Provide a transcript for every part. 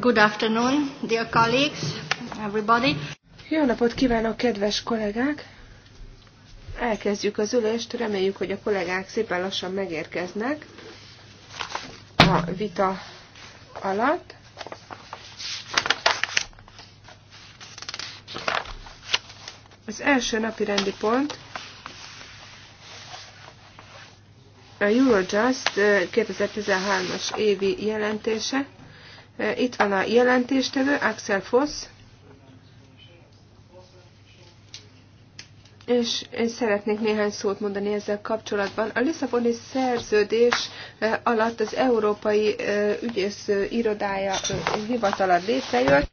Good afternoon, dear colleagues, everybody. Jó napot kívánok, kedves kollégák! Elkezdjük az ülést, reméljük, hogy a kollégák szépen lassan megérkeznek a vita alatt. Az első napi rendi pont a Eurojust 2013-as eh, évi jelentése. Itt van a jelentéstevő, Axel Foss. és én szeretnék néhány szót mondani ezzel kapcsolatban. A Lisszaboni szerződés alatt az Európai Ügyész Irodája hivatala létrejött.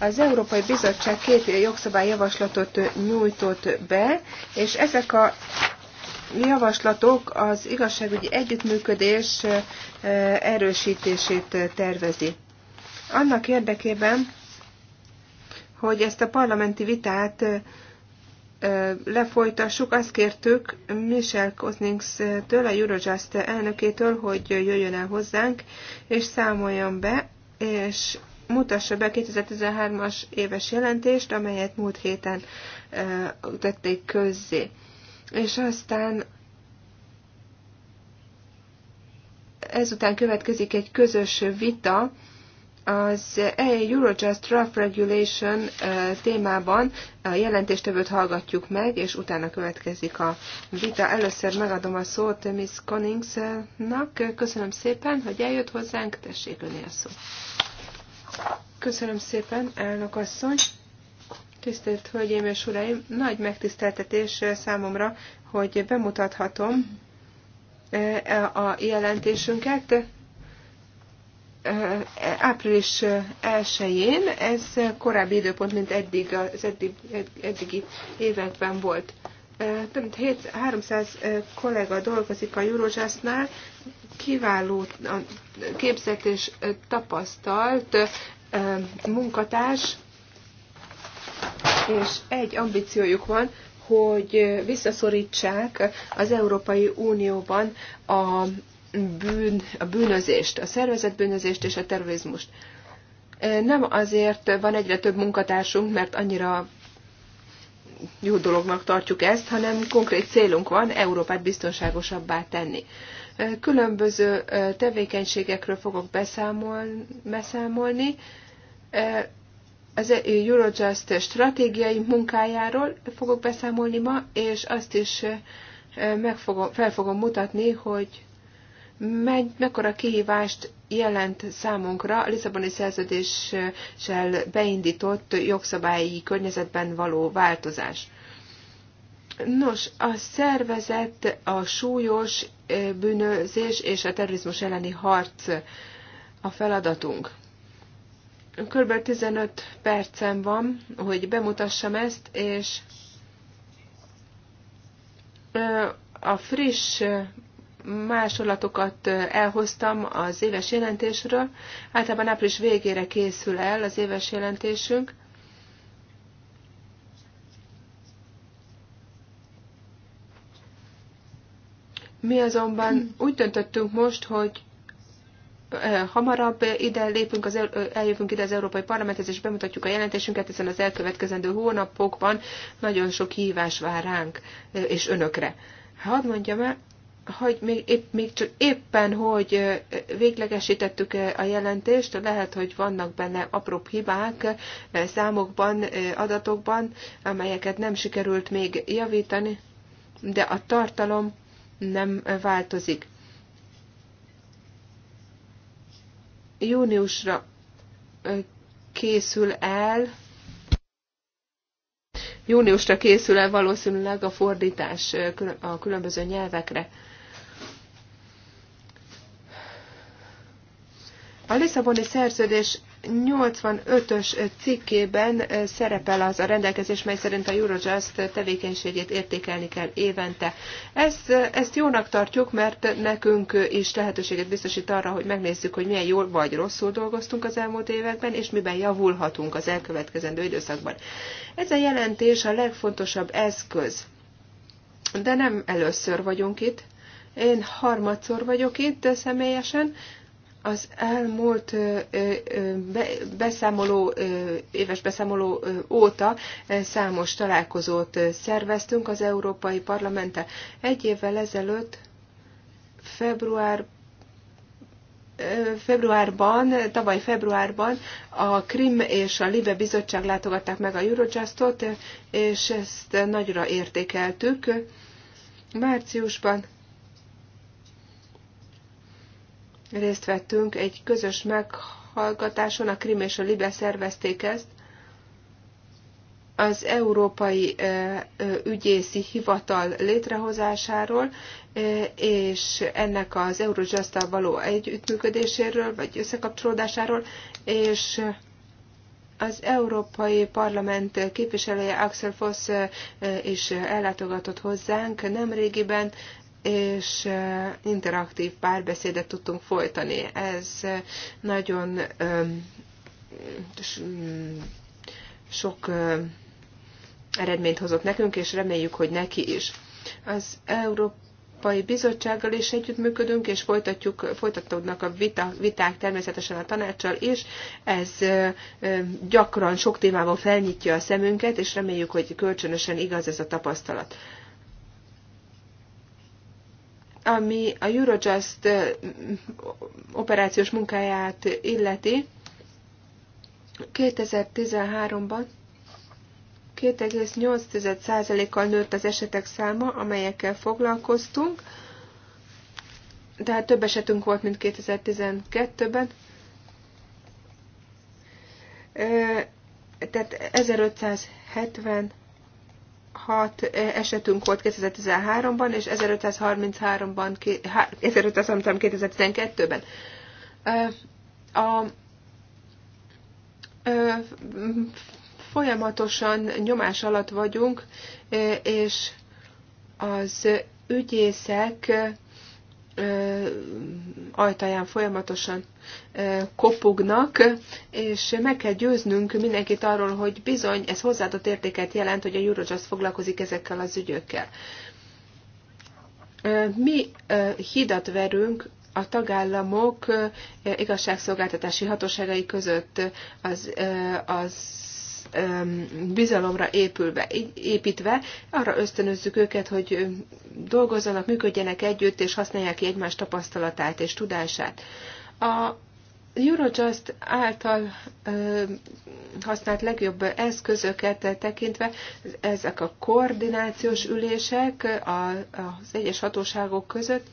Az Európai Bizottság két jogszabályjavaslatot nyújtott be, és ezek a javaslatok az igazságügyi együttműködés erősítését tervezi. Annak érdekében, hogy ezt a parlamenti vitát lefolytassuk, azt kértük Michel Kozningstől, a Eurojust elnökétől, hogy jöjjön el hozzánk, és számoljon be, és mutassa be 2013-as éves jelentést, amelyet múlt héten tették közzé és aztán ezután következik egy közös vita az Eurojust Rough Regulation témában a jelentéstevőt hallgatjuk meg, és utána következik a vita. Először megadom a szót Miss Conningsnak. Köszönöm szépen, hogy eljött hozzánk. Tessék öné a szó. Köszönöm szépen, elnök asszony. Tisztelt Hölgyeim és Uraim, nagy megtiszteltetés eh, számomra, hogy bemutathatom eh, a jelentésünket. Eh, április 1-én, ez korábbi időpont, mint eddig az eddig, eddigi években volt. Több mint 300 kollega dolgozik a Eurojustnál, kiváló képzett és tapasztalt munkatárs, és egy ambíciójuk van, hogy visszaszorítsák az Európai Unióban a, bűn, a bűnözést, a szervezett bűnözést és a terrorizmust. Nem azért van egyre több munkatársunk, mert annyira jó dolognak tartjuk ezt, hanem konkrét célunk van Európát biztonságosabbá tenni. Különböző tevékenységekről fogok beszámolni, az Eurojust stratégiai munkájáról fogok beszámolni ma, és azt is meg fogom, fel fogom mutatni, hogy megy, mekkora kihívást jelent számunkra a Lisszaboni szerződéssel beindított jogszabályi környezetben való változás. Nos, a szervezet a súlyos bűnözés és a terrorizmus elleni harc a feladatunk. Kb. 15 percem van, hogy bemutassam ezt, és a friss másolatokat elhoztam az éves jelentésről. Általában április végére készül el az éves jelentésünk. Mi azonban úgy döntöttünk most, hogy hamarabb ide lépünk, az, eljövünk ide az Európai Parlamenthez, és bemutatjuk a jelentésünket, hiszen az elkövetkezendő hónapokban nagyon sok hívás vár ránk és önökre. Hadd mondjam el, hogy még, épp, még csak éppen, hogy véglegesítettük a jelentést, lehet, hogy vannak benne apró hibák számokban, adatokban, amelyeket nem sikerült még javítani, de a tartalom nem változik. júniusra készül el, júniusra készül el valószínűleg a fordítás a különböző nyelvekre. A Lisszaboni szerződés 85-ös cikkében eh, szerepel az a rendelkezés, mely szerint a Eurojust tevékenységét értékelni kell évente. Ezt, eh, ezt jónak tartjuk, mert nekünk is lehetőséget biztosít arra, hogy megnézzük, hogy milyen jól vagy rosszul dolgoztunk az elmúlt években, és miben javulhatunk az elkövetkezendő időszakban. Ez a jelentés a legfontosabb eszköz. De nem először vagyunk itt. Én harmadszor vagyok itt személyesen, az elmúlt beszámoló, éves beszámoló óta számos találkozót szerveztünk az Európai Parlamente. Egy évvel ezelőtt február februárban, tavaly februárban a Krim és a Libe bizottság látogatták meg a Eurojustot, és ezt nagyra értékeltük. Márciusban részt vettünk egy közös meghallgatáson, a Krim és a Libe szervezték ezt, az Európai Ügyészi Hivatal létrehozásáról, és ennek az eurojust való együttműködéséről, vagy összekapcsolódásáról, és az Európai Parlament képviselője Axel Foss is ellátogatott hozzánk nemrégiben, és interaktív párbeszédet tudtunk folytani. Ez nagyon mm, sok eredményt hozott nekünk, és reméljük, hogy neki is. Az Európa Európai Bizottsággal is együttműködünk, és folytatjuk, folytatódnak a vita, viták természetesen a tanácssal is. Ez gyakran sok témával felnyitja a szemünket, és reméljük, hogy kölcsönösen igaz ez a tapasztalat ami a Eurojust operációs munkáját illeti, 2013-ban 2,8%-kal nőtt az esetek száma, amelyekkel foglalkoztunk, tehát több esetünk volt, mint 2012-ben. Tehát 1570 hat esetünk volt 2013-ban, és 1533-ban, 1533 ban 2012 ben A folyamatosan nyomás alatt vagyunk, és az ügyészek ajtaján folyamatosan kopognak, és meg kell győznünk mindenkit arról, hogy bizony ez hozzáadott értéket jelent, hogy a Eurojust foglalkozik ezekkel az ügyökkel. Mi hidat verünk a tagállamok igazságszolgáltatási hatóságai között az, az bizalomra épülve, építve, arra ösztönözzük őket, hogy dolgozzanak, működjenek együtt, és használják ki egymás tapasztalatát és tudását. A Eurojust által ö, használt legjobb eszközöket tekintve ezek a koordinációs ülések a, az egyes hatóságok között.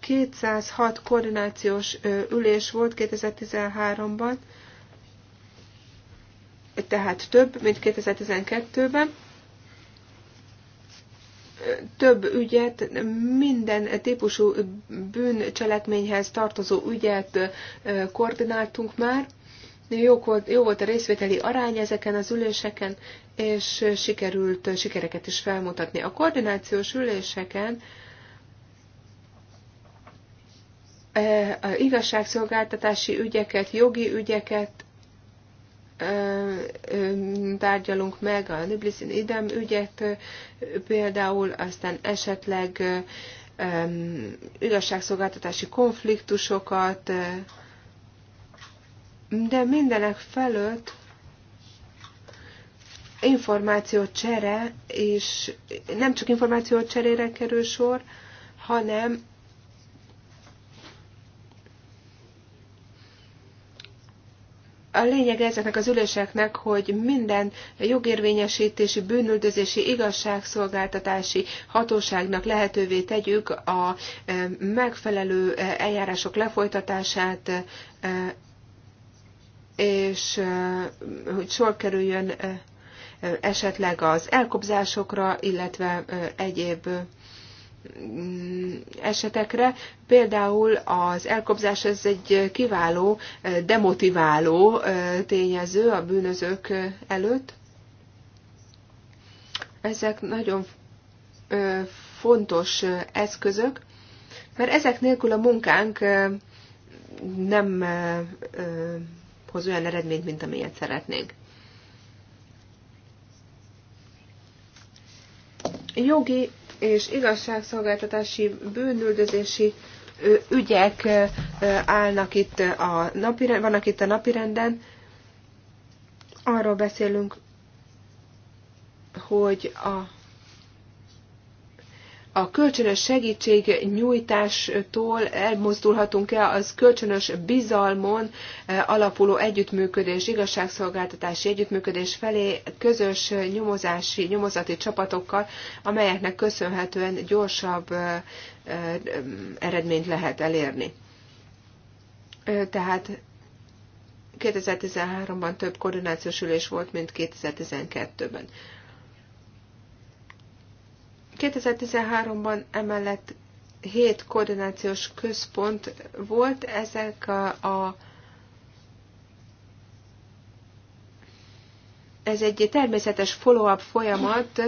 206 koordinációs ülés volt 2013-ban, tehát több, mint 2012-ben. Több ügyet, minden típusú bűncselekményhez tartozó ügyet koordináltunk már. Jó volt, jó volt a részvételi arány ezeken az üléseken, és sikerült sikereket is felmutatni. A koordinációs üléseken e, a igazságszolgáltatási ügyeket, jogi ügyeket tárgyalunk meg, a Nübliszin idem ügyet például, aztán esetleg igazságszolgáltatási konfliktusokat, de mindenek felőtt információcsere, és nem csak információcserére kerül sor, hanem a lényeg ezeknek az üléseknek, hogy minden jogérvényesítési, bűnüldözési, igazságszolgáltatási hatóságnak lehetővé tegyük a e, megfelelő e, eljárások lefolytatását, e, és hogy sor kerüljön esetleg az elkobzásokra, illetve egyéb Mm, esetekre. Például az elkobzás ez egy kiváló, eh, demotiváló eh, tényező a bűnözők eh, előtt. Ezek nagyon fontos eszközök, mert ezek nélkül a munkánk nem hoz olyan eredményt, mint amilyet szeretnénk. Jogi és igazságszolgáltatási bűnüldözési ügyek állnak itt a napi, vannak itt a napirenden. Arról beszélünk, hogy a a kölcsönös segítségnyújtástól elmozdulhatunk-e az kölcsönös bizalmon eh, alapuló együttműködés, igazságszolgáltatási együttműködés felé közös nyomozási, nyomozati csapatokkal, amelyeknek köszönhetően gyorsabb eh, eh, eredményt lehet elérni. Tehát 2013-ban több koordinációs ülés volt, mint 2012-ben. 2013-ban emellett 7 koordinációs központ volt, ezek a, a ez egy természetes follow-up folyamat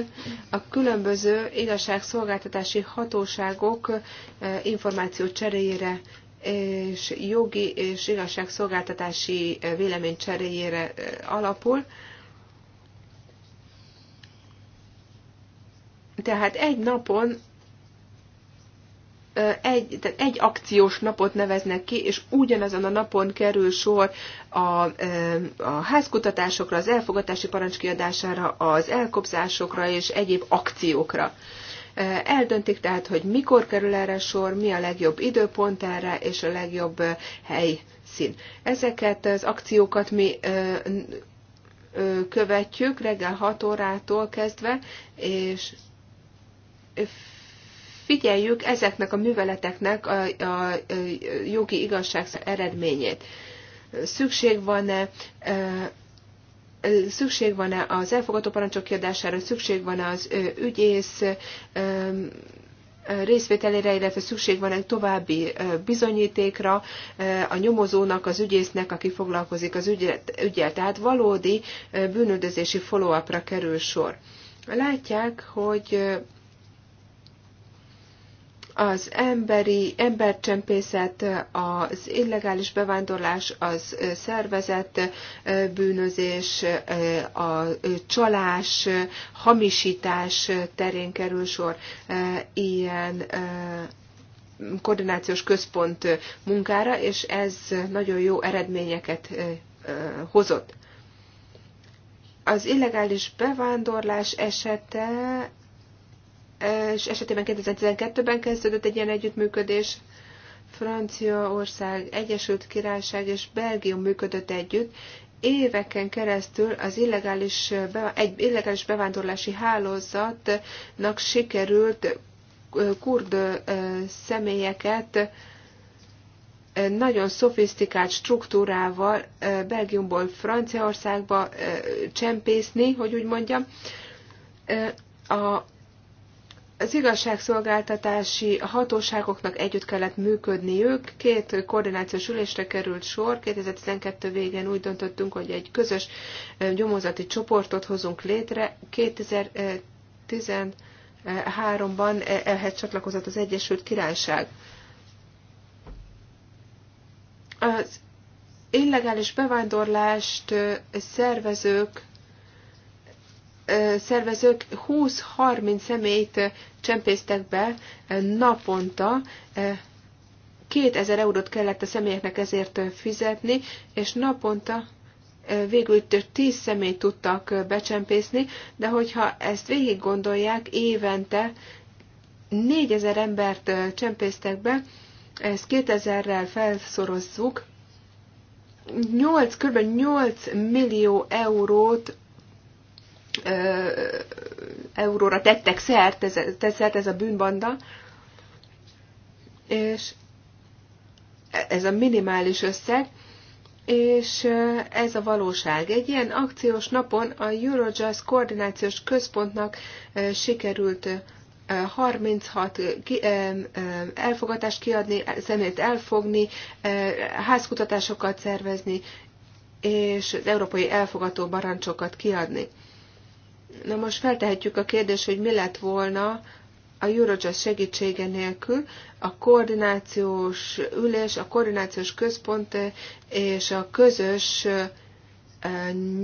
a különböző igazságszolgáltatási hatóságok e, információ cseréjére és jogi és igazságszolgáltatási e, vélemény cseréjére e, alapul. Tehát egy napon egy, tehát egy akciós napot neveznek ki, és ugyanazon a napon kerül sor a, a házkutatásokra, az elfogatási parancskiadására, az elkobzásokra és egyéb akciókra. Eldöntik tehát, hogy mikor kerül erre sor, mi a legjobb időpont erre, és a legjobb helyszín. Ezeket az akciókat mi követjük reggel 6 órától kezdve, és figyeljük ezeknek a műveleteknek a, a, a jogi igazság eredményét. Szükség van-e szükség van-e az elfogadó parancsok kiadására, szükség van-e az ügyész részvételére, illetve szükség van egy további bizonyítékra a nyomozónak, az ügyésznek, aki foglalkozik az ügyel. Tehát valódi bűnöldözési follow-upra kerül sor. Látják, hogy az emberi, embercsempészet, az illegális bevándorlás, az szervezett bűnözés, a csalás, hamisítás terén kerül sor ilyen koordinációs központ munkára, és ez nagyon jó eredményeket hozott. Az illegális bevándorlás esete és esetében 2012-ben kezdődött egy ilyen együttműködés. Franciaország, Egyesült Királyság és Belgium működött együtt, éveken keresztül az illegális, egy illegális bevándorlási hálózatnak sikerült kurd személyeket nagyon szofisztikált struktúrával Belgiumból Franciaországba csempészni, hogy úgy mondjam. A az igazságszolgáltatási hatóságoknak együtt kellett működniük. Két koordinációs ülésre került sor. 2012 végén úgy döntöttünk, hogy egy közös gyomozati csoportot hozunk létre. 2013-ban ehhez csatlakozott az Egyesült Királyság. Az illegális bevándorlást szervezők szervezők 20-30 személyt csempésztek be naponta, 2000 eurót kellett a személyeknek ezért fizetni, és naponta végül 10 személyt tudtak becsempészni, de hogyha ezt végig gondolják, évente 4000 embert csempésztek be, ezt 2000-rel felszorozzuk, 8, kb. 8 millió eurót euróra tettek szert, ez, szert ez a bűnbanda, és ez a minimális összeg, és ez a valóság. Egy ilyen akciós napon a Eurojust koordinációs központnak sikerült 36 elfogatást kiadni, szemét elfogni, házkutatásokat szervezni, és az európai elfogató barancsokat kiadni. Na most feltehetjük a kérdést, hogy mi lett volna a Eurojust segítsége nélkül a koordinációs ülés, a koordinációs központ eh, és a közös eh,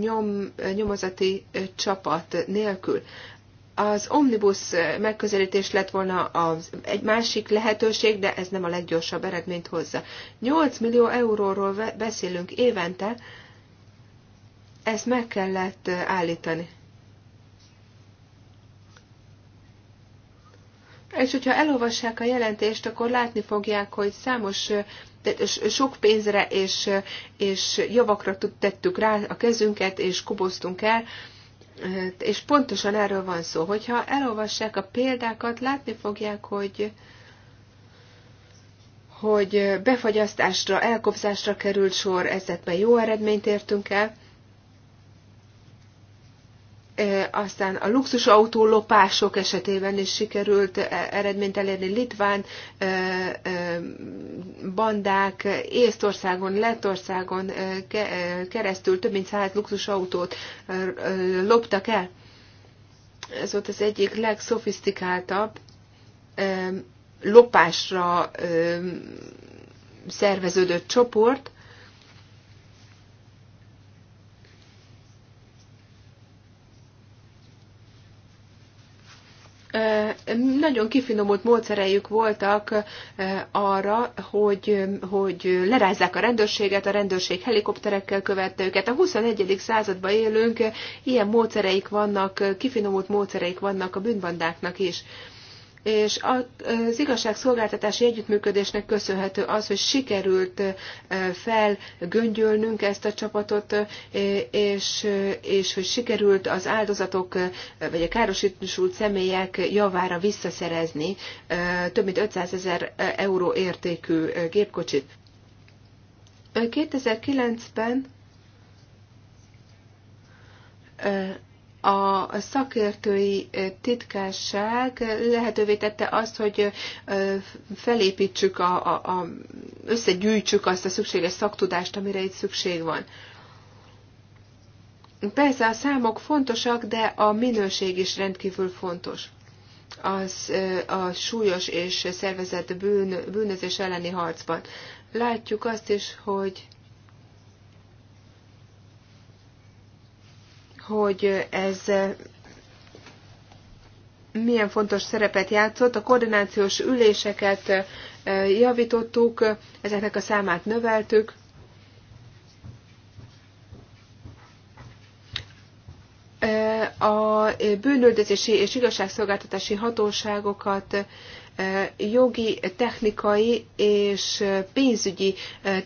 nyom, eh, nyomozati csapat nélkül. Az omnibus megközelítés lett volna az, egy másik lehetőség, de ez nem a leggyorsabb eredményt hozza. 8 millió euróról beszélünk évente, ezt meg kellett állítani. És hogyha elolvassák a jelentést, akkor látni fogják, hogy számos sok pénzre és, és javakra tettük rá a kezünket, és koboztunk el, és pontosan erről van szó. Hogyha elolvassák a példákat, látni fogják, hogy, hogy befagyasztásra, elkobzásra került sor, ezekben jó eredményt értünk el, aztán a luxusautó lopások esetében is sikerült e, eredményt elérni Litván bandák Észtországon, Lettországon keresztül több mint száz luxusautót loptak el. Ez volt az egyik legszofisztikáltabb lopásra szerveződött csoport, nagyon kifinomult módszereik voltak arra, hogy, hogy lerázzák a rendőrséget, a rendőrség helikopterekkel követte őket. A 21. században élünk, ilyen módszereik vannak, kifinomult módszereik vannak a bűnbandáknak is és az igazságszolgáltatási együttműködésnek köszönhető az, hogy sikerült felgöngyölnünk ezt a csapatot, és, és hogy sikerült az áldozatok vagy a károsítósult személyek javára visszaszerezni több mint 500 ezer euró értékű gépkocsit. 2009-ben a szakértői titkárság lehetővé tette azt, hogy felépítsük, a, a, a, összegyűjtsük azt a szükséges szaktudást, amire itt szükség van. Persze a számok fontosak, de a minőség is rendkívül fontos. Az a súlyos és szervezett bűn, bűnözés elleni harcban. Látjuk azt is, hogy hogy ez eh, milyen fontos szerepet játszott. A koordinációs üléseket eh, javítottuk, ezeknek a számát növeltük. Eh, a bűnöldözési és igazságszolgáltatási hatóságokat jogi, technikai és pénzügyi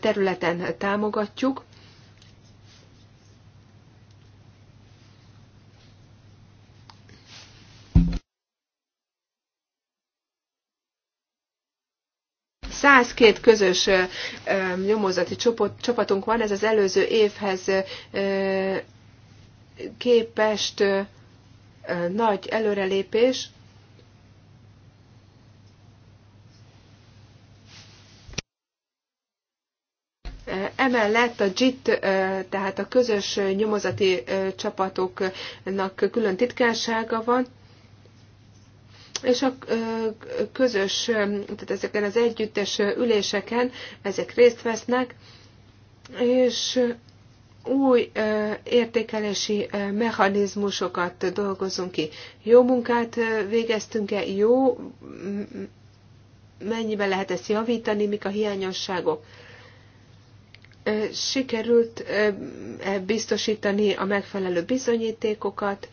területen támogatjuk. 102 közös nyomozati csapatunk van, ez az előző évhez képest nagy előrelépés. Emellett a JIT, tehát a közös nyomozati csapatoknak külön titkársága van, és a közös, tehát ezeken az együttes üléseken ezek részt vesznek, és új értékelési mechanizmusokat dolgozunk ki. Jó munkát végeztünk-e? Jó? Mennyiben lehet ezt javítani? Mik a hiányosságok? sikerült e, biztosítani a megfelelő bizonyítékokat,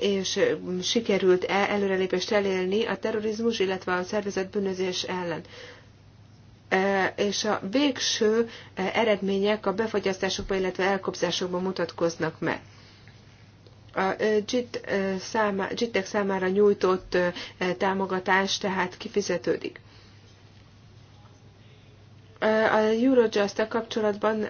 és sikerült e, előrelépést elérni a terrorizmus, illetve a szervezett bűnözés ellen. És a végső eredmények a befogyasztásokban, illetve elkobzásokban mutatkoznak meg a JIT ek számára nyújtott támogatás tehát kifizetődik. A eurojust kapcsolatban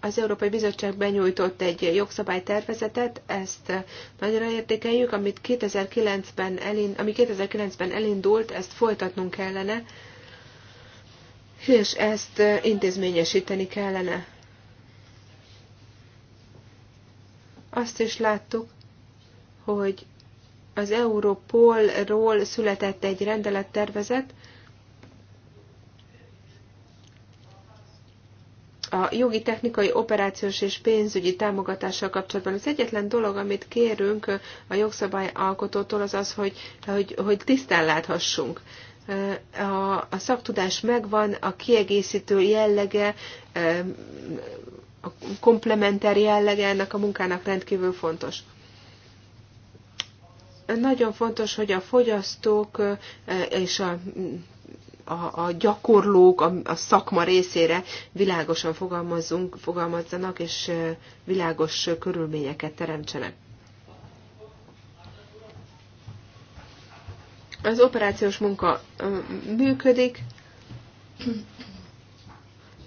az Európai Bizottság benyújtott egy jogszabálytervezetet, ezt nagyra értékeljük, amit 2009-ben elind, ami 2009-ben elindult, ezt folytatnunk kellene, és ezt intézményesíteni kellene. Azt is láttuk, hogy az Európolról született egy rendelettervezet, a jogi, technikai, operációs és pénzügyi támogatással kapcsolatban. Az egyetlen dolog, amit kérünk a jogszabályalkotótól, az az, hogy, hogy, hogy tisztán láthassunk. A, a szaktudás megvan, a kiegészítő jellege, a komplementer jellege ennek a munkának rendkívül fontos nagyon fontos, hogy a fogyasztók eh, és a a, a gyakorlók a, a szakma részére világosan fogalmazzunk, fogalmazzanak, és világos körülményeket teremtsenek. Az operációs munka működik.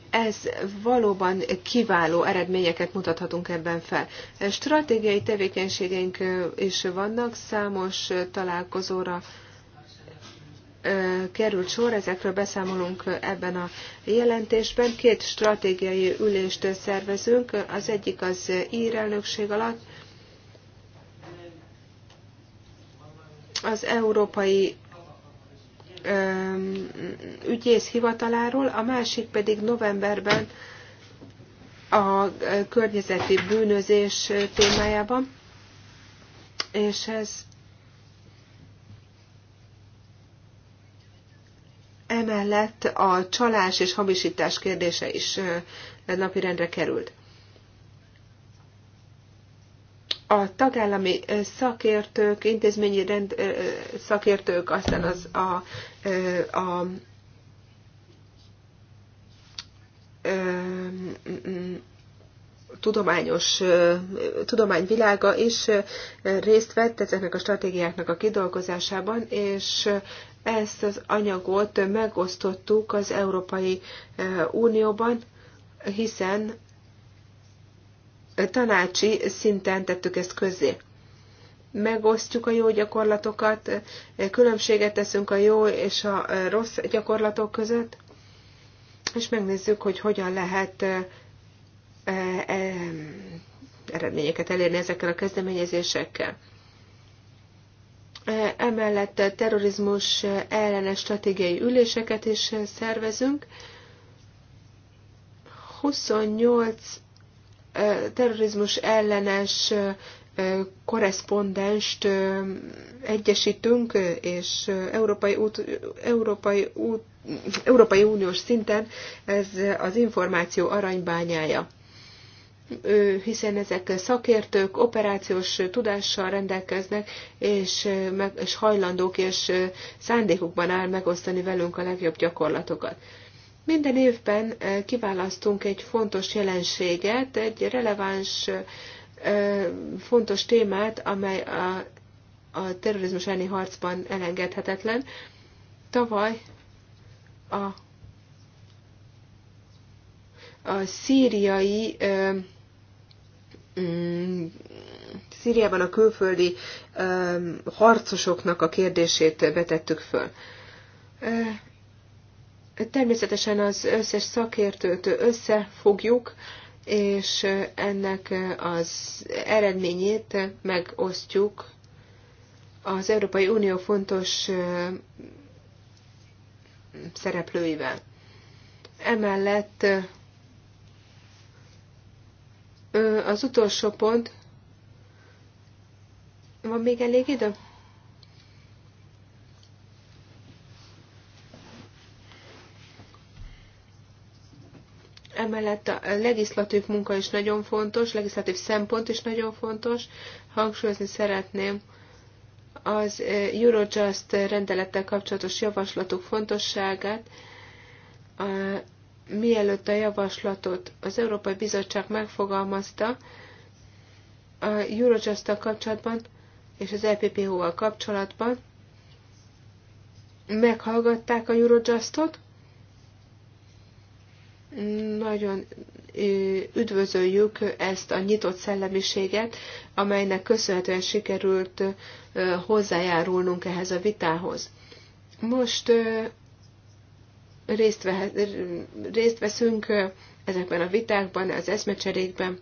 Ez valóban kiváló eredményeket mutathatunk ebben fel. Stratégiai tevékenységeink is vannak, számos találkozóra került sor, ezekről beszámolunk ebben a jelentésben. Két stratégiai ülést szervezünk, az egyik az ír elnökség alatt, az Európai ügyész hivataláról, a másik pedig novemberben a környezeti bűnözés témájában, és ez Emellett a csalás és hamisítás kérdése is napirendre került. A tagállami szakértők, intézményi rend, szakértők, aztán az a, a, a tudományos tudományvilága is részt vett ezeknek a stratégiáknak a kidolgozásában, és ezt az anyagot megosztottuk az Európai e, Unióban, hiszen tanácsi szinten tettük ezt közzé. Megosztjuk a jó gyakorlatokat, e, különbséget teszünk a jó és a e, rossz gyakorlatok között, és megnézzük, hogy hogyan lehet eredményeket elérni ezekkel a kezdeményezésekkel. Emellett terrorizmus ellenes stratégiai üléseket is szervezünk. 28 terrorizmus ellenes korrespondenst egyesítünk, és Európai, út, Európai, út, Európai Uniós szinten ez az információ aranybányája hiszen ezek szakértők, operációs tudással rendelkeznek, és, meg, és hajlandók és szándékukban áll megosztani velünk a legjobb gyakorlatokat. Minden évben kiválasztunk egy fontos jelenséget, egy releváns, fontos témát, amely a, a terrorizmus elleni harcban elengedhetetlen. Tavaly a a szíriai Mm, Szíriában a külföldi um, harcosoknak a kérdését vetettük föl. Természetesen az összes szakértőt összefogjuk, és ennek az eredményét megosztjuk az Európai Unió fontos szereplőivel. Emellett az utolsó pont. Van még elég idő? Emellett a legislatív munka is nagyon fontos, legislatív szempont is nagyon fontos. Hangsúlyozni szeretném az Eurojust rendelettel kapcsolatos javaslatok fontosságát mielőtt a javaslatot az Európai Bizottság megfogalmazta a eurojust kapcsolatban és az EPPO-val kapcsolatban, meghallgatták a Eurojust-ot, nagyon üdvözöljük ezt a nyitott szellemiséget, amelynek köszönhetően sikerült hozzájárulnunk ehhez a vitához. Most részt, ve, részt veszünk ezekben a vitákban, az eszmecserékben.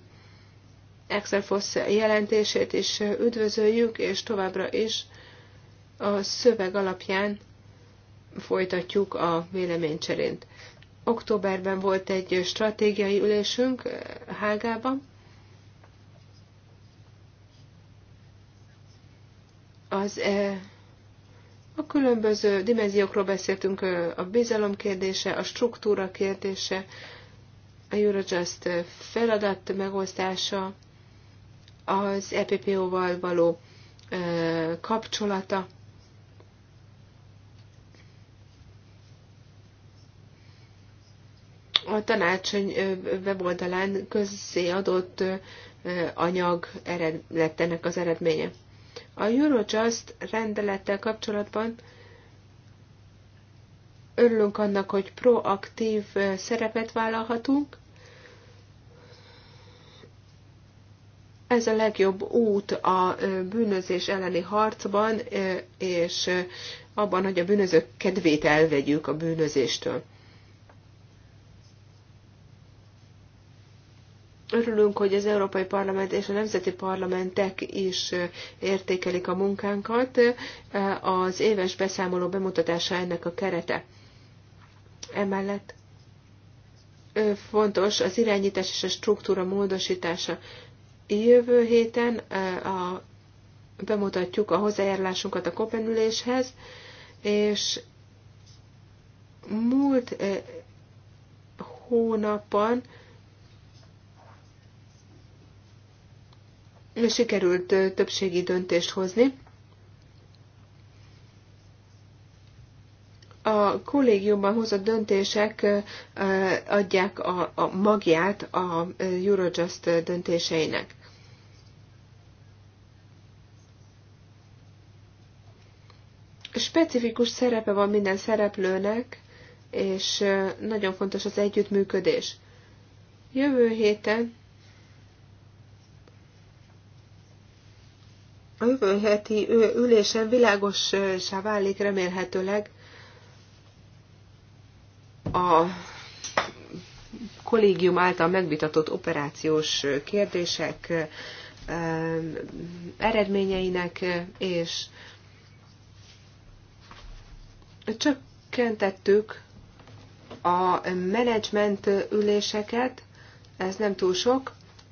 Excel Foss jelentését is üdvözöljük, és továbbra is a szöveg alapján folytatjuk a véleménycserént. Októberben volt egy stratégiai ülésünk Hágában. Az a különböző dimenziókról beszéltünk, a bizalom kérdése, a struktúra kérdése, a Eurojust feladat megosztása, az EPPO-val való kapcsolata. A tanács weboldalán adott anyag ered, lett ennek az eredménye. A Eurojust rendelettel kapcsolatban örülünk annak, hogy proaktív szerepet vállalhatunk. Ez a legjobb út a bűnözés elleni harcban, és abban, hogy a bűnözők kedvét elvegyük a bűnözéstől. Örülünk, hogy az Európai Parlament és a nemzeti parlamentek is értékelik a munkánkat. Az éves beszámoló bemutatása ennek a kerete. Emellett fontos az irányítás és a struktúra módosítása. Jövő héten a, bemutatjuk a hozzájárulásunkat a kopenüléshez, és múlt hónapban sikerült többségi döntést hozni. A kollégiumban hozott döntések adják a, magját a Eurojust döntéseinek. Specifikus szerepe van minden szereplőnek, és nagyon fontos az együttműködés. Jövő héten a jövő heti ülésen világossá válik remélhetőleg a kollégium által megvitatott operációs kérdések eredményeinek, és csökkentettük a menedzsment üléseket, ez nem túl sok,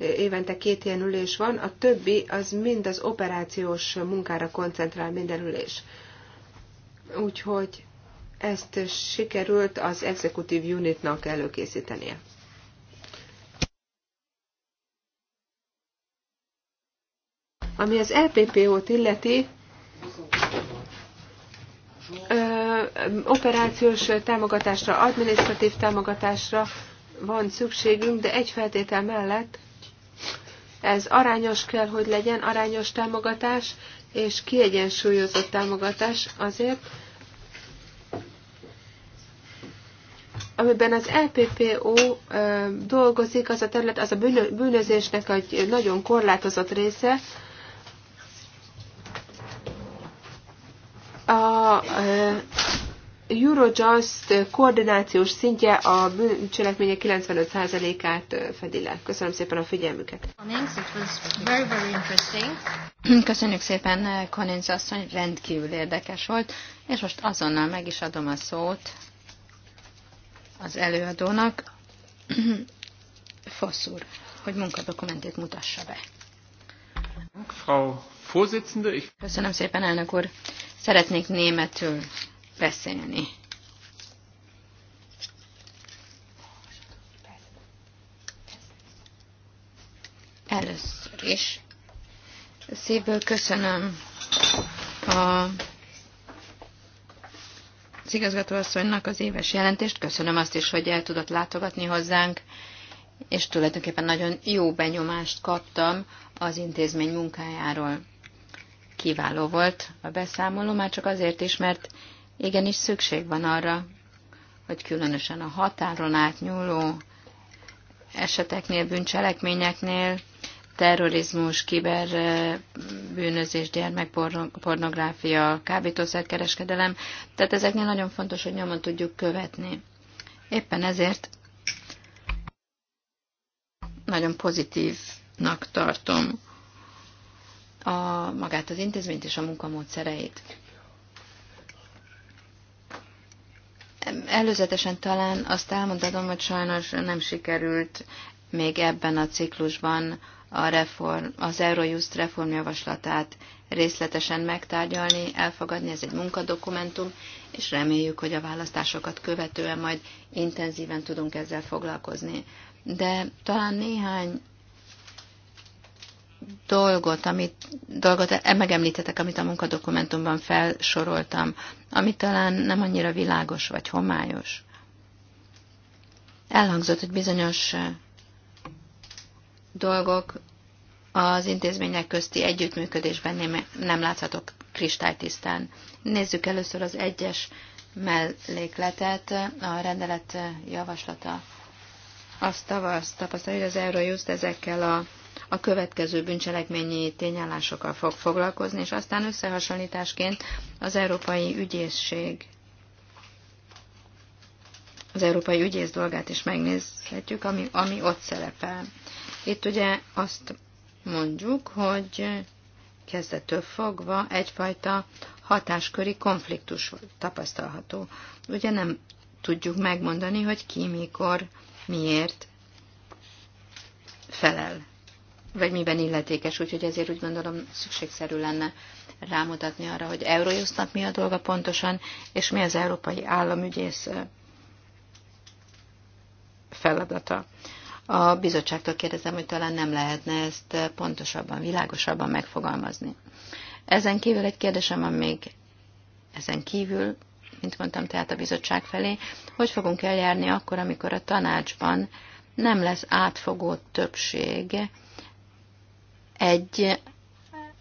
évente két ilyen ülés van, a többi az mind az operációs munkára koncentrál minden ülés. Úgyhogy ezt sikerült az Executive Unitnak előkészítenie. Ami az LPPO-t e illeti, ö, operációs támogatásra, administratív támogatásra van szükségünk, de egy feltétel mellett, ez arányos kell, hogy legyen, arányos támogatás és kiegyensúlyozott támogatás azért, amiben az LPPO ö, dolgozik, az a terület, az a bűnözésnek egy nagyon korlátozott része. A, ö, Eurojust koordinációs szintje a bűncselekmények 95%-át fedi le. Köszönöm szépen a figyelmüket. Köszönjük szépen, Konins asszony, rendkívül érdekes volt, és most azonnal meg is adom a szót az előadónak, Fosszúr, hogy munkadokumentét mutassa be. Frau Vorsitzende, Köszönöm szépen, elnök úr. Szeretnék németül beszélni. Először is szívből köszönöm a az igazgatóasszonynak az éves jelentést. Köszönöm azt is, hogy el tudott látogatni hozzánk, és tulajdonképpen nagyon jó benyomást kaptam az intézmény munkájáról. Kiváló volt a beszámoló, már csak azért is, mert Igenis szükség van arra, hogy különösen a határon átnyúló eseteknél, bűncselekményeknél, terrorizmus, kiberbűnözés, gyermekpornográfia, kábítószerkereskedelem, tehát ezeknél nagyon fontos, hogy nyomon tudjuk követni. Éppen ezért nagyon pozitívnak tartom a, magát az intézményt és a munkamódszereit. Előzetesen talán azt elmondhatom, hogy sajnos nem sikerült még ebben a ciklusban a reform, az Eurojust reformjavaslatát részletesen megtárgyalni, elfogadni, ez egy munkadokumentum, és reméljük, hogy a választásokat követően majd intenzíven tudunk ezzel foglalkozni. De talán néhány dolgot, amit, dolgot e, megemlítetek, amit a munkadokumentumban felsoroltam, ami talán nem annyira világos vagy homályos. Elhangzott, hogy bizonyos dolgok az intézmények közti együttműködésben nem láthatok kristálytisztán. Nézzük először az egyes mellékletet, a rendelet javaslata azt tapasztalja, hogy az Eurojust ezekkel a a következő bűncselekményi tényállásokkal fog foglalkozni, és aztán összehasonlításként az Európai Ügyészség az Európai Ügyész dolgát is megnézhetjük, ami, ami ott szerepel. Itt ugye azt mondjuk, hogy kezdettől fogva egyfajta hatásköri konfliktus tapasztalható. Ugye nem tudjuk megmondani, hogy ki, mikor, miért felel vagy miben illetékes, úgyhogy ezért úgy gondolom szükségszerű lenne rámutatni arra, hogy Eurojustnak mi a dolga pontosan, és mi az európai államügyész feladata. A bizottságtól kérdezem, hogy talán nem lehetne ezt pontosabban, világosabban megfogalmazni. Ezen kívül egy kérdésem van még, ezen kívül, mint mondtam, tehát a bizottság felé, hogy fogunk eljárni akkor, amikor a tanácsban nem lesz átfogó többség, egy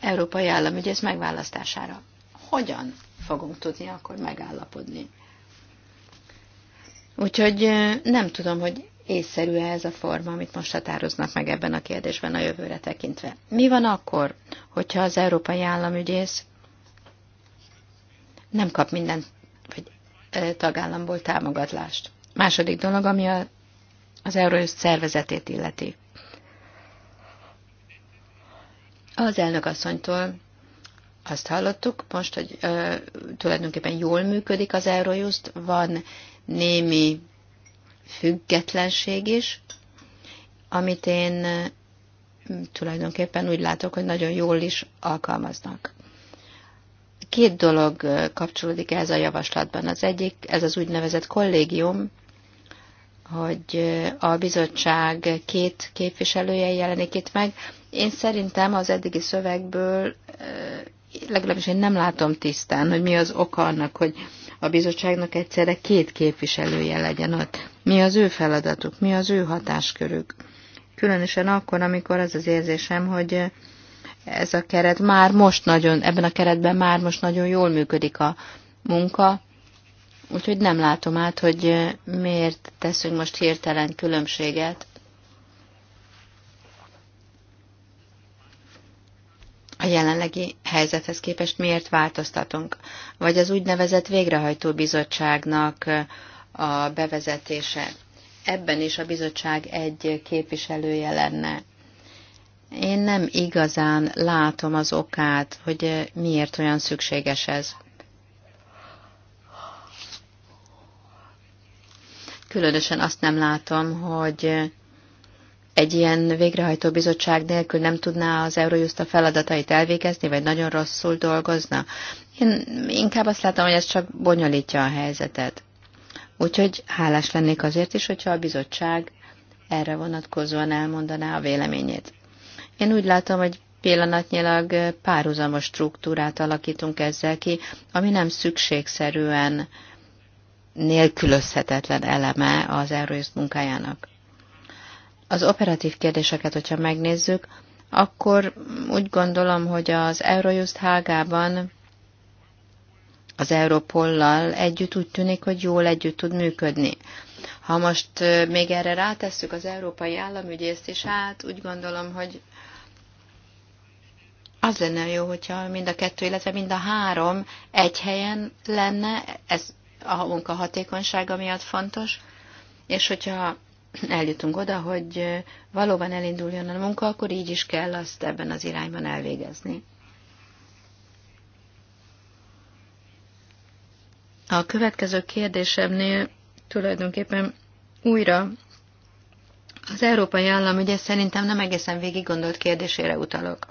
európai államügyész megválasztására. Hogyan fogunk tudni akkor megállapodni? Úgyhogy nem tudom, hogy észszerű -e ez a forma, amit most határoznak meg ebben a kérdésben a jövőre tekintve. Mi van akkor, hogyha az európai államügyész nem kap minden vagy, tagállamból támogatást? Második dolog, ami a, az Eurojust szervezetét illeti. Az elnök asszonytól azt hallottuk most, hogy ö, tulajdonképpen jól működik az Eurojust, van némi függetlenség is, amit én tulajdonképpen úgy látok, hogy nagyon jól is alkalmaznak. Két dolog kapcsolódik ez a javaslatban. Az egyik, ez az úgynevezett kollégium, hogy a bizottság két képviselője jelenik itt meg, én szerintem az eddigi szövegből, legalábbis én nem látom tisztán, hogy mi az oka annak, hogy a bizottságnak egyszerre két képviselője legyen ott. Mi az ő feladatuk, mi az ő hatáskörük. Különösen akkor, amikor az az érzésem, hogy ez a keret már most nagyon, ebben a keretben már most nagyon jól működik a munka, úgyhogy nem látom át, hogy miért teszünk most hirtelen különbséget a jelenlegi helyzethez képest miért változtatunk. Vagy az úgynevezett végrehajtó bizottságnak a bevezetése. Ebben is a bizottság egy képviselője lenne. Én nem igazán látom az okát, hogy miért olyan szükséges ez. Különösen azt nem látom, hogy egy ilyen végrehajtó bizottság nélkül nem tudná az Eurojust a feladatait elvégezni, vagy nagyon rosszul dolgozna. Én inkább azt látom, hogy ez csak bonyolítja a helyzetet. Úgyhogy hálás lennék azért is, hogyha a bizottság erre vonatkozóan elmondaná a véleményét. Én úgy látom, hogy pillanatnyilag párhuzamos struktúrát alakítunk ezzel ki, ami nem szükségszerűen nélkülözhetetlen eleme az Eurojust munkájának az operatív kérdéseket, hogyha megnézzük, akkor úgy gondolom, hogy az Eurojust hágában az Európollal együtt úgy tűnik, hogy jól együtt tud működni. Ha most még erre rátesszük az európai államügyészt is, hát úgy gondolom, hogy az lenne jó, hogyha mind a kettő, illetve mind a három egy helyen lenne, ez a munka hatékonysága miatt fontos, és hogyha eljutunk oda, hogy valóban elinduljon a munka, akkor így is kell azt ebben az irányban elvégezni. A következő kérdésemnél tulajdonképpen újra az európai államügyész szerintem nem egészen végig gondolt kérdésére utalok.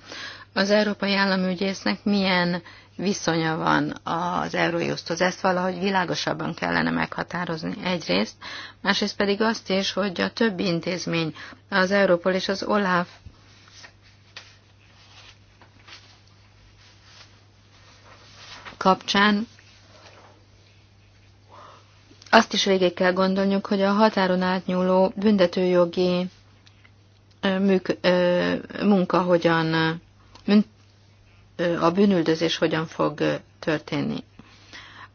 Az európai államügyésznek milyen viszonya van az eurójuszthoz. Ezt valahogy világosabban kellene meghatározni egyrészt, másrészt pedig azt is, hogy a többi intézmény, az Európol és az OLAF kapcsán azt is végig kell gondolnunk, hogy a határon átnyúló büntetőjogi műk, munka hogyan, a bűnüldözés hogyan fog történni.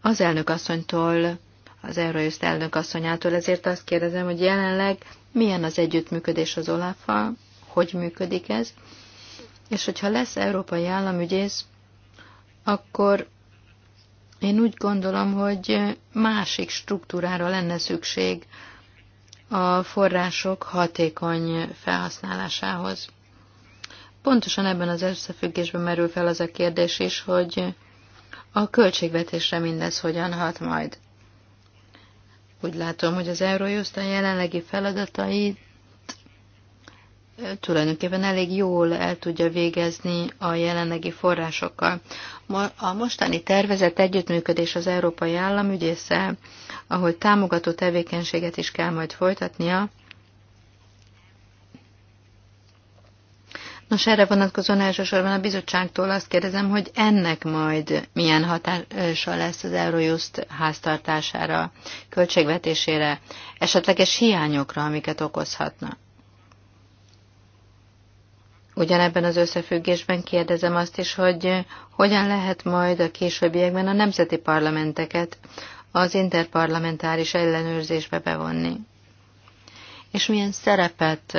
Az elnök asszonytól, az Eurojust elnök asszonyától ezért azt kérdezem, hogy jelenleg milyen az együttműködés az olaf hogy működik ez, és hogyha lesz európai államügyész, akkor én úgy gondolom, hogy másik struktúrára lenne szükség a források hatékony felhasználásához. Pontosan ebben az összefüggésben merül fel az a kérdés is, hogy a költségvetésre mindez hogyan hat majd. Úgy látom, hogy az Eurojust jelenlegi feladatait tulajdonképpen elég jól el tudja végezni a jelenlegi forrásokkal. A mostani tervezett együttműködés az Európai Államügyésszel, ahol támogató tevékenységet is kell majd folytatnia, Nos, erre vonatkozóan elsősorban a bizottságtól azt kérdezem, hogy ennek majd milyen hatása lesz az Eurojust háztartására, költségvetésére, esetleges hiányokra, amiket okozhatna. Ugyanebben az összefüggésben kérdezem azt is, hogy hogyan lehet majd a későbbiekben a nemzeti parlamenteket az interparlamentáris ellenőrzésbe bevonni. És milyen szerepet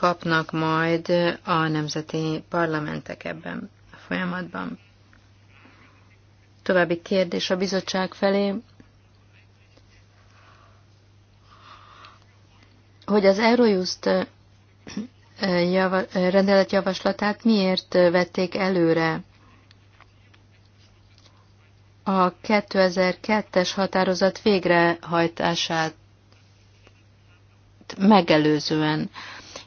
kapnak majd a nemzeti parlamentek ebben a folyamatban. További kérdés a bizottság felé. Hogy az Eurojust rendeletjavaslatát miért vették előre? A 2002-es határozat végrehajtását megelőzően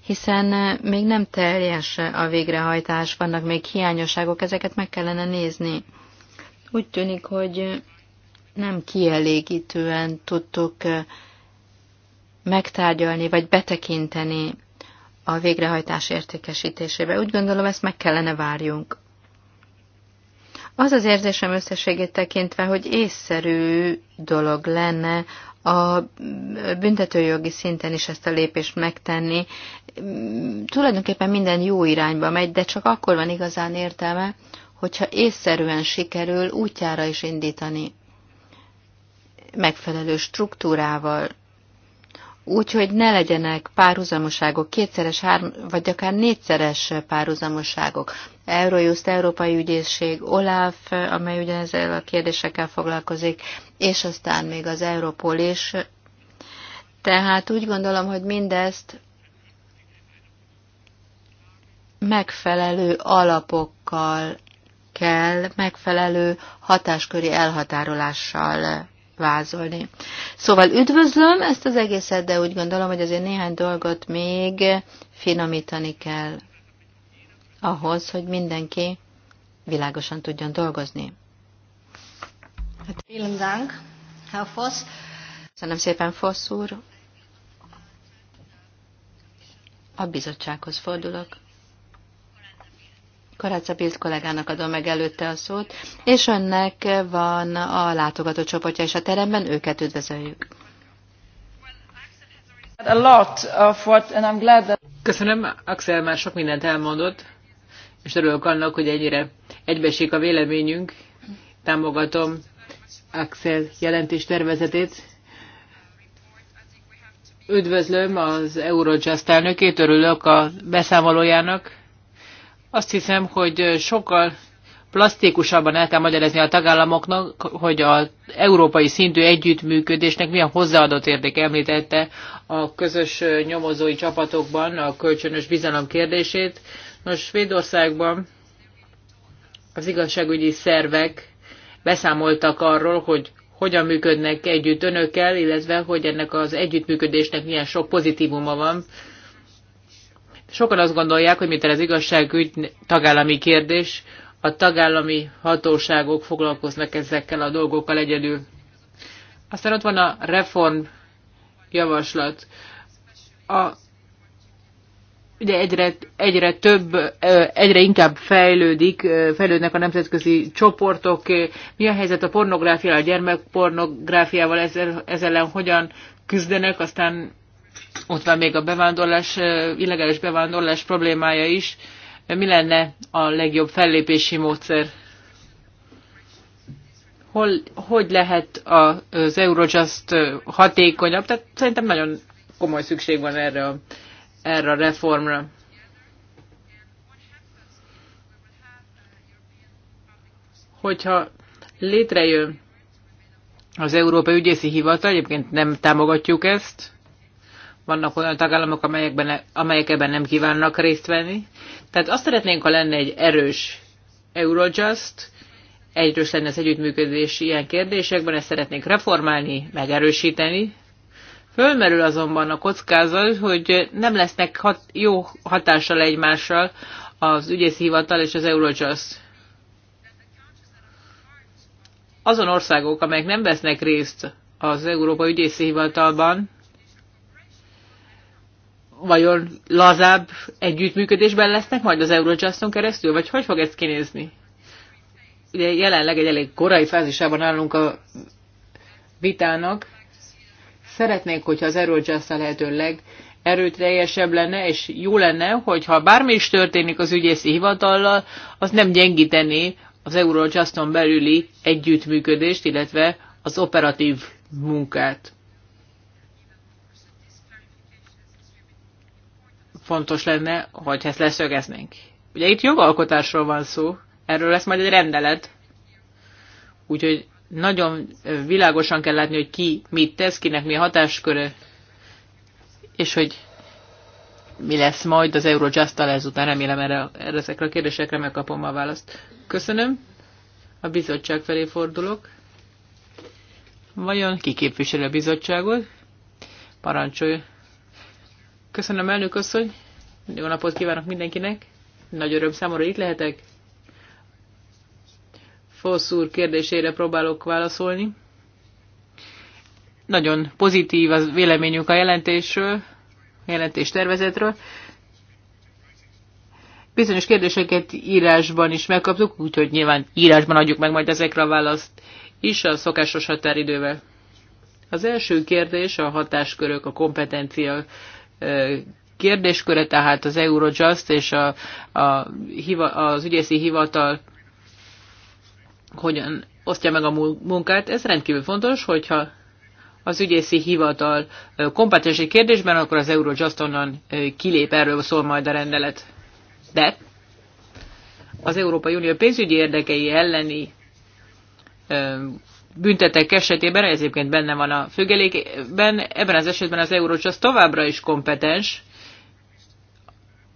hiszen még nem teljes a végrehajtás, vannak még hiányosságok, ezeket meg kellene nézni. Úgy tűnik, hogy nem kielégítően tudtuk megtárgyalni vagy betekinteni a végrehajtás értékesítésébe. Úgy gondolom, ezt meg kellene várjunk. Az az érzésem összességét tekintve, hogy észszerű dolog lenne a büntetőjogi szinten is ezt a lépést megtenni, tulajdonképpen minden jó irányba megy, de csak akkor van igazán értelme, hogyha észszerűen sikerül útjára is indítani, megfelelő struktúrával, úgy, hogy ne legyenek párhuzamoságok, kétszeres, három, vagy akár négyszeres párhuzamoságok. Eurojust, Európai Ügyészség, OLAF, amely ugyanezzel a kérdésekkel foglalkozik, és aztán még az Europol is. Tehát úgy gondolom, hogy mindezt megfelelő alapokkal kell megfelelő hatásköri elhatárolással vázolni. Szóval üdvözlöm ezt az egészet, de úgy gondolom, hogy azért néhány dolgot még finomítani kell ahhoz, hogy mindenki világosan tudjon dolgozni. Hát, vielen Dank, Herr Voss. Köszönöm szépen, Fosz úr. A bizottsághoz fordulok. Karácsa Bild kollégának adom meg előtte a szót, és önnek van a látogató csoportja is a teremben, őket üdvözöljük. Köszönöm, Axel már sok mindent elmondott, és örülök annak, hogy ennyire egybesik a véleményünk. Támogatom Axel jelentés tervezetét. Üdvözlöm az Eurojust elnökét, örülök a beszámolójának. Azt hiszem, hogy sokkal plastikusabban el kell magyarázni a tagállamoknak, hogy az európai szintű együttműködésnek milyen hozzáadott érték említette a közös nyomozói csapatokban a kölcsönös bizalom kérdését. Nos, Svédországban az igazságügyi szervek beszámoltak arról, hogy hogyan működnek együtt önökkel, illetve hogy ennek az együttműködésnek milyen sok pozitívuma van. Sokan azt gondolják, hogy mivel az igazságügy tagállami kérdés, a tagállami hatóságok foglalkoznak ezekkel a dolgokkal egyedül. Aztán ott van a reform javaslat. A, ugye egyre, egyre több, egyre inkább fejlődik, fejlődnek a nemzetközi csoportok. Mi a helyzet a pornográfiával, a gyermekpornográfiával, ezzel, ezzel ellen hogyan küzdenek, aztán ott van még a bevándorlás, illegális bevándorlás problémája is. Mi lenne a legjobb fellépési módszer? Hol, hogy lehet az Eurojust hatékonyabb? Tehát szerintem nagyon komoly szükség van erre a, erre a reformra. Hogyha létrejön az Európa Ügyészi Hivatal, egyébként nem támogatjuk ezt, vannak olyan tagállamok, amelyekben, amelyek ebben nem kívánnak részt venni. Tehát azt szeretnénk, ha lenne egy erős Eurojust, egyrős lenne az együttműködés ilyen kérdésekben, ezt szeretnénk reformálni, megerősíteni. Fölmerül azonban a kockázat, hogy nem lesznek hat, jó hatással egymással az ügyész hivatal és az Eurojust. Azon országok, amelyek nem vesznek részt az Európai Ügyészi Hivatalban, vajon lazább együttműködésben lesznek majd az Eurojuston keresztül, vagy hogy fog ez kinézni? Ugye jelenleg egy elég korai fázisában állunk a vitának. Szeretnék, hogyha az Eurojust a lehetőleg erőteljesebb lenne, és jó lenne, hogyha bármi is történik az ügyészi hivatallal, az nem gyengíteni az Eurojuston belüli együttműködést, illetve az operatív munkát. fontos lenne, hogy ezt leszögeznénk. Ugye itt jogalkotásról van szó, erről lesz majd egy rendelet, úgyhogy nagyon világosan kell látni, hogy ki mit tesz, kinek mi a hatásköre, és hogy mi lesz majd az Eurojust-tal ezután. Remélem erre, erre ezekre a kérdésekre megkapom a választ. Köszönöm. A bizottság felé fordulok. Vajon ki képviseli a bizottságot? Parancsolj. Köszönöm, elnök asszony. Jó napot kívánok mindenkinek. Nagy öröm számomra itt lehetek. Fosz úr kérdésére próbálok válaszolni. Nagyon pozitív az véleményünk a jelentésről, a jelentés tervezetről. Bizonyos kérdéseket írásban is megkaptuk, úgyhogy nyilván írásban adjuk meg majd ezekre a választ is a szokásos határidővel. Az első kérdés a hatáskörök, a kompetencia kérdésköre, tehát az Eurojust és a, a, az ügyészi hivatal hogyan osztja meg a munkát. Ez rendkívül fontos, hogyha az ügyészi hivatal kompetensi kérdésben, akkor az Eurojust onnan kilép, erről szól majd a rendelet. De az Európai Unió pénzügyi érdekei elleni büntetek esetében, ez egyébként benne van a függelékben, ebben az esetben az Eurojust továbbra is kompetens,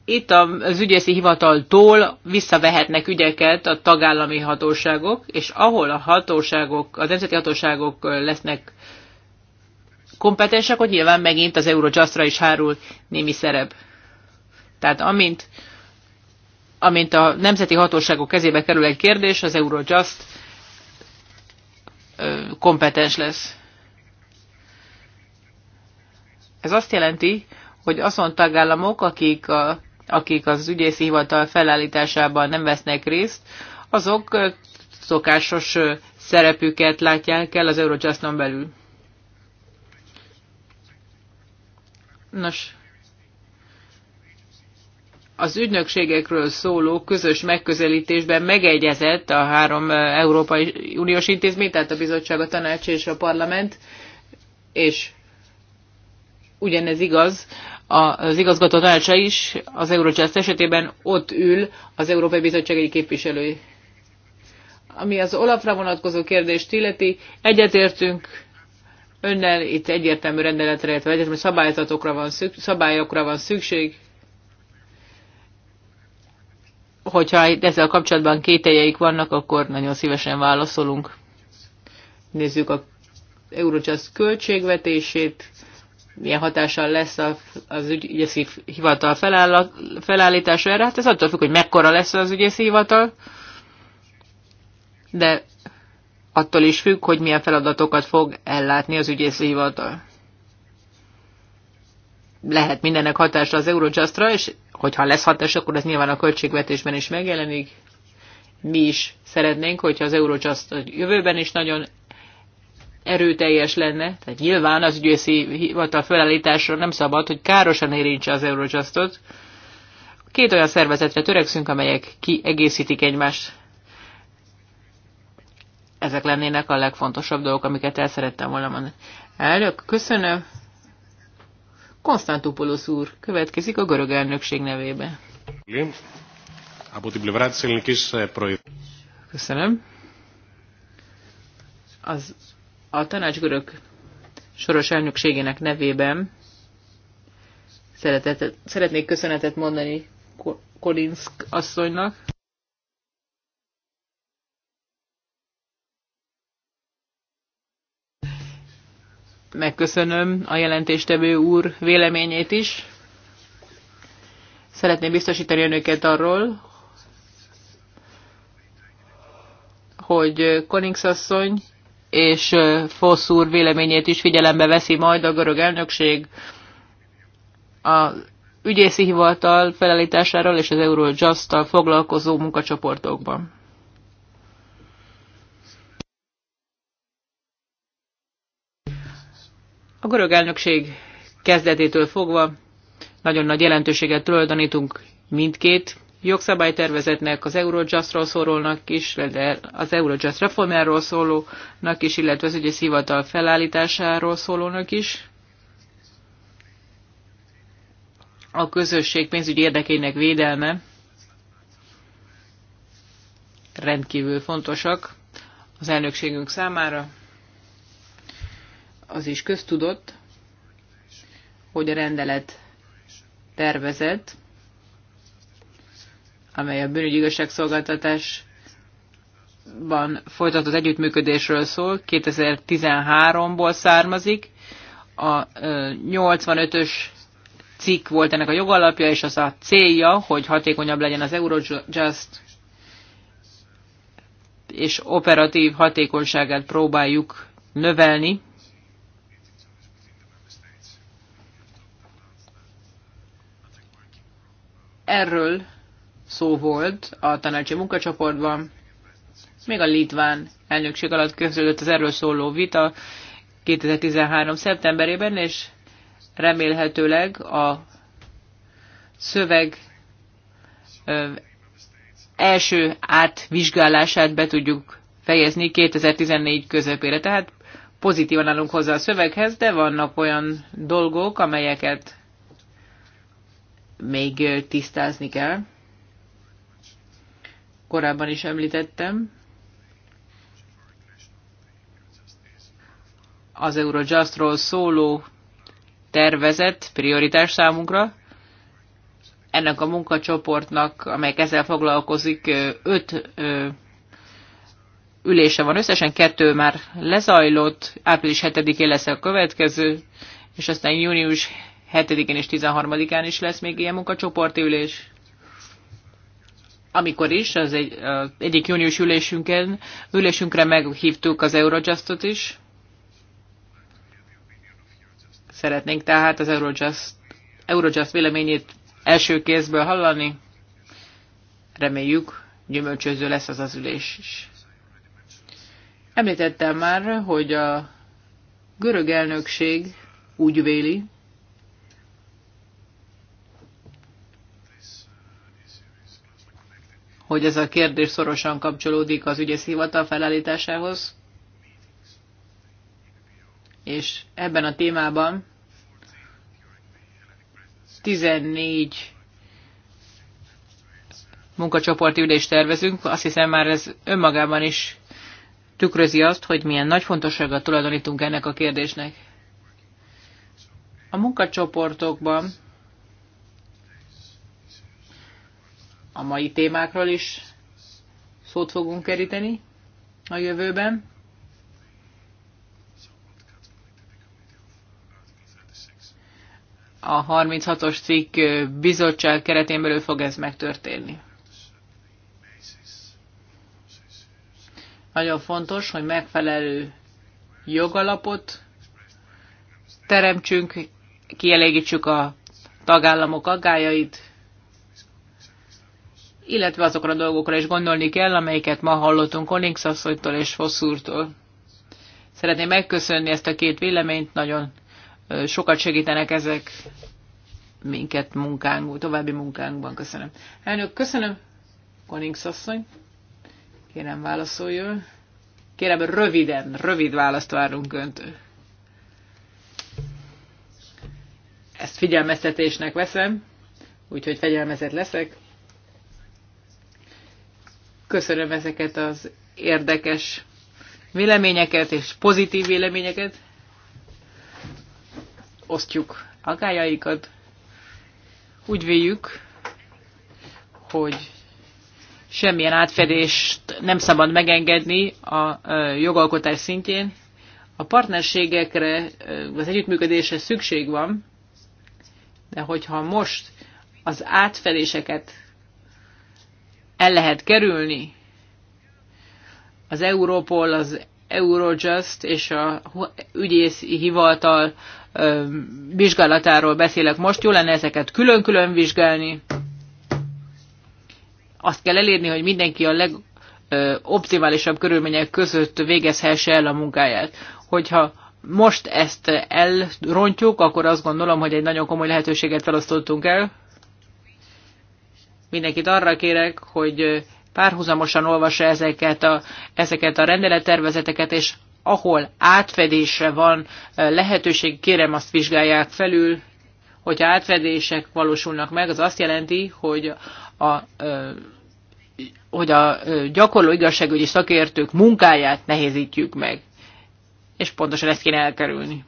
itt az ügyészi hivataltól visszavehetnek ügyeket a tagállami hatóságok, és ahol a hatóságok, a nemzeti hatóságok lesznek kompetensek, hogy nyilván megint az Eurojustra is hárul némi szerep. Tehát amint, amint a nemzeti hatóságok kezébe kerül egy kérdés, az Eurojust kompetens lesz. Ez azt jelenti, hogy azon tagállamok, akik, a, akik az ügyészi hivatal felállításában nem vesznek részt, azok szokásos szerepüket látják el az Eurojustnon belül. Nos, az ügynökségekről szóló közös megközelítésben megegyezett a három Európai Uniós intézmény, tehát a bizottság, a tanács és a parlament, és ugyanez igaz, az igazgató tanácsa is az Eurojust esetében ott ül az Európai Bizottság egy képviselői. Ami az Olafra vonatkozó kérdést illeti, egyetértünk önnel, itt egyértelmű rendeletre, illetve egyértelmű szabályzatokra van szükség, szabályokra van szükség, hogyha ezzel kapcsolatban kételjeik vannak, akkor nagyon szívesen válaszolunk. Nézzük a Eurocsasz költségvetését, milyen hatással lesz az ügyészi hivatal feláll, felállítása erre. Hát ez attól függ, hogy mekkora lesz az ügyészi hivatal, de attól is függ, hogy milyen feladatokat fog ellátni az ügyészi hivatal lehet mindennek hatása az Eurojustra, és hogyha lesz hatás, akkor ez nyilván a költségvetésben is megjelenik. Mi is szeretnénk, hogyha az Eurojust a jövőben is nagyon erőteljes lenne, tehát nyilván az ügyészi hivatal felállításra nem szabad, hogy károsan érintse az Eurojustot. Két olyan szervezetre törekszünk, amelyek kiegészítik egymást. Ezek lennének a legfontosabb dolgok, amiket el szerettem volna mondani. Elnök, köszönöm. Konstantopoulos úr következik a görög elnökség nevébe. Köszönöm. Az, a tanács görög soros elnökségének nevében szeretnék köszönetet mondani Kolinszk asszonynak. megköszönöm a jelentéstevő úr véleményét is. Szeretném biztosítani önöket arról, hogy Konings asszony és Fossz úr véleményét is figyelembe veszi majd a görög elnökség a ügyészi hivatal felállításáról és az Eurojust-tal foglalkozó munkacsoportokban. A görög elnökség kezdetétől fogva nagyon nagy jelentőséget tulajdonítunk mindkét jogszabálytervezetnek, az Eurojustról szólónak is, az Eurojust reformjáról szólónak is, illetve az ügyész hivatal felállításáról szólónak is. A közösség pénzügyi érdekének védelme rendkívül fontosak az elnökségünk számára az is köztudott, hogy a rendelet tervezett, amely a bűnügyi igazságszolgáltatásban folytatott együttműködésről szól, 2013-ból származik. A 85-ös cikk volt ennek a jogalapja, és az a célja, hogy hatékonyabb legyen az Eurojust, és operatív hatékonyságát próbáljuk növelni, Erről szó volt a tanácsi munkacsoportban, még a litván elnökség alatt közölött az erről szóló vita 2013. szeptemberében, és remélhetőleg a szöveg első átvizsgálását be tudjuk fejezni 2014 közepére. Tehát pozitívan állunk hozzá a szöveghez, de vannak olyan dolgok, amelyeket még tisztázni kell. Korábban is említettem, az Eurojustról szóló tervezett prioritás számunkra. Ennek a munkacsoportnak, amely ezzel foglalkozik, öt ö, ülése van. Összesen kettő már lezajlott, április 7-én lesz a következő, és aztán június 7-én és 13-án is lesz még ilyen munkacsoporti ülés. Amikor is, az egy, az egyik június ülésünkön, ülésünkre meghívtuk az Eurojustot is. Szeretnénk tehát az Eurojust, Eurojust véleményét első kézből hallani. Reméljük, gyümölcsöző lesz az az ülés is. Említettem már, hogy a görög elnökség úgy véli, hogy ez a kérdés szorosan kapcsolódik az ügyész hivatal felállításához. És ebben a témában 14 munkacsoporti ülést tervezünk. Azt hiszem már ez önmagában is tükrözi azt, hogy milyen nagy fontosságot tulajdonítunk ennek a kérdésnek. A munkacsoportokban a mai témákról is szót fogunk keríteni a jövőben. A 36-os cikk bizottság keretén belül fog ez megtörténni. Nagyon fontos, hogy megfelelő jogalapot teremtsünk, kielégítsük a tagállamok aggájait, illetve azokra a dolgokra is gondolni kell, amelyeket ma hallottunk Onyx asszonytól és Fosszúrtól. Szeretném megköszönni ezt a két véleményt, nagyon sokat segítenek ezek minket munkánk, további munkánkban. Köszönöm. Elnök, köszönöm. Konings asszony, kérem válaszoljon. Kérem, röviden, rövid választ várunk öntől. Ezt figyelmeztetésnek veszem, úgyhogy fegyelmezett leszek. Köszönöm ezeket az érdekes véleményeket és pozitív véleményeket. Osztjuk agályaikat. Úgy véljük, hogy semmilyen átfedést nem szabad megengedni a jogalkotás szintjén. A partnerségekre, az együttműködésre szükség van, de hogyha most az átfedéseket el lehet kerülni. Az Europol, az Eurojust és a ügyész hivatal vizsgálatáról beszélek most. Jó lenne ezeket külön-külön vizsgálni. Azt kell elérni, hogy mindenki a legoptimálisabb körülmények között végezhesse el a munkáját. Hogyha most ezt elrontjuk, akkor azt gondolom, hogy egy nagyon komoly lehetőséget felosztottunk el. Mindenkit arra kérek, hogy párhuzamosan olvassa ezeket a, ezeket a rendelettervezeteket, és ahol átfedésre van lehetőség, kérem azt vizsgálják felül, hogyha átfedések valósulnak meg, az azt jelenti, hogy a, hogy a gyakorló igazságügyi szakértők munkáját nehézítjük meg. És pontosan ezt kéne elkerülni.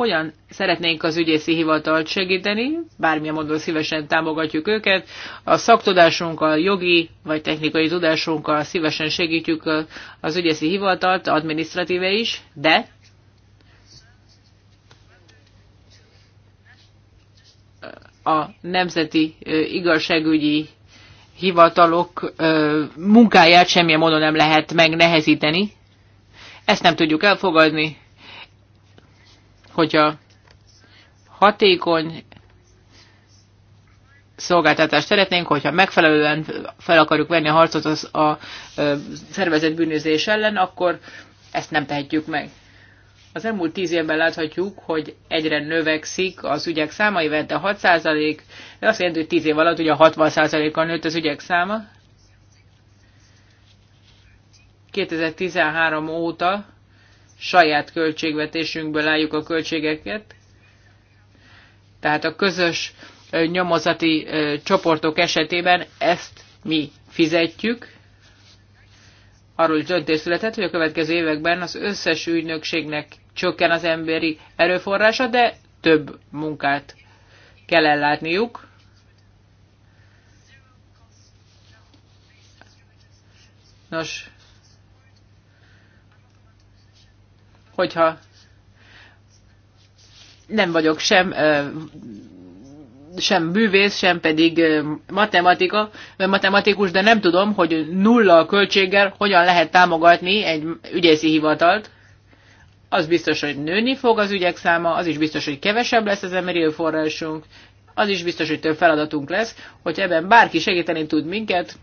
hogyan szeretnénk az ügyészi hivatalt segíteni, bármilyen módon szívesen támogatjuk őket, a szaktudásunkkal, jogi vagy technikai tudásunkkal szívesen segítjük az ügyészi hivatalt, administratíve is, de a nemzeti igazságügyi hivatalok munkáját semmilyen módon nem lehet megnehezíteni. Ezt nem tudjuk elfogadni, a hatékony szolgáltatást szeretnénk, hogyha megfelelően fel akarjuk venni a harcot az a szervezett bűnözés ellen, akkor ezt nem tehetjük meg. Az elmúlt tíz évben láthatjuk, hogy egyre növekszik az ügyek száma, évente 6 százalék, de azt jelenti, hogy tíz év alatt ugye 60 százalékkal nőtt az ügyek száma. 2013 óta saját költségvetésünkből álljuk a költségeket, tehát a közös nyomozati csoportok esetében ezt mi fizetjük. Arról is döntés született, hogy a következő években az összes ügynökségnek csökken az emberi erőforrása, de több munkát kell ellátniuk. Nos, hogyha nem vagyok sem, sem bűvész, sem pedig matematika, matematikus, de nem tudom, hogy nulla a költséggel hogyan lehet támogatni egy ügyészi hivatalt. Az biztos, hogy nőni fog az ügyek száma, az is biztos, hogy kevesebb lesz az emberi forrásunk, az is biztos, hogy több feladatunk lesz, hogy ebben bárki segíteni tud minket,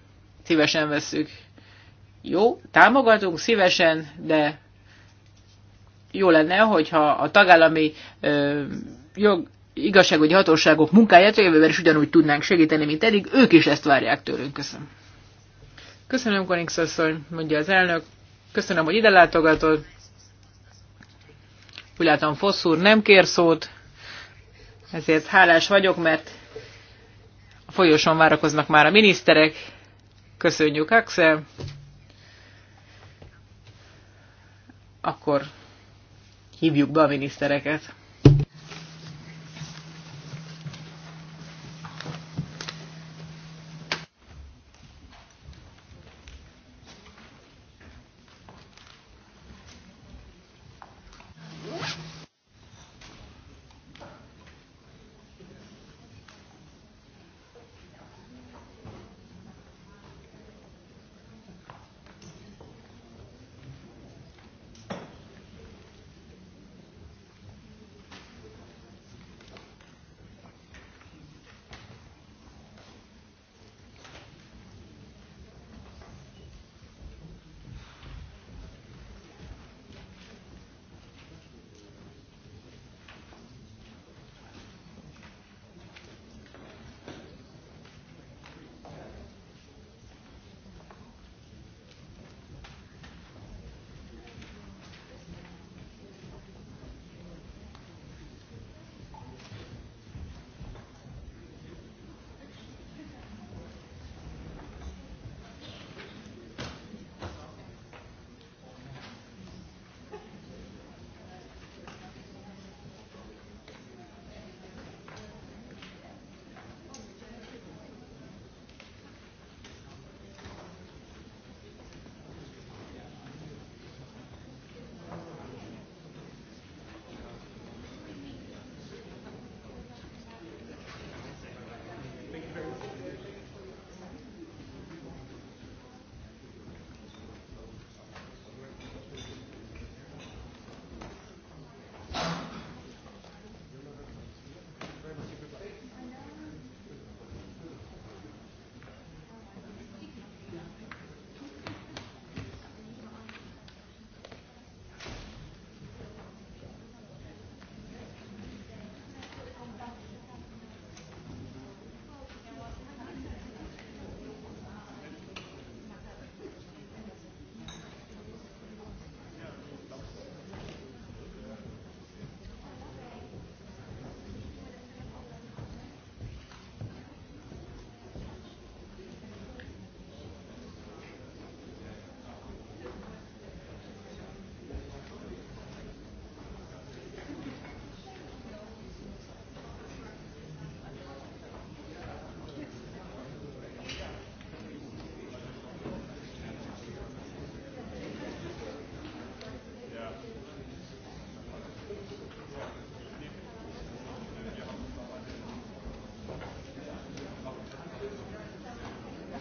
szívesen vesszük. Jó, támogatunk szívesen, de jó lenne, hogyha a tagállami jog, igazságügyi hatóságok munkáját a jövőben is ugyanúgy tudnánk segíteni, mint eddig. Ők is ezt várják tőlünk. Köszönöm. Köszönöm, Konix asszony, mondja az elnök. Köszönöm, hogy ide látogatod. Úgy látom, Fosszúr nem kér szót, ezért hálás vagyok, mert a folyosón várakoznak már a miniszterek. Köszönjük, Axel. Akkor hívjuk be a minisztereket.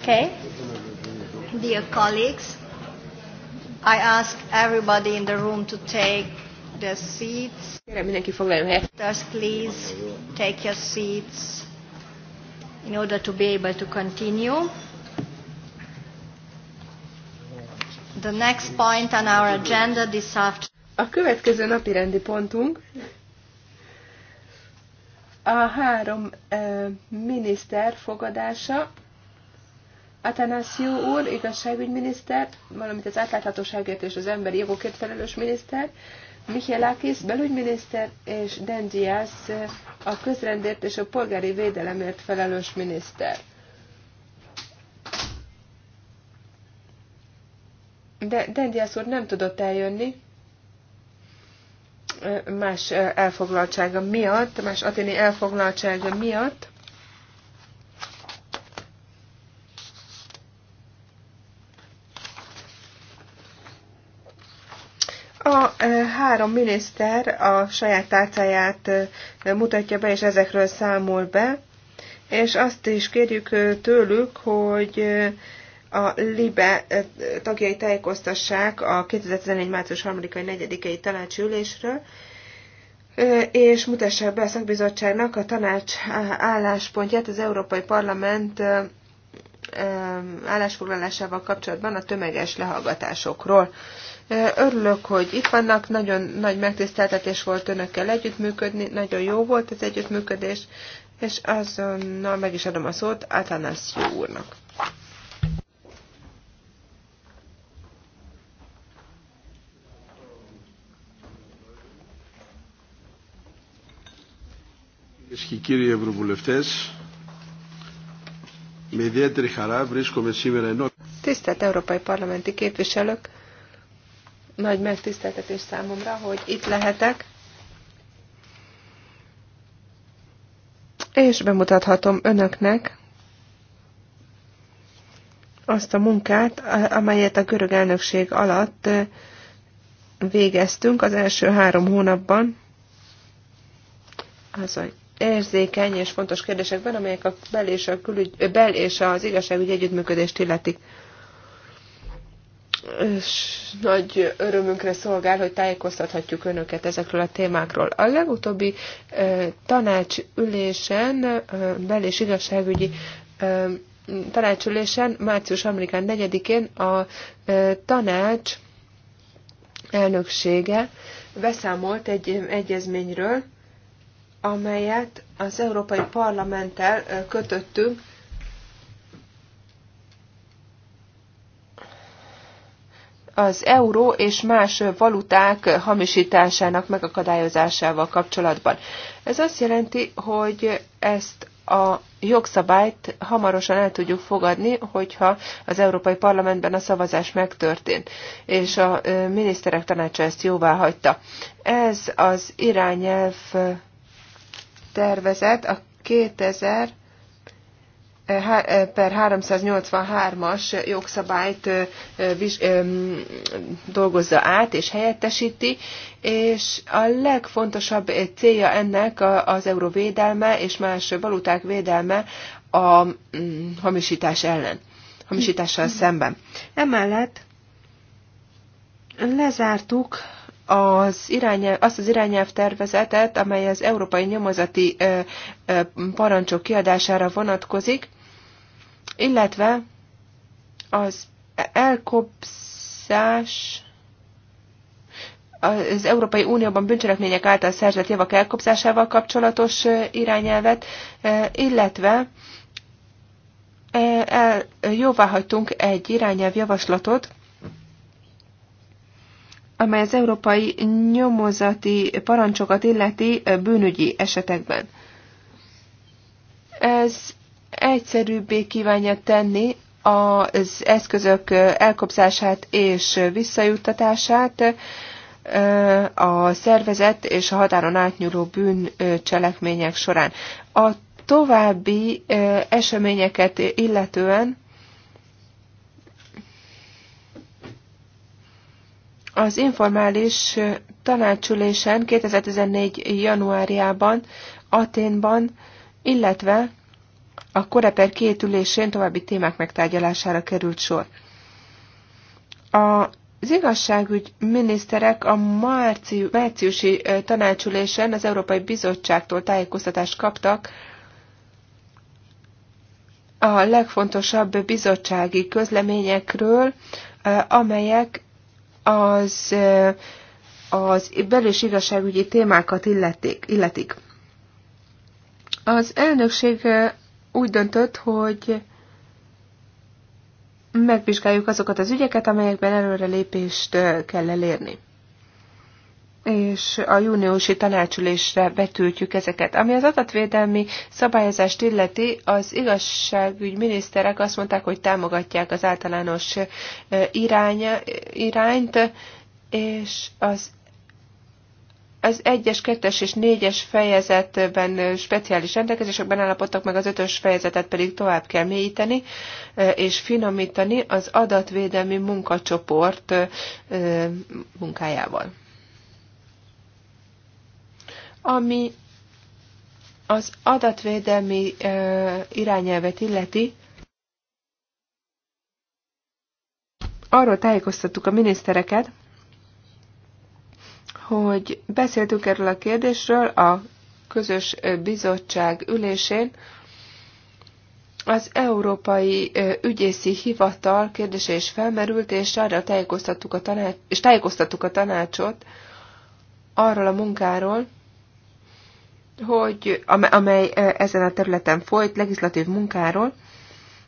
Okay. Dear colleagues, I ask everybody in the room to take their seats. Doctors, Please take your seats in order to be able to continue. The next point on our agenda this afternoon. A következő napi rendi pontunk a három eh, miniszter fogadása Atanasio úr, igazságügyminiszter, valamint az átláthatóságért és az emberi jogokért felelős miniszter, Michélakis belügyminiszter és Dan Diaz, a közrendért és a polgári védelemért felelős miniszter. De Dan Diaz úr nem tudott eljönni más elfoglaltsága miatt, más ateni elfoglaltsága miatt, három miniszter a saját tárcáját mutatja be, és ezekről számol be, és azt is kérjük tőlük, hogy a LIBE tagjai tájékoztassák a 2014. március 3-ai 4 ei tanácsülésről, és mutassák be a szakbizottságnak a tanács álláspontját az Európai Parlament állásfoglalásával kapcsolatban a tömeges lehallgatásokról. Örülök, hogy itt vannak, nagyon nagy megtiszteltetés volt önökkel együttműködni, nagyon jó volt az együttműködés, és azonnal meg is adom a szót jó úrnak. Κυρίες και κύριοι Ευρωβουλευτές, με ιδιαίτερη χαρά βρίσκομαι σήμερα Tisztelt Európai Parlamenti képviselők, nagy megtiszteltetés számomra, hogy itt lehetek, és bemutathatom önöknek azt a munkát, amelyet a görög elnökség alatt végeztünk az első három hónapban. a érzékeny és fontos kérdésekben, amelyek a bel és, a külügy, bel és az igazságügyi együttműködést illetik és nagy örömünkre szolgál, hogy tájékoztathatjuk önöket ezekről a témákról. A legutóbbi tanácsülésen, bel- és igazságügyi tanácsülésen, március 4-én a tanács elnöksége beszámolt egy egyezményről, amelyet az Európai Parlamenttel kötöttünk az euró és más valuták hamisításának megakadályozásával kapcsolatban. Ez azt jelenti, hogy ezt a jogszabályt hamarosan el tudjuk fogadni, hogyha az Európai Parlamentben a szavazás megtörtént, és a miniszterek tanácsa ezt jóvá hagyta. Ez az irányelv tervezet a 2000 per 383-as jogszabályt dolgozza át és helyettesíti, és a legfontosabb célja ennek az euró védelme és más valuták védelme a hamisítás ellen, hamisítással szemben. Emellett lezártuk az irányelv, azt az irányelv tervezetet, amely az európai nyomozati parancsok kiadására vonatkozik, illetve az elkopszás az Európai Unióban bűncselekmények által szerzett javak elkopszásával kapcsolatos irányelvet, illetve el, jóváhagytunk egy javaslatot, amely az európai nyomozati parancsokat illeti bűnügyi esetekben. Ez egyszerűbbé kívánja tenni az eszközök elkobzását és visszajuttatását a szervezet és a határon átnyúló bűncselekmények során. A további eseményeket illetően az informális tanácsülésen 2014. januárjában Aténban, illetve a Koreper két ülésén további témák megtárgyalására került sor. A az igazságügy miniszterek a márci, márciusi tanácsülésen az Európai Bizottságtól tájékoztatást kaptak a legfontosabb bizottsági közleményekről, amelyek az, az belős igazságügyi témákat illetik. Az elnökség úgy döntött, hogy megvizsgáljuk azokat az ügyeket, amelyekben előrelépést kell elérni. És a júniusi tanácsülésre betültjük ezeket. Ami az adatvédelmi szabályozást illeti, az igazságügy miniszterek azt mondták, hogy támogatják az általános irány, irányt, és az az 1-es, 2-es és 4-es fejezetben speciális rendelkezésekben állapodtak meg, az 5-ös fejezetet pedig tovább kell mélyíteni és finomítani az adatvédelmi munkacsoport munkájával. Ami az adatvédelmi irányelvet illeti, arról tájékoztattuk a minisztereket, hogy beszéltük erről a kérdésről a közös bizottság ülésén, az Európai Ügyészi Hivatal kérdése is felmerült, és arra tájékoztattuk a, tanács, és tájékoztattuk a tanácsot arról a munkáról, hogy, amely ezen a területen folyt, legislatív munkáról,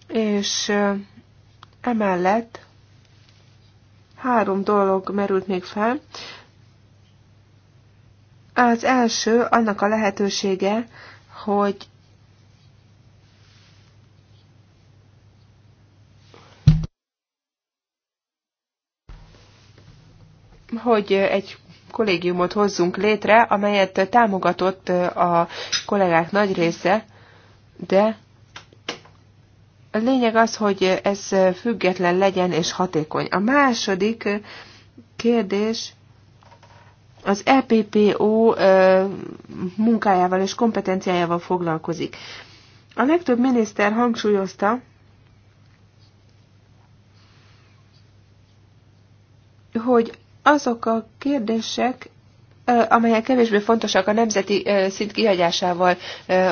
és emellett három dolog merült még fel. Az első annak a lehetősége, hogy hogy egy kollégiumot hozzunk létre, amelyet támogatott a kollégák nagy része, de a lényeg az, hogy ez független legyen és hatékony. A második kérdés az EPPO munkájával és kompetenciájával foglalkozik. A legtöbb miniszter hangsúlyozta, hogy azok a kérdések, amelyek kevésbé fontosak a nemzeti szint kihagyásával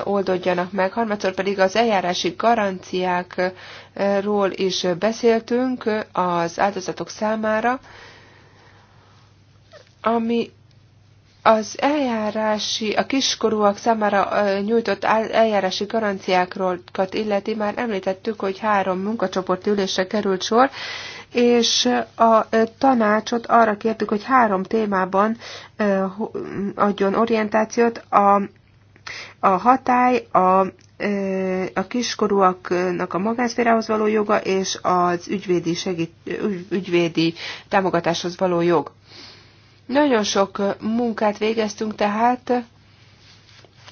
oldódjanak meg. Harmadszor pedig az eljárási garanciákról is beszéltünk az áldozatok számára, ami az eljárási, a kiskorúak számára nyújtott eljárási garanciákat illeti, már említettük, hogy három munkacsoport ülésre került sor, és a tanácsot arra kértük, hogy három témában adjon orientációt, a, a hatály, a a kiskorúaknak a magánszférához való joga és az ügyvédi, segít, ügyvédi támogatáshoz való jog. Nagyon sok munkát végeztünk tehát,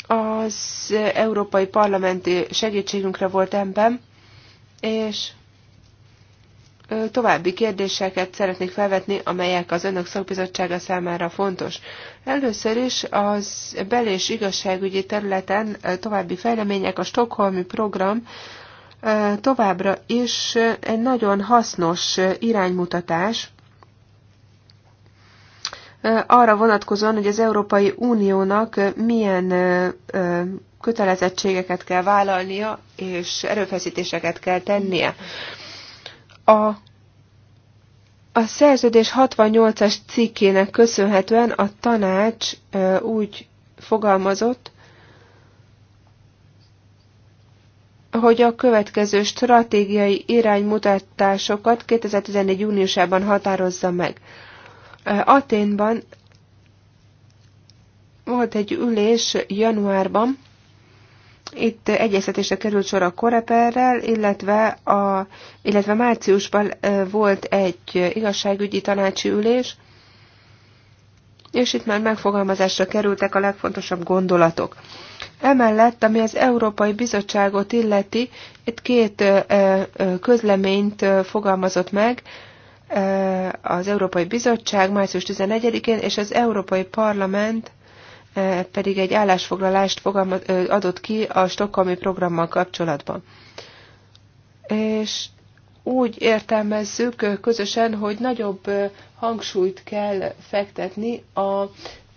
az Európai Parlamenti segítségünkre volt ember, és további kérdéseket szeretnék felvetni, amelyek az önök szakbizottsága számára fontos. Először is az bel- és igazságügyi területen további fejlemények, a Stockholmi program továbbra is egy nagyon hasznos iránymutatás, arra vonatkozóan, hogy az Európai Uniónak milyen kötelezettségeket kell vállalnia, és erőfeszítéseket kell tennie. A a szerződés 68-as cikkének köszönhetően a tanács úgy fogalmazott, hogy a következő stratégiai iránymutatásokat 2014. júniusában határozza meg. Aténban volt egy ülés januárban, itt egyeztetésre került sor a Koreperrel, illetve, a, illetve márciusban volt egy igazságügyi tanácsi ülés, és itt már megfogalmazásra kerültek a legfontosabb gondolatok. Emellett, ami az Európai Bizottságot illeti, itt két közleményt fogalmazott meg, az Európai Bizottság március 11-én, és az Európai Parlament pedig egy állásfoglalást adott ki a stokholmi programmal kapcsolatban. És úgy értelmezzük közösen, hogy nagyobb hangsúlyt kell fektetni a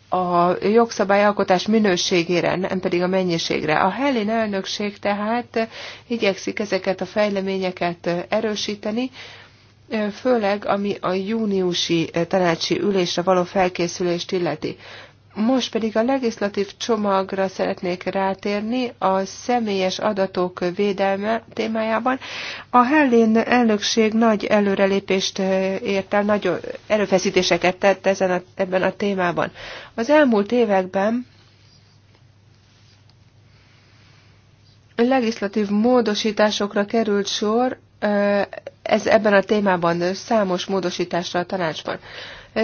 a jogszabályalkotás minőségére, nem pedig a mennyiségre. A Hellén elnökség tehát igyekszik ezeket a fejleményeket erősíteni, főleg ami a júniusi tanácsi ülésre való felkészülést illeti. Most pedig a legislatív csomagra szeretnék rátérni a személyes adatok védelme témájában. A Hellén elnökség nagy előrelépést ért el, nagy erőfeszítéseket tett ezen a, ebben a témában. Az elmúlt években legislatív módosításokra került sor ez ebben a témában számos módosításra a tanácsban.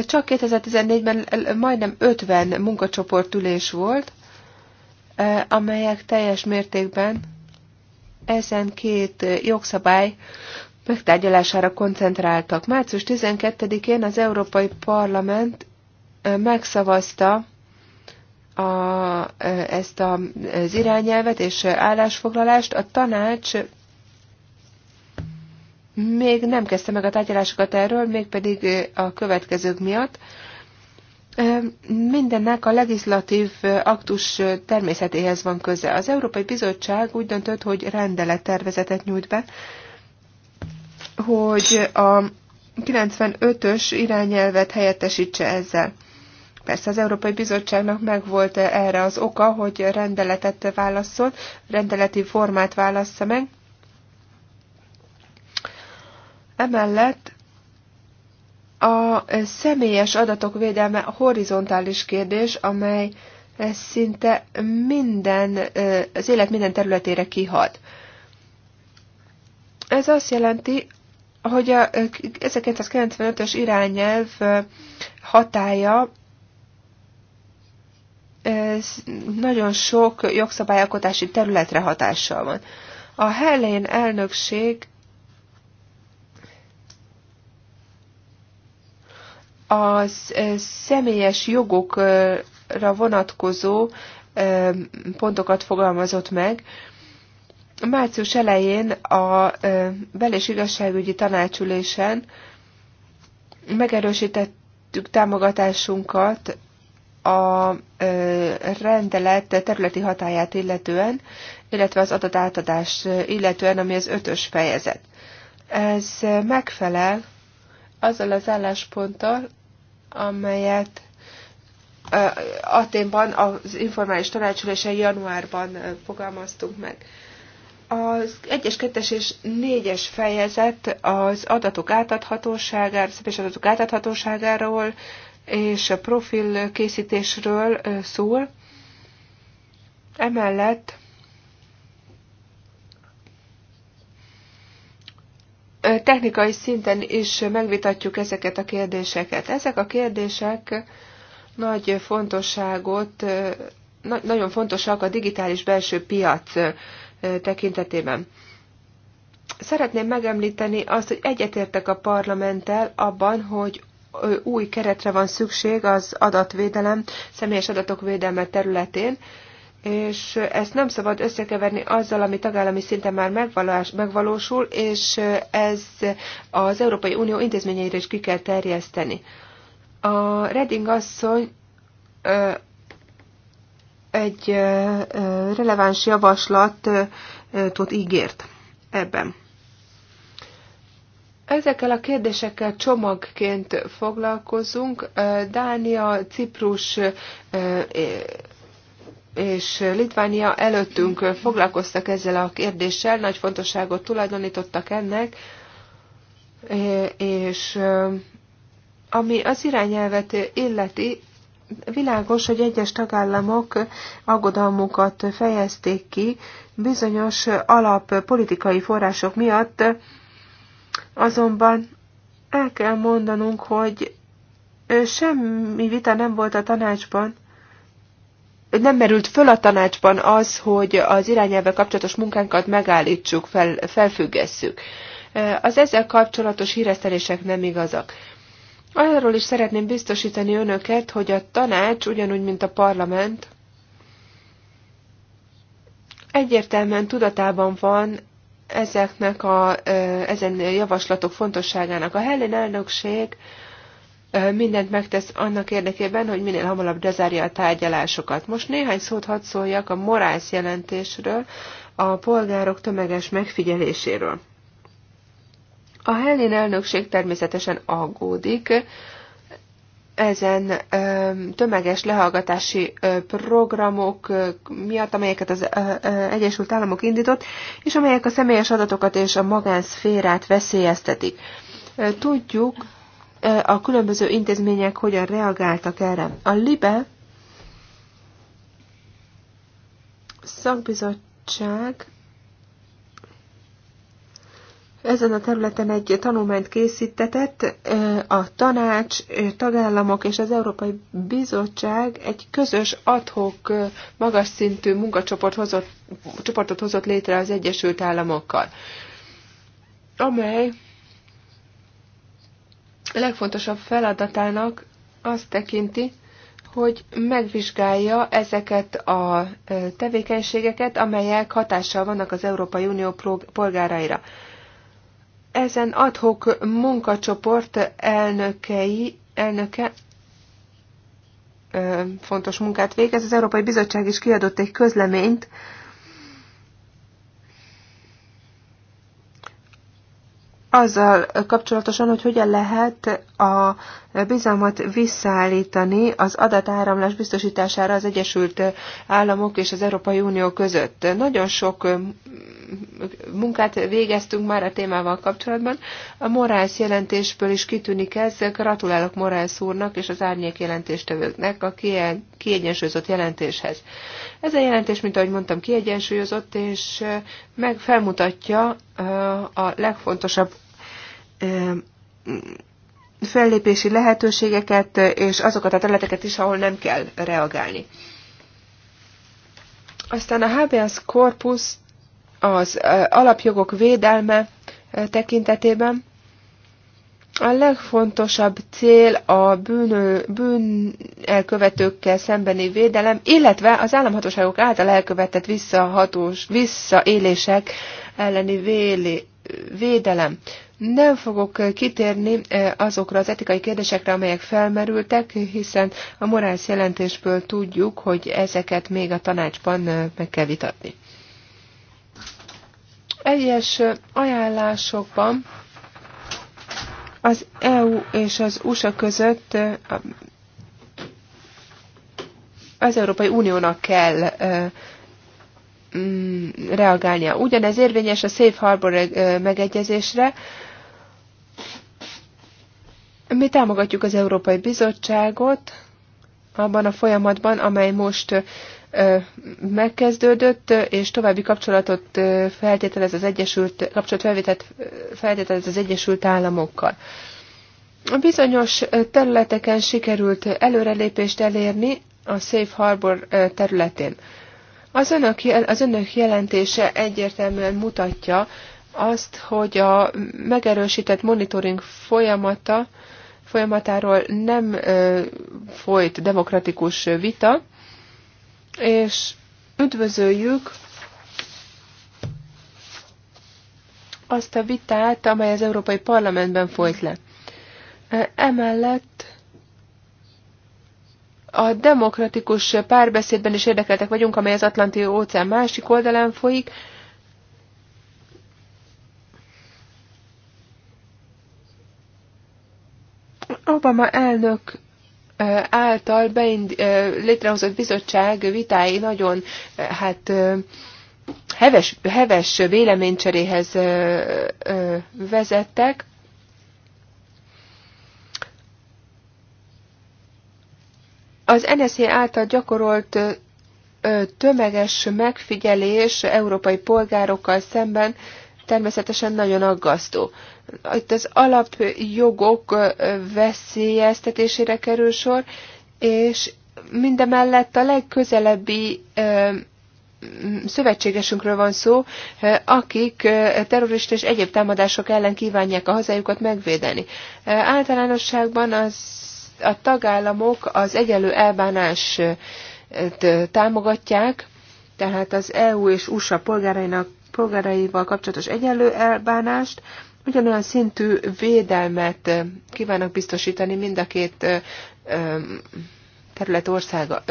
Csak 2014-ben majdnem 50 munkacsoportülés volt, amelyek teljes mértékben ezen két jogszabály megtárgyalására koncentráltak. Március 12-én az Európai Parlament megszavazta a, ezt a, az irányelvet és állásfoglalást. A tanács még nem kezdte meg a tárgyalásokat erről, mégpedig a következők miatt. Mindennek a legislatív aktus természetéhez van köze. Az Európai Bizottság úgy döntött, hogy rendelettervezetet nyújt be, hogy a 95-ös irányelvet helyettesítse ezzel. Persze az Európai Bizottságnak megvolt erre az oka, hogy rendeletet válaszol, rendeleti formát válassza meg, Emellett a személyes adatok védelme horizontális kérdés, amely szinte minden, az élet minden területére kihat. Ez azt jelenti, hogy a 1995-ös irányelv hatája ez nagyon sok jogszabályalkotási területre hatással van. A Hellén elnökség az személyes jogokra vonatkozó pontokat fogalmazott meg. Március elején a bel- és igazságügyi tanácsülésen megerősítettük támogatásunkat a rendelet területi hatáját illetően, illetve az adatátadás illetően, ami az ötös fejezet. Ez megfelel azzal az állásponttal, amelyet Aténban az informális tanácsülésen januárban fogalmaztunk meg. Az 1-es, 2-es és 4-es fejezet az adatok átadhatóságára, személyes adatok átadhatóságáról és a profil készítésről szól. Emellett technikai szinten is megvitatjuk ezeket a kérdéseket. Ezek a kérdések nagy fontosságot, nagyon fontosak a digitális belső piac tekintetében. Szeretném megemlíteni azt, hogy egyetértek a parlamenttel abban, hogy új keretre van szükség az adatvédelem, személyes adatok védelme területén, és ezt nem szabad összekeverni azzal, ami tagállami szinten már megvalósul, és ez az Európai Unió intézményeire is ki kell terjeszteni. A Reding asszony egy releváns javaslatot ígért ebben. Ezekkel a kérdésekkel csomagként foglalkozunk. Dánia, Ciprus és Litvánia előttünk foglalkoztak ezzel a kérdéssel, nagy fontosságot tulajdonítottak ennek, és eh, ami az irányelvet illeti, világos, hogy egyes tagállamok aggodalmukat fejezték ki bizonyos alap politikai források miatt, azonban el kell mondanunk, hogy semmi vita nem volt a tanácsban nem merült föl a tanácsban az, hogy az irányelvvel kapcsolatos munkánkat megállítsuk, fel, felfüggesszük. Az ezzel kapcsolatos híresztelések nem igazak. Arról is szeretném biztosítani önöket, hogy a tanács, ugyanúgy, mint a parlament, egyértelműen tudatában van ezeknek a, ezen javaslatok fontosságának. A Hellen elnökség mindent megtesz annak érdekében, hogy minél hamarabb bezárja a tárgyalásokat. Most néhány szót hadd szóljak a Morász jelentésről, a polgárok tömeges megfigyeléséről. A Hellén elnökség természetesen aggódik, ezen ö, tömeges lehallgatási ö, programok ö, miatt, amelyeket az ö, ö, Egyesült Államok indított, és amelyek a személyes adatokat és a magánszférát veszélyeztetik. Ö, tudjuk, a különböző intézmények hogyan reagáltak erre. A LIBE szakbizottság ezen a területen egy tanulmányt készítetett, a tanács, tagállamok és az Európai Bizottság egy közös adhok magas szintű munkacsoport hozott, csoportot hozott létre az Egyesült Államokkal, amely legfontosabb feladatának azt tekinti, hogy megvizsgálja ezeket a tevékenységeket, amelyek hatással vannak az Európai Unió polgáraira. Ezen adhok munkacsoport elnökei, elnöke fontos munkát végez. Az Európai Bizottság is kiadott egy közleményt azzal kapcsolatosan, hogy hogyan lehet a bizalmat visszaállítani az adatáramlás biztosítására az Egyesült Államok és az Európai Unió között. Nagyon sok munkát végeztünk már a témával kapcsolatban. A Morales jelentésből is kitűnik ez. Gratulálok Morales úrnak és az árnyék jelentéstevőknek a kiegyensúlyozott jelentéshez. Ez a jelentés, mint ahogy mondtam, kiegyensúlyozott, és meg felmutatja a legfontosabb fellépési lehetőségeket, és azokat a területeket is, ahol nem kell reagálni. Aztán a HBS corpus, az alapjogok védelme tekintetében a legfontosabb cél a bűnő, elkövetőkkel szembeni védelem, illetve az államhatóságok által elkövetett visszahatós, visszaélések elleni véli, védelem. Nem fogok eh, kitérni eh, azokra az etikai kérdésekre, amelyek felmerültek, hiszen a morális jelentésből tudjuk, hogy ezeket még a tanácsban eh, meg kell vitatni. Egyes ajánlásokban az EU és az USA között az Európai Uniónak kell Mm, reagálnia. Ugyanez érvényes a Safe Harbor eh, megegyezésre. Mi támogatjuk az Európai Bizottságot abban a folyamatban, amely most eh, megkezdődött, és további kapcsolatot eh, feltételez az Egyesült, kapcsolatfelvételt feltételez az Egyesült Államokkal. Bizonyos területeken sikerült előrelépést elérni a Safe Harbor területén. Az önök, az önök jelentése egyértelműen mutatja azt, hogy a megerősített monitoring folyamata, folyamatáról nem ö, folyt demokratikus vita, és üdvözöljük azt a vitát, amely az Európai Parlamentben folyt le. Emellett a demokratikus párbeszédben is érdekeltek vagyunk, amely az Atlanti óceán másik oldalán folyik. Obama elnök által beind, létrehozott bizottság vitái nagyon hát heves, heves véleménycseréhez vezettek. Az NSZ által gyakorolt tömeges megfigyelés európai polgárokkal szemben természetesen nagyon aggasztó. Itt az alapjogok veszélyeztetésére kerül sor, és mindemellett a legközelebbi szövetségesünkről van szó, akik terrorista és egyéb támadások ellen kívánják a hazájukat megvédeni. Általánosságban az a tagállamok az egyenlő elbánást támogatják, tehát az EU és USA polgárainak, polgáraival kapcsolatos egyenlő elbánást, ugyanolyan szintű védelmet kívánnak biztosítani mind a két terület országa,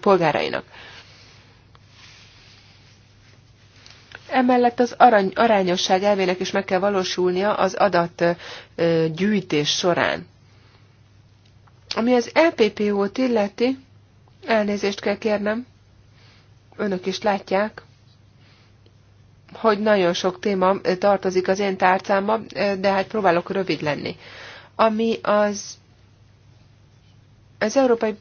polgárainak. Emellett az arány, arányosság elvének is meg kell valósulnia az adatgyűjtés során. Ami az LPPO-t e illeti, elnézést kell kérnem, önök is látják, hogy nagyon sok téma tartozik az én tárcámba, de hát próbálok rövid lenni. Ami az, az Európai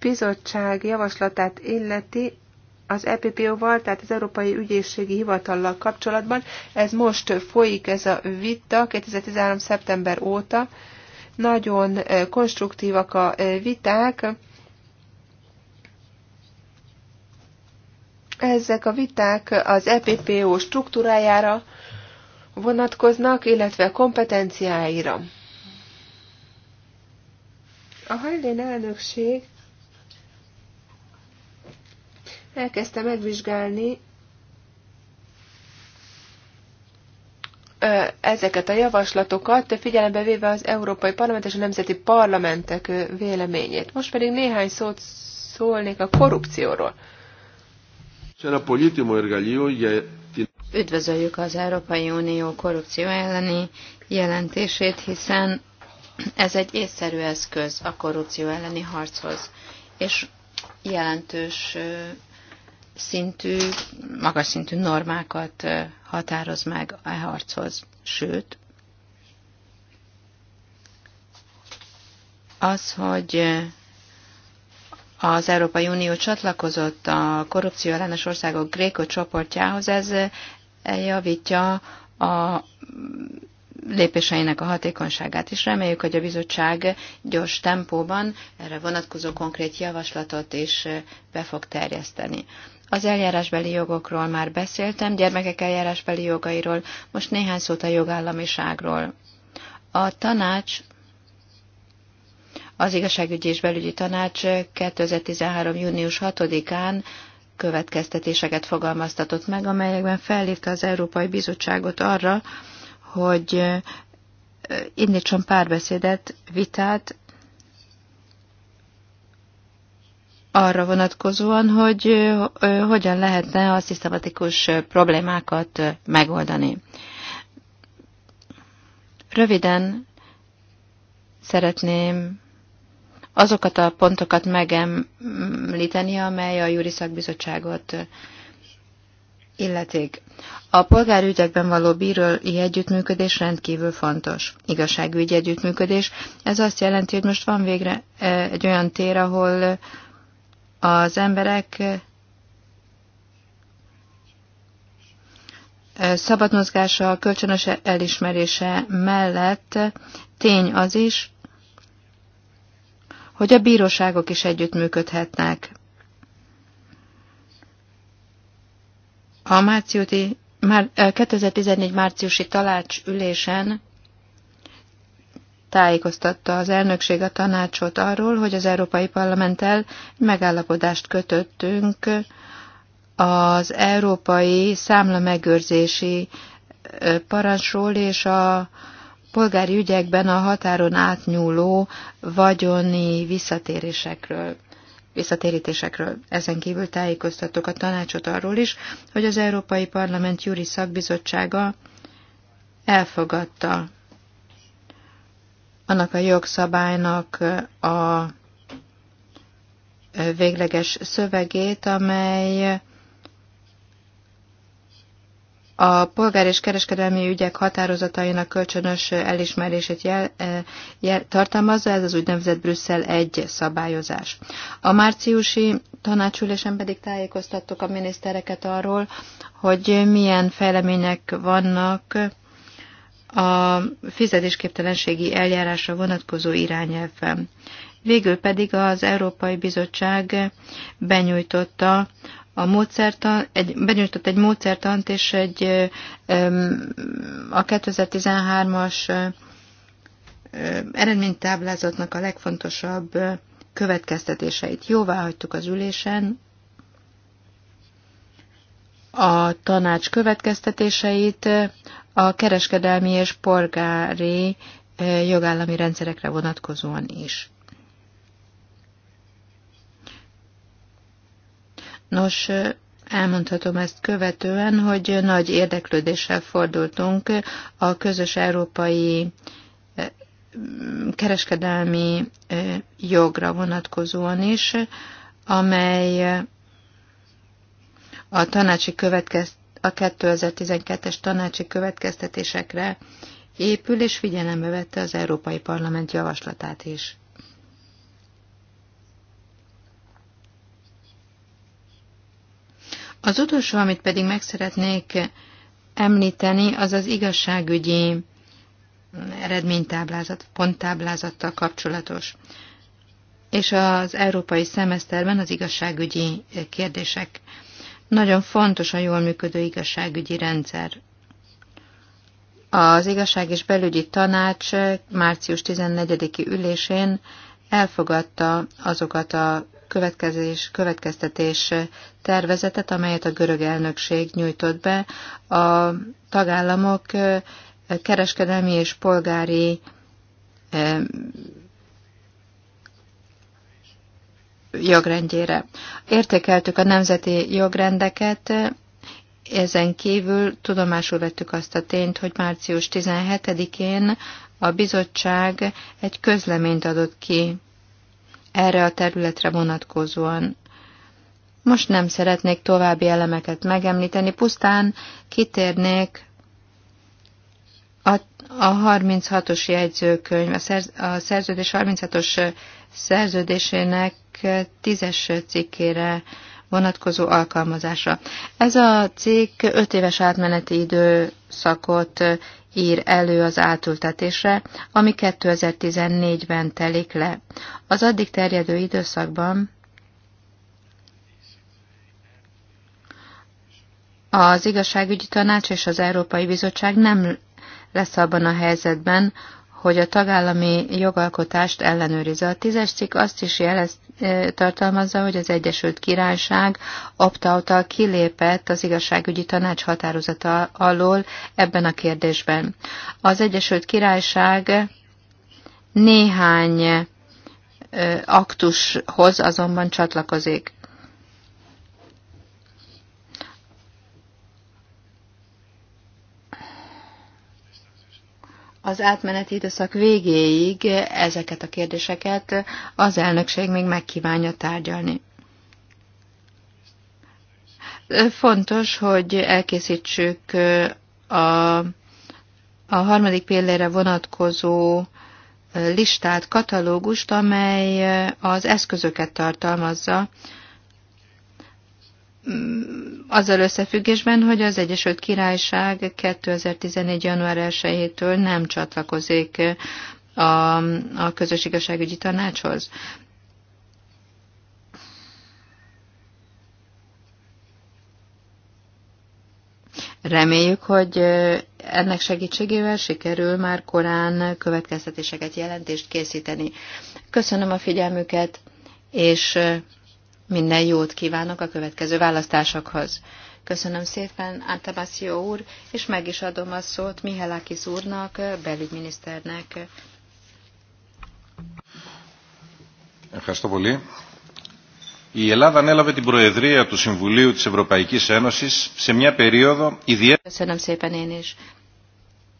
Bizottság javaslatát illeti, az EPPO-val, tehát az Európai Ügyészségi Hivatallal kapcsolatban, ez most folyik ez a vita 2013. szeptember óta, nagyon konstruktívak a viták. Ezek a viták az EPPO struktúrájára vonatkoznak, illetve kompetenciáira. A Hajlén elnökség elkezdte megvizsgálni ezeket a javaslatokat, figyelembe véve az Európai Parlament és a Nemzeti Parlamentek véleményét. Most pedig néhány szót szólnék a korrupcióról. Üdvözöljük az Európai Unió korrupció elleni jelentését, hiszen ez egy észszerű eszköz a korrupció elleni harchoz, és jelentős szintű, magas szintű normákat határoz meg a harchoz. Sőt, az, hogy az Európai Unió csatlakozott a korrupció ellenes országok Gréko csoportjához, ez javítja a lépéseinek a hatékonyságát is. Reméljük, hogy a bizottság gyors tempóban erre vonatkozó konkrét javaslatot is be fog terjeszteni. Az eljárásbeli jogokról már beszéltem, gyermekek eljárásbeli jogairól, most néhány szót a jogállamiságról. A tanács, az igazságügyi és belügyi tanács 2013. június 6-án következtetéseket fogalmaztatott meg, amelyekben felhívta az Európai Bizottságot arra, hogy indítson párbeszédet, vitát arra vonatkozóan, hogy hogyan lehetne a szisztematikus problémákat megoldani. Röviden szeretném azokat a pontokat megemlíteni, amely a Júri Szakbizottságot illeték. A polgárügyekben való bírói együttműködés rendkívül fontos. Igazságügyi együttműködés. Ez azt jelenti, hogy most van végre egy olyan tér, ahol az emberek szabad mozgása, a kölcsönös elismerése mellett tény az is, hogy a bíróságok is együttműködhetnek. A márciusi, már, 2014 márciusi talács ülésen tájékoztatta az elnökség a tanácsot arról, hogy az Európai Parlamenttel megállapodást kötöttünk az Európai Számla Megőrzési Parancsról és a polgári ügyekben a határon átnyúló vagyoni visszatérésekről visszatérítésekről. Ezen kívül tájékoztattuk a tanácsot arról is, hogy az Európai Parlament Júri Szakbizottsága elfogadta annak a jogszabálynak a végleges szövegét, amely a polgár és kereskedelmi ügyek határozatainak kölcsönös elismerését jel, eh, jel, tartalmazza, ez az úgynevezett Brüsszel egy szabályozás. A márciusi tanácsülésen pedig tájékoztattuk a minisztereket arról, hogy milyen fejlemények vannak a fizetésképtelenségi eljárásra vonatkozó irányelvben. Végül pedig az Európai Bizottság benyújtotta a módszertan, egy, benyújtott egy módszertant és egy a 2013-as eredménytáblázatnak a legfontosabb következtetéseit. Jóvá hagytuk az ülésen a tanács következtetéseit, a kereskedelmi és polgári jogállami rendszerekre vonatkozóan is. Nos, elmondhatom ezt követően, hogy nagy érdeklődéssel fordultunk a közös európai kereskedelmi jogra vonatkozóan is, amely a tanácsi következtetés a 2012-es tanácsi következtetésekre épül, és figyelembe vette az Európai Parlament javaslatát is. Az utolsó, amit pedig meg szeretnék említeni, az az igazságügyi eredménytáblázat, ponttáblázattal kapcsolatos, és az európai szemeszterben az igazságügyi kérdések nagyon fontos a jól működő igazságügyi rendszer. Az igazság és belügyi tanács március 14-i ülésén elfogadta azokat a következés, következtetés tervezetet, amelyet a görög elnökség nyújtott be a tagállamok kereskedelmi és polgári jogrendjére. Értékeltük a nemzeti jogrendeket, ezen kívül tudomásul vettük azt a tényt, hogy március 17-én a bizottság egy közleményt adott ki erre a területre vonatkozóan. Most nem szeretnék további elemeket megemlíteni, pusztán kitérnék a, a 36-os jegyzőkönyv, a, szerz, a szerződés 36-os szerződésének tízes cikkére vonatkozó alkalmazása. Ez a cikk öt éves átmeneti időszakot ír elő az átültetésre, ami 2014-ben telik le. Az addig terjedő időszakban az igazságügyi tanács és az Európai Bizottság nem lesz abban a helyzetben, hogy a tagállami jogalkotást ellenőrizze. A tízes cikk azt is jelez, e, tartalmazza, hogy az Egyesült Királyság opt kilépett az igazságügyi tanács határozata alól ebben a kérdésben. Az Egyesült Királyság néhány e, aktushoz azonban csatlakozik. az átmeneti időszak végéig ezeket a kérdéseket az elnökség még megkívánja tárgyalni. Fontos, hogy elkészítsük a, a harmadik pillére vonatkozó listát, katalógust, amely az eszközöket tartalmazza, Mm, azzal összefüggésben, hogy az Egyesült Királyság 2014. január 1-től nem csatlakozik eh, a, a közös igazságügyi tanácshoz. Reméljük, hogy eh, ennek segítségével sikerül már korán következtetéseket, jelentést készíteni. Köszönöm a figyelmüket, és eh, minden jót kívánok a következő választásokhoz. Köszönöm szépen, Antabasio úr, és meg is adom a szót Mihelakis úrnak, belügyminiszternek. Ευχαριστώ πολύ. Η Ελλάδα ανέλαβε την Προεδρία του Συμβουλίου της Ευρωπαϊκής Ένωσης σε μια περίοδο ιδιαίτερα... Köszönöm szépen én is.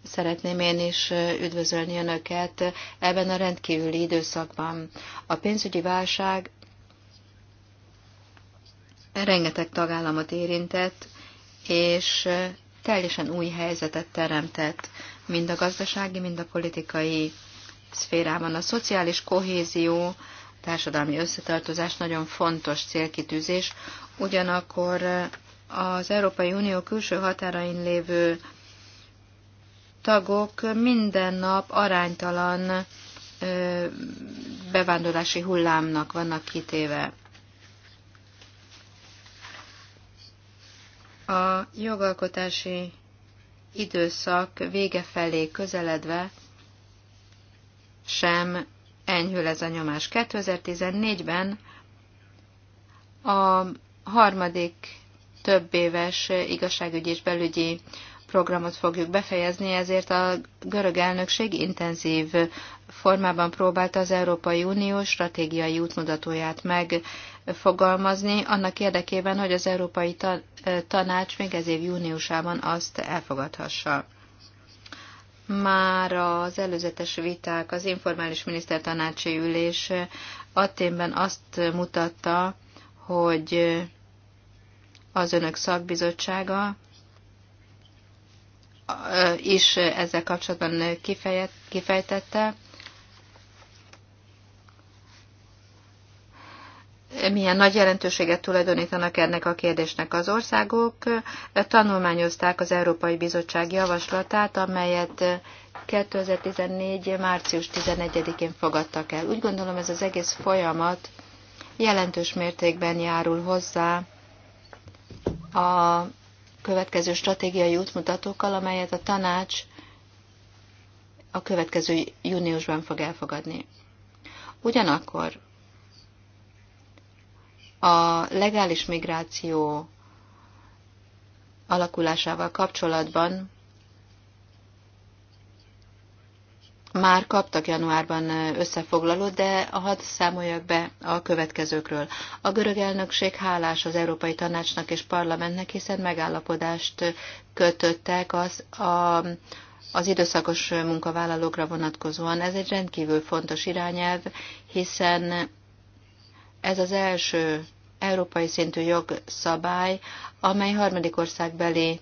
Szeretném én is üdvözölni Önöket ebben a rendkívüli időszakban. A pénzügyi válság rengeteg tagállamot érintett, és teljesen új helyzetet teremtett, mind a gazdasági, mind a politikai szférában. A szociális kohézió, társadalmi összetartozás nagyon fontos célkitűzés, ugyanakkor az Európai Unió külső határain lévő tagok minden nap aránytalan bevándorlási hullámnak vannak kitéve. A jogalkotási időszak vége felé közeledve sem enyhül ez a nyomás. 2014-ben a harmadik több éves igazságügyi és belügyi programot fogjuk befejezni, ezért a görög elnökség intenzív formában próbálta az Európai Unió stratégiai útmutatóját meg fogalmazni, annak érdekében, hogy az Európai Tanács még ez év júniusában azt elfogadhassa. Már az előzetes viták, az informális minisztertanácsi ülés Aténben azt mutatta, hogy az önök szakbizottsága is ezzel kapcsolatban kifejtette, milyen nagy jelentőséget tulajdonítanak ennek a kérdésnek az országok, tanulmányozták az Európai Bizottság javaslatát, amelyet 2014. március 11-én fogadtak el. Úgy gondolom ez az egész folyamat jelentős mértékben járul hozzá a következő stratégiai útmutatókkal, amelyet a tanács a következő júniusban fog elfogadni. Ugyanakkor a legális migráció alakulásával kapcsolatban már kaptak januárban összefoglalót, de hadd számoljak be a következőkről. A görög elnökség hálás az Európai Tanácsnak és Parlamentnek, hiszen megállapodást kötöttek az, a, az időszakos munkavállalókra vonatkozóan. Ez egy rendkívül fontos irányelv, hiszen ez az első európai szintű jogszabály, amely harmadik országbeli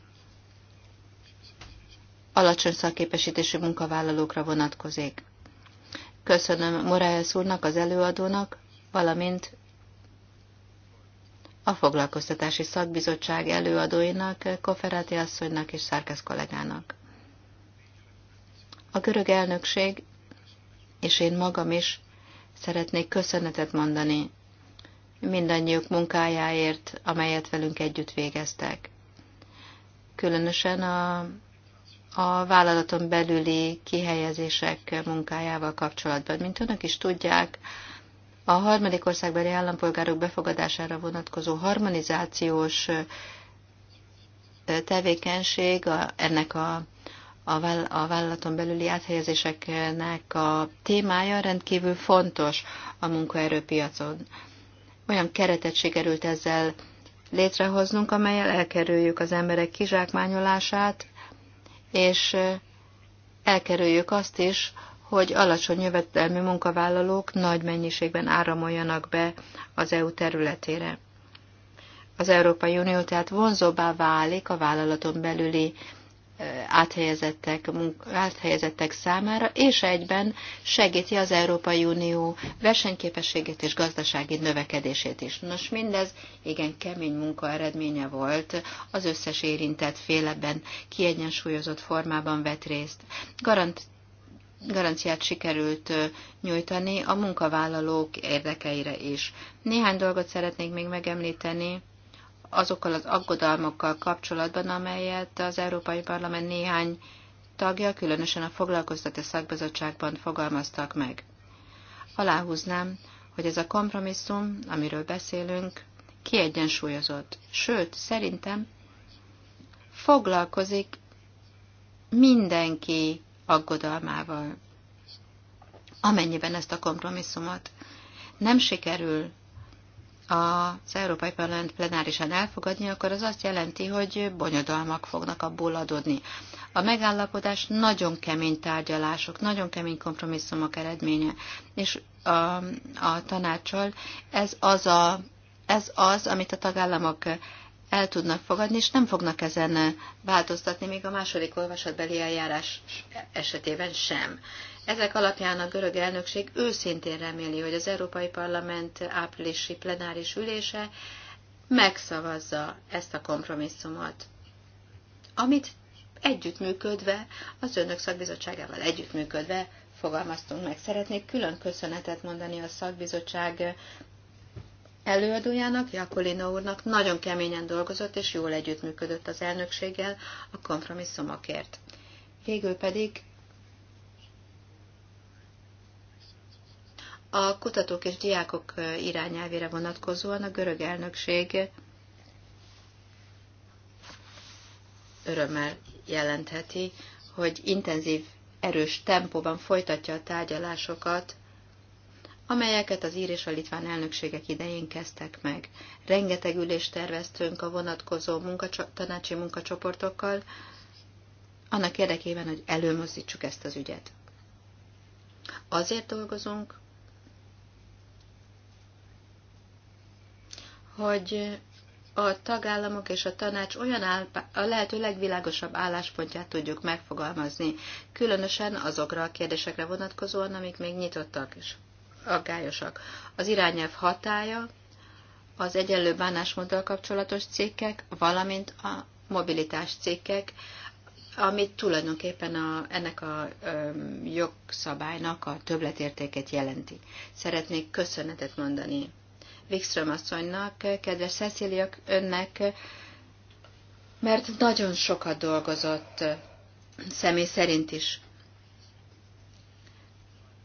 alacsony szakképesítésű munkavállalókra vonatkozik. Köszönöm Moraes úrnak, az előadónak, valamint a foglalkoztatási szakbizottság előadóinak, Koferáti asszonynak és Szárkesz kollégának. A görög elnökség és én magam is szeretnék köszönetet mondani mindannyiuk munkájáért, amelyet velünk együtt végeztek. Különösen a, a vállalaton belüli kihelyezések munkájával kapcsolatban. Mint önök is tudják, a harmadik országbeli állampolgárok befogadására vonatkozó harmonizációs tevékenység, a, ennek a, a, a vállalaton belüli áthelyezéseknek a témája rendkívül fontos a munkaerőpiacon olyan keretet sikerült ezzel létrehoznunk, amelyel elkerüljük az emberek kizsákmányolását, és elkerüljük azt is, hogy alacsony jövedelmű munkavállalók nagy mennyiségben áramoljanak be az EU területére. Az Európai Unió tehát vonzóbbá válik a vállalaton belüli áthelyezettek, áthelyezettek számára, és egyben segíti az Európai Unió versenyképességét és gazdasági növekedését is. Nos, mindez igen kemény munka eredménye volt, az összes érintett féleben kiegyensúlyozott formában vett részt. Garant garanciát sikerült nyújtani a munkavállalók érdekeire is. Néhány dolgot szeretnék még megemlíteni azokkal az aggodalmokkal kapcsolatban, amelyet az Európai Parlament néhány tagja, különösen a foglalkoztató szakbizottságban fogalmaztak meg. Aláhúznám, hogy ez a kompromisszum, amiről beszélünk, kiegyensúlyozott, sőt, szerintem foglalkozik mindenki aggodalmával. Amennyiben ezt a kompromisszumot nem sikerül az Európai Parlament plenárisan elfogadni, akkor az azt jelenti, hogy bonyodalmak fognak abból adódni. A megállapodás nagyon kemény tárgyalások, nagyon kemény kompromisszumok eredménye, és um, a, a tanácsal ez az, a, ez az, amit a tagállamok el tudnak fogadni, és nem fognak ezen változtatni, még a második olvasatbeli eljárás esetében sem. Ezek alapján a görög elnökség őszintén reméli, hogy az Európai Parlament áprilisi plenáris ülése megszavazza ezt a kompromisszumot, amit együttműködve, az önök szakbizottságával együttműködve fogalmaztunk meg. Szeretnék külön köszönetet mondani a szakbizottság előadójának, Jakolina úrnak nagyon keményen dolgozott és jól együttműködött az elnökséggel a kompromisszumokért. Végül pedig A kutatók és diákok irányelvére vonatkozóan a görög elnökség örömmel jelentheti, hogy intenzív, erős tempóban folytatja a tárgyalásokat, amelyeket az ír és a litván elnökségek idején kezdtek meg. Rengeteg ülést terveztünk a vonatkozó munkacso- tanácsi munkacsoportokkal, annak érdekében, hogy előmozdítsuk ezt az ügyet. Azért dolgozunk, hogy a tagállamok és a tanács olyan áll, a lehető legvilágosabb álláspontját tudjuk megfogalmazni, különösen azokra a kérdésekre vonatkozóan, amik még nyitottak és aggályosak. Az irányelv hatája, az egyenlő bánásmóddal kapcsolatos cikkek, valamint a mobilitás cikkek, amit tulajdonképpen a, ennek a ö, jogszabálynak a többletértékét jelenti. Szeretnék köszönetet mondani Wikström asszonynak, kedves Cecilia, önnek, mert nagyon sokat dolgozott személy szerint is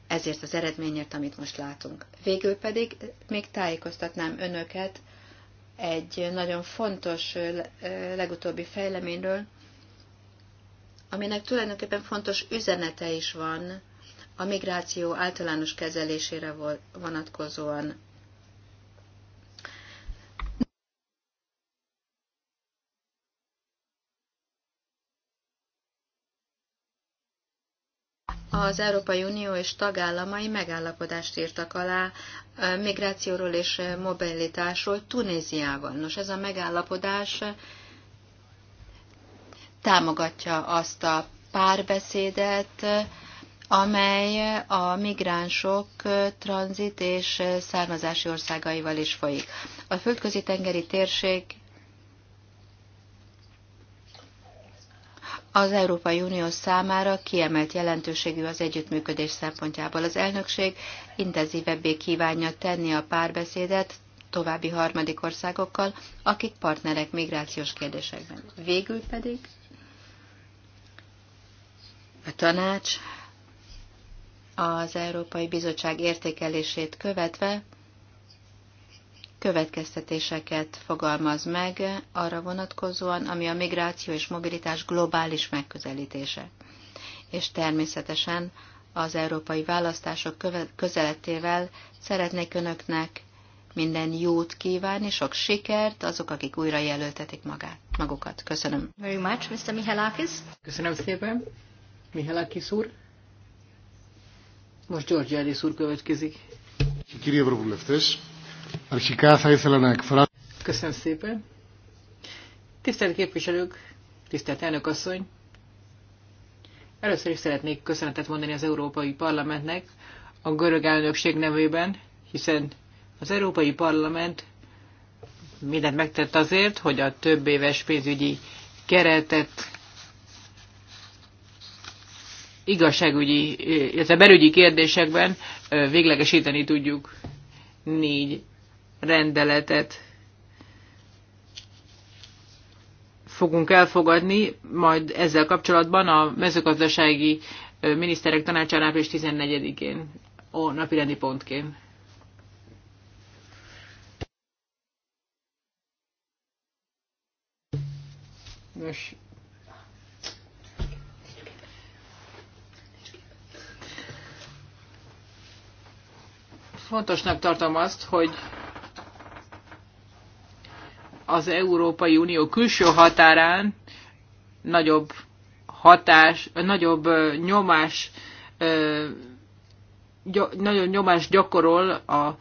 ezért az eredményért, amit most látunk. Végül pedig még tájékoztatnám önöket egy nagyon fontos legutóbbi fejleményről, aminek tulajdonképpen fontos üzenete is van a migráció általános kezelésére vonatkozóan. az Európai Unió és tagállamai megállapodást írtak alá migrációról és mobilitásról Tunéziával. Nos, ez a megállapodás támogatja azt a párbeszédet, amely a migránsok tranzit és származási országaival is folyik. A földközi tengeri térség az Európai Unió számára kiemelt jelentőségű az együttműködés szempontjából. Az elnökség intenzívebbé kívánja tenni a párbeszédet további harmadik országokkal, akik partnerek migrációs kérdésekben. Végül pedig a tanács az Európai Bizottság értékelését követve következtetéseket fogalmaz meg arra vonatkozóan, ami a migráció és mobilitás globális megközelítése. És természetesen az európai választások közeletével szeretnék önöknek minden jót kívánni, sok sikert azok, akik újra jelöltetik magát, magukat. Köszönöm. Very much, Mr. Mihalakis. Köszönöm szépen, Mihalakis úr. Most George Ellis úr következik. Kiri Euróvulevtes, Köszönöm szépen. Tisztelt képviselők, tisztelt elnök asszony, Először is szeretnék köszönetet mondani az Európai Parlamentnek a görög elnökség nevében, hiszen az Európai Parlament mindent megtett azért, hogy a több éves pénzügyi keretet igazságügyi, illetve belügyi kérdésekben véglegesíteni tudjuk. Négy rendeletet fogunk elfogadni, majd ezzel kapcsolatban a mezőgazdasági miniszterek tanácsán április 14-én, a napirendi pontként. Nos. Fontosnak tartom azt, hogy az Európai Unió külső határán nagyobb hatás, nagyobb nyomás nagyon nyomás gyakorol a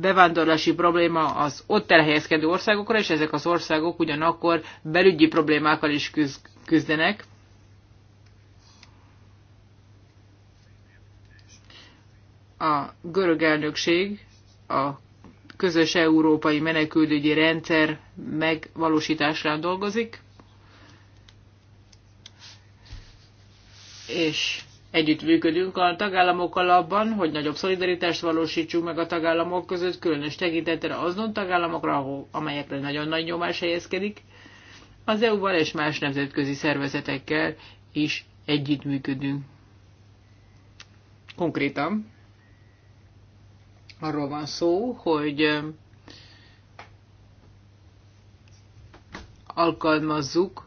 bevándorlási probléma az ott elhelyezkedő országokra, és ezek az országok ugyanakkor belügyi problémákkal is küzdenek. A görög elnökség a közös európai menekülügyi rendszer megvalósításán dolgozik, és Együttműködünk a tagállamokkal abban, hogy nagyobb szolidaritást valósítsunk meg a tagállamok között, különös tekintetre azon tagállamokra, amelyekre nagyon nagy nyomás helyezkedik. Az EU-val és más nemzetközi szervezetekkel is együttműködünk. Konkrétan arról van szó, hogy alkalmazzuk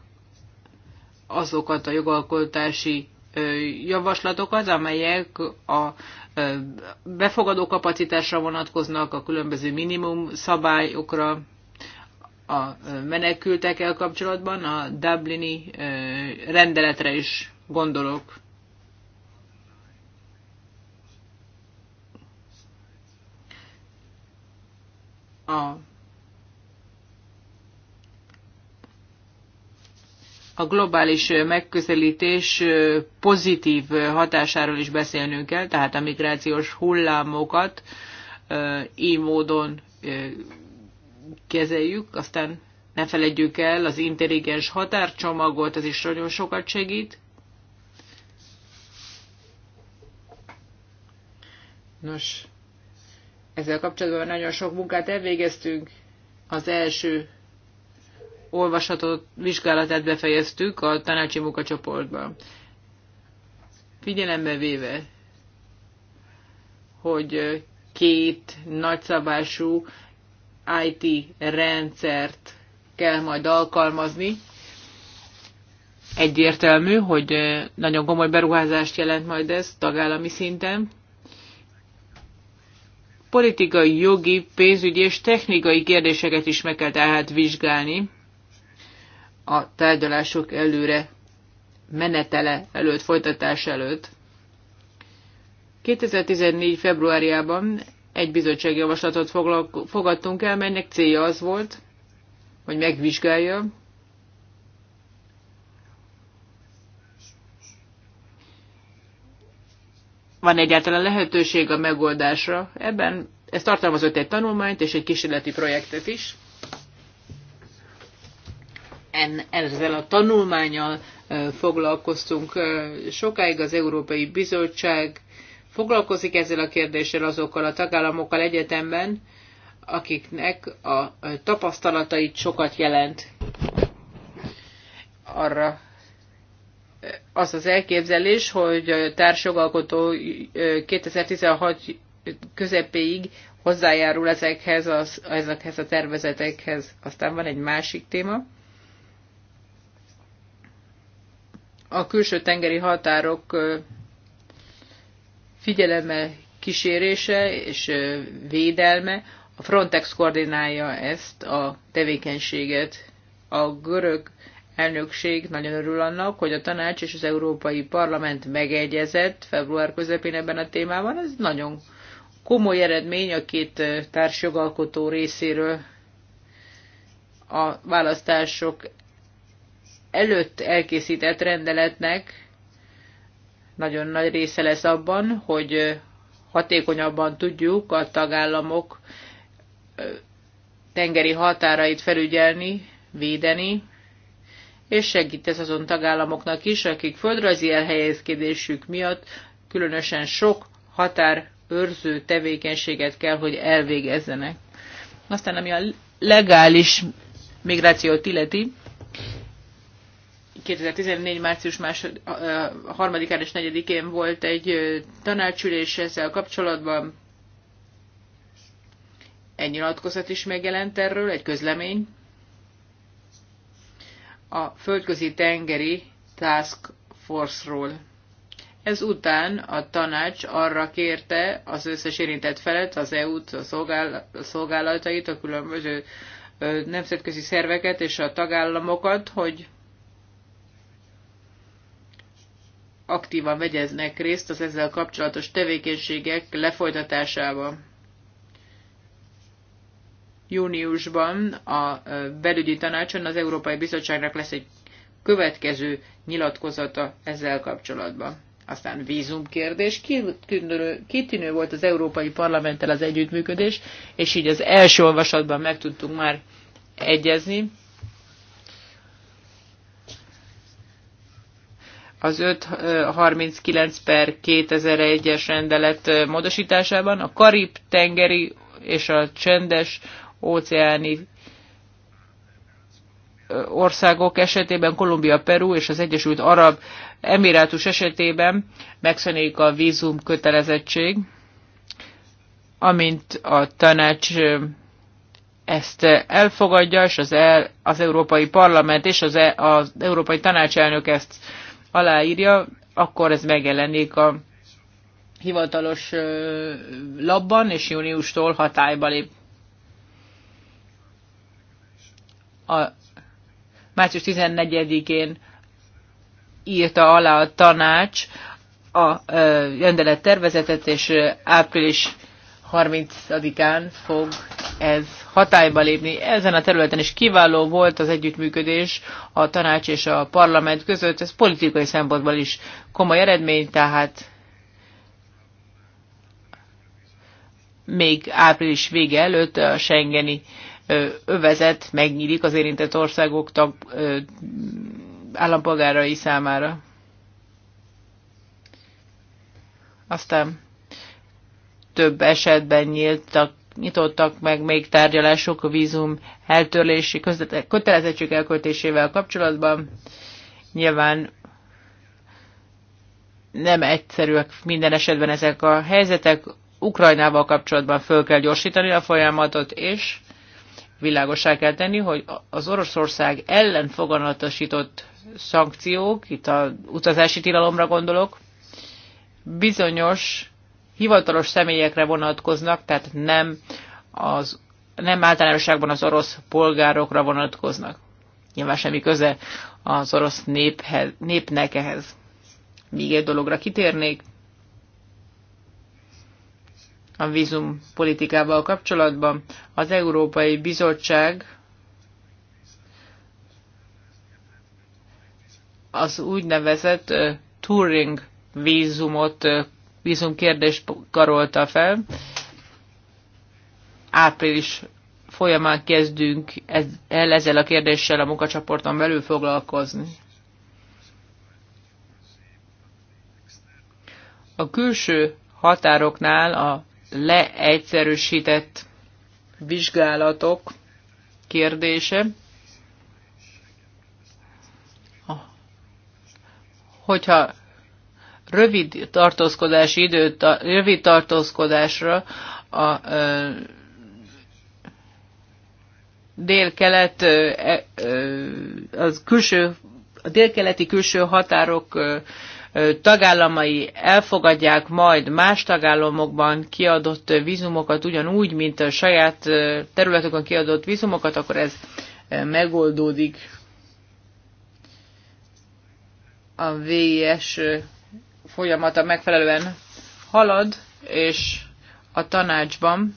azokat a jogalkotási javaslatokat, amelyek a befogadó kapacitásra vonatkoznak, a különböző minimum szabályokra, a menekültekkel kapcsolatban, a Dublini rendeletre is gondolok. a a globális megközelítés pozitív hatásáról is beszélnünk kell, tehát a migrációs hullámokat így módon kezeljük, aztán ne feledjük el az intelligens határcsomagot, az is nagyon sokat segít. Nos, ezzel kapcsolatban nagyon sok munkát elvégeztünk. Az első olvasatot, vizsgálatát befejeztük a tanácsi munkacsoportban. Figyelembe véve, hogy két nagyszabású IT rendszert kell majd alkalmazni. Egyértelmű, hogy nagyon komoly beruházást jelent majd ez tagállami szinten politikai, jogi, pénzügyi és technikai kérdéseket is meg kell tehát vizsgálni a tárgyalások előre menetele előtt, folytatás előtt. 2014. februárjában egy bizottságjavaslatot fogadtunk el, melynek célja az volt, hogy megvizsgálja, van egyáltalán lehetőség a megoldásra. Ebben ez tartalmazott egy tanulmányt és egy kísérleti projektet is. En, ezzel a tanulmányal foglalkoztunk sokáig, az Európai Bizottság foglalkozik ezzel a kérdéssel azokkal a tagállamokkal egyetemben, akiknek a tapasztalatait sokat jelent arra az az elképzelés, hogy társjogalkotó 2016 közepéig hozzájárul ezekhez a, ezekhez a tervezetekhez. Aztán van egy másik téma. A külső tengeri határok figyelemmel kísérése és védelme. A Frontex koordinálja ezt a tevékenységet. A görög elnökség nagyon örül annak, hogy a tanács és az Európai Parlament megegyezett február közepén ebben a témában. Ez nagyon komoly eredmény a két társjogalkotó részéről a választások előtt elkészített rendeletnek nagyon nagy része lesz abban, hogy hatékonyabban tudjuk a tagállamok tengeri határait felügyelni, védeni, és segít ez azon tagállamoknak is, akik földrajzi elhelyezkedésük miatt különösen sok határőrző tevékenységet kell, hogy elvégezzenek. Aztán ami a legális migrációt illeti, 2014. március 3-án és 4-én volt egy tanácsülés ezzel kapcsolatban. Egy nyilatkozat is megjelent erről, egy közlemény a földközi tengeri Task Force-ról. Ezután a tanács arra kérte az összes érintett felet, az EU-t, a szolgálatait, a különböző nemzetközi szerveket és a tagállamokat, hogy aktívan vegyeznek részt az ezzel kapcsolatos tevékenységek lefolytatásában júniusban a belügyi tanácson az Európai Bizottságnak lesz egy következő nyilatkozata ezzel kapcsolatban. Aztán vízumkérdés, kitűnő volt az Európai Parlamenttel az együttműködés, és így az első olvasatban meg tudtunk már egyezni. Az 539 per 2001-es rendelet módosításában a Karib-tengeri és a csendes óceáni országok esetében, Kolumbia, Peru és az Egyesült Arab Emirátus esetében megszűnik a vízum kötelezettség, amint a tanács ezt elfogadja, és az, el, az Európai Parlament és az, e, az Európai Tanácselnök ezt aláírja, akkor ez megjelenik a hivatalos labban, és júniustól hatályba lép. a március 14-én írta alá a tanács a rendelet tervezetet, és április 30-án fog ez hatályba lépni. Ezen a területen is kiváló volt az együttműködés a tanács és a parlament között. Ez politikai szempontból is komoly eredmény, tehát még április vége előtt a Schengeni övezet megnyílik az érintett országok tag, állampolgárai számára. Aztán több esetben nyíltak, nyitottak meg még tárgyalások a vízum eltörlési kötelezettség elköltésével kapcsolatban. Nyilván nem egyszerűek minden esetben ezek a helyzetek. Ukrajnával kapcsolatban föl kell gyorsítani a folyamatot, és világosá kell tenni, hogy az Oroszország ellen foganatosított szankciók, itt a utazási tilalomra gondolok, bizonyos hivatalos személyekre vonatkoznak, tehát nem, az, nem általánosságban az orosz polgárokra vonatkoznak. Nyilván semmi köze az orosz néphez, népnek ehhez. Még egy dologra kitérnék, a vízum politikával kapcsolatban. Az Európai Bizottság az úgynevezett Turing vízumot, vízumkérdést karolta fel. Április folyamán kezdünk ez, el ezzel a kérdéssel a munkacsoporton belül foglalkozni. A külső határoknál a leegyszerűsített vizsgálatok kérdése. Hogyha rövid tartózkodás időt, rövid tartózkodásra a dél-kelet, e, az külső, a délkeleti külső határok tagállamai elfogadják majd más tagállamokban kiadott vízumokat, ugyanúgy, mint a saját területükön kiadott vízumokat, akkor ez megoldódik. A VIS folyamata megfelelően halad, és a tanácsban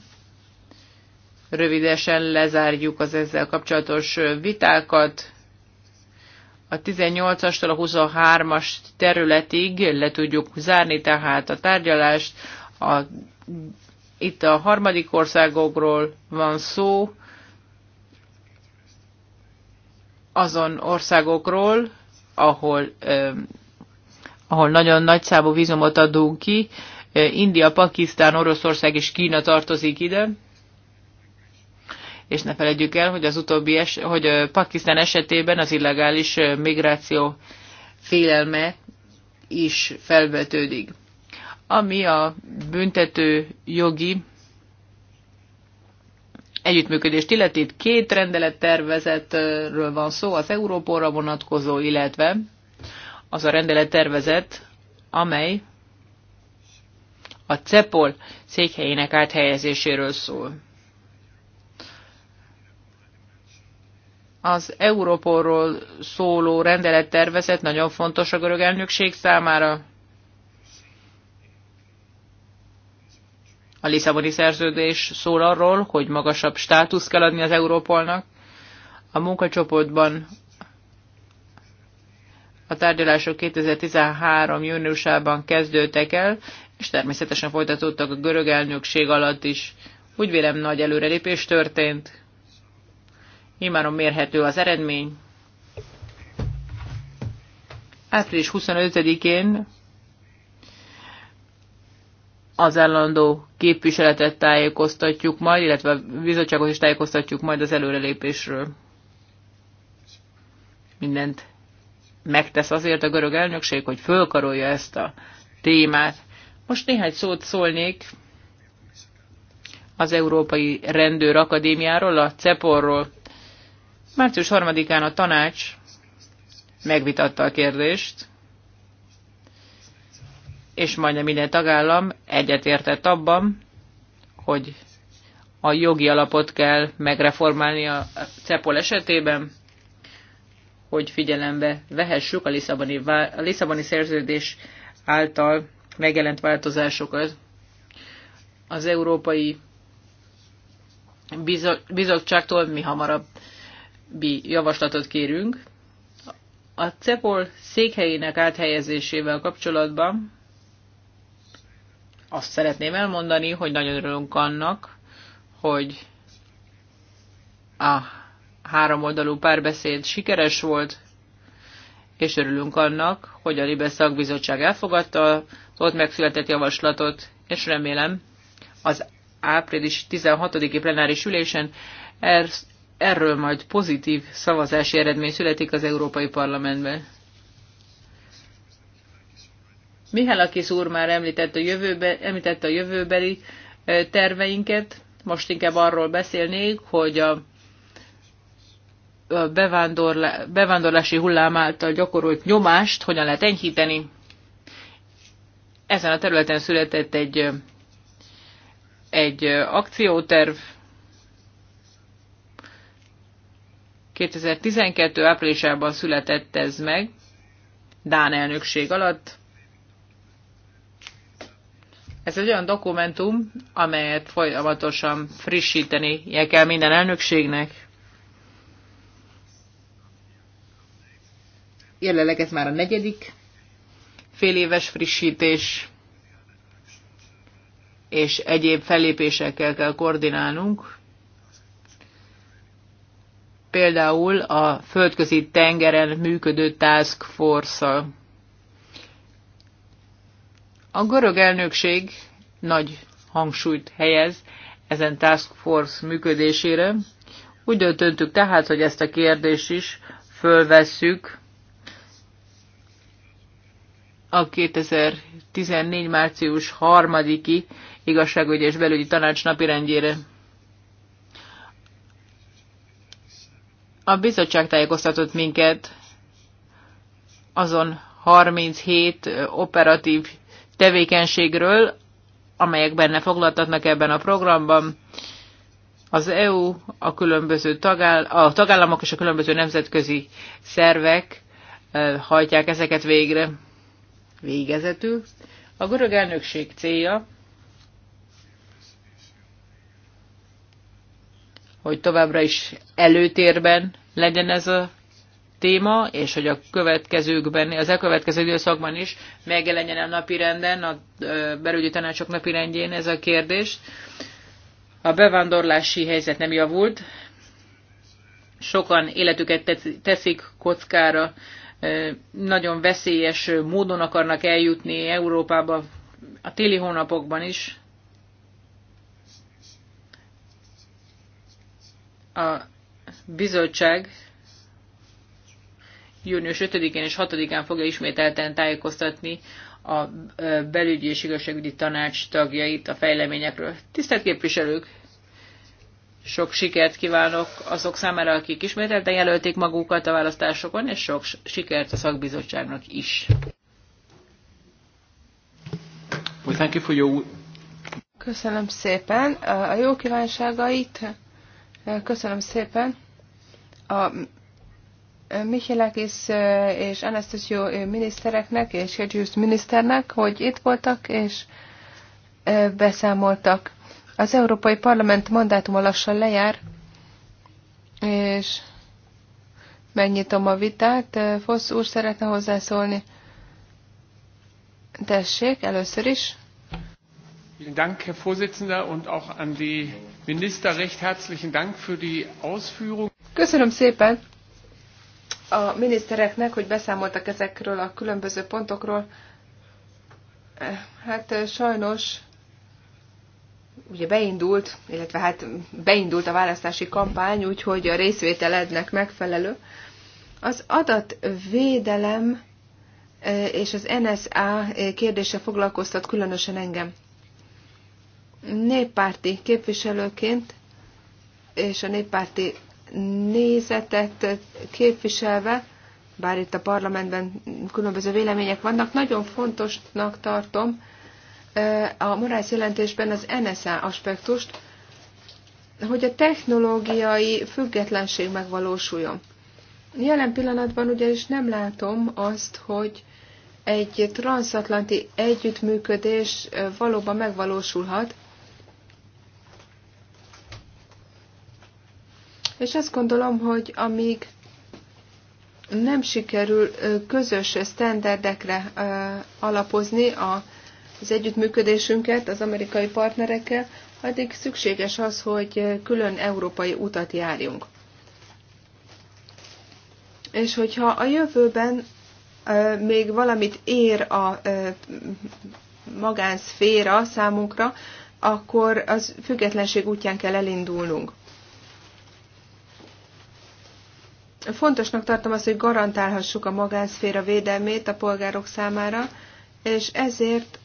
rövidesen lezárjuk az ezzel kapcsolatos vitákat, a 18-astól a 23-as területig le tudjuk zárni tehát a tárgyalást. A, itt a harmadik országokról van szó, azon országokról, ahol, eh, ahol nagyon nagy számú vízumot adunk ki. India, Pakisztán, Oroszország és Kína tartozik ide és ne felejtjük el, hogy az utóbbi es, hogy Pakisztán esetében az illegális migráció félelme is felvetődik. Ami a büntető jogi együttműködést illeti, két rendelet tervezetről van szó, az Európóra vonatkozó, illetve az a rendelet tervezet, amely a CEPOL székhelyének áthelyezéséről szól. Az Európorról szóló rendelettervezet nagyon fontos a görög elnökség számára. A Lisszaboni szerződés szól arról, hogy magasabb státusz kell adni az Európolnak. A munkacsoportban a tárgyalások 2013. júniusában kezdődtek el, és természetesen folytatódtak a görög elnökség alatt is. Úgy vélem, nagy előrelépés történt. Imárom mérhető az eredmény. Április 25-én az állandó képviseletet tájékoztatjuk majd, illetve a bizottságot is tájékoztatjuk majd az előrelépésről. Mindent megtesz azért a görög elnökség, hogy fölkarolja ezt a témát. Most néhány szót szólnék az Európai Rendőr Akadémiáról, a CEPOR-ról. Március 3-án a tanács megvitatta a kérdést, és majdnem minden tagállam egyetértett abban, hogy a jogi alapot kell megreformálni a CEPOL esetében, hogy figyelembe vehessük a Lisszaboni, a Lisszaboni szerződés által megjelent változásokat. Az Európai Bizottságtól mi hamarabb javaslatot kérünk. A CEPOL székhelyének áthelyezésével kapcsolatban azt szeretném elmondani, hogy nagyon örülünk annak, hogy a háromoldalú párbeszéd sikeres volt, és örülünk annak, hogy a Libe szakbizottság elfogadta az ott megszületett javaslatot, és remélem az április 16-i plenáris ülésen er- erről majd pozitív szavazási eredmény születik az Európai Parlamentben. Mihelakis úr már említett a, jövőbe, említett a jövőbeli terveinket, most inkább arról beszélnék, hogy a bevándorla, bevándorlási hullám által gyakorolt nyomást hogyan lehet enyhíteni. Ezen a területen született egy, egy akcióterv, 2012. áprilisában született ez meg, Dán elnökség alatt. Ez egy olyan dokumentum, amelyet folyamatosan frissíteni kell minden elnökségnek. Jelenleg ez már a negyedik féléves frissítés, és egyéb fellépésekkel kell koordinálnunk, például a földközi tengeren működő Task Force-szal. A görög elnökség nagy hangsúlyt helyez ezen Task Force működésére. Úgy döntöttük tehát, hogy ezt a kérdést is fölvesszük a 2014. március 3-i igazságügyi és belügyi tanács napirendjére. A bizottság tájékoztatott minket azon 37 operatív tevékenységről, amelyek benne foglaltatnak ebben a programban. Az EU, a különböző tagáll a tagállamok és a különböző nemzetközi szervek hajtják ezeket végre. Végezetül a görög elnökség célja, hogy továbbra is előtérben legyen ez a téma, és hogy a következőkben, az elkövetkező időszakban is megjelenjen a napirenden, a belügyi tanácsok napirendjén ez a kérdés. A bevándorlási helyzet nem javult, sokan életüket teszik kockára, nagyon veszélyes módon akarnak eljutni Európába a téli hónapokban is. A bizottság június 5-én és 6-án fogja ismételten tájékoztatni a belügyi és igazságügyi tanács tagjait a fejleményekről. Tisztelt képviselők! Sok sikert kívánok azok számára, akik ismételten jelölték magukat a választásokon, és sok sikert a szakbizottságnak is. Well, thank you for your... Köszönöm szépen a jó kívánságait. Köszönöm szépen a Michelakis és Anastasio minisztereknek és Hedges miniszternek, hogy itt voltak és beszámoltak. Az Európai Parlament mandátuma lassan lejár, és megnyitom a vitát. Fosz úr szeretne hozzászólni. Tessék, először is. Vielen Dank, Herr Vorsitzender, und auch an die Minister recht herzlichen Dank für die Ausführung. Köszönöm szépen a minisztereknek, hogy beszámoltak ezekről a különböző pontokról. Hát eh, sajnos ugye beindult, illetve hát beindult a választási kampány, úgyhogy a részvételednek megfelelő. Az adatvédelem eh, és az NSA eh, kérdése foglalkoztat különösen engem. Néppárti képviselőként és a néppárti nézetet képviselve, bár itt a parlamentben különböző vélemények vannak, nagyon fontosnak tartom a morális jelentésben az NSA aspektust, hogy a technológiai függetlenség megvalósuljon. Jelen pillanatban ugyanis nem látom azt, hogy egy transatlanti együttműködés valóban megvalósulhat, És azt gondolom, hogy amíg nem sikerül közös sztenderdekre alapozni az együttműködésünket az amerikai partnerekkel, addig szükséges az, hogy külön európai utat járjunk. És hogyha a jövőben még valamit ér a magánszféra számunkra, akkor az függetlenség útján kell elindulnunk. Fontosnak tartom azt, hogy garantálhassuk a magánszféra védelmét a polgárok számára, és ezért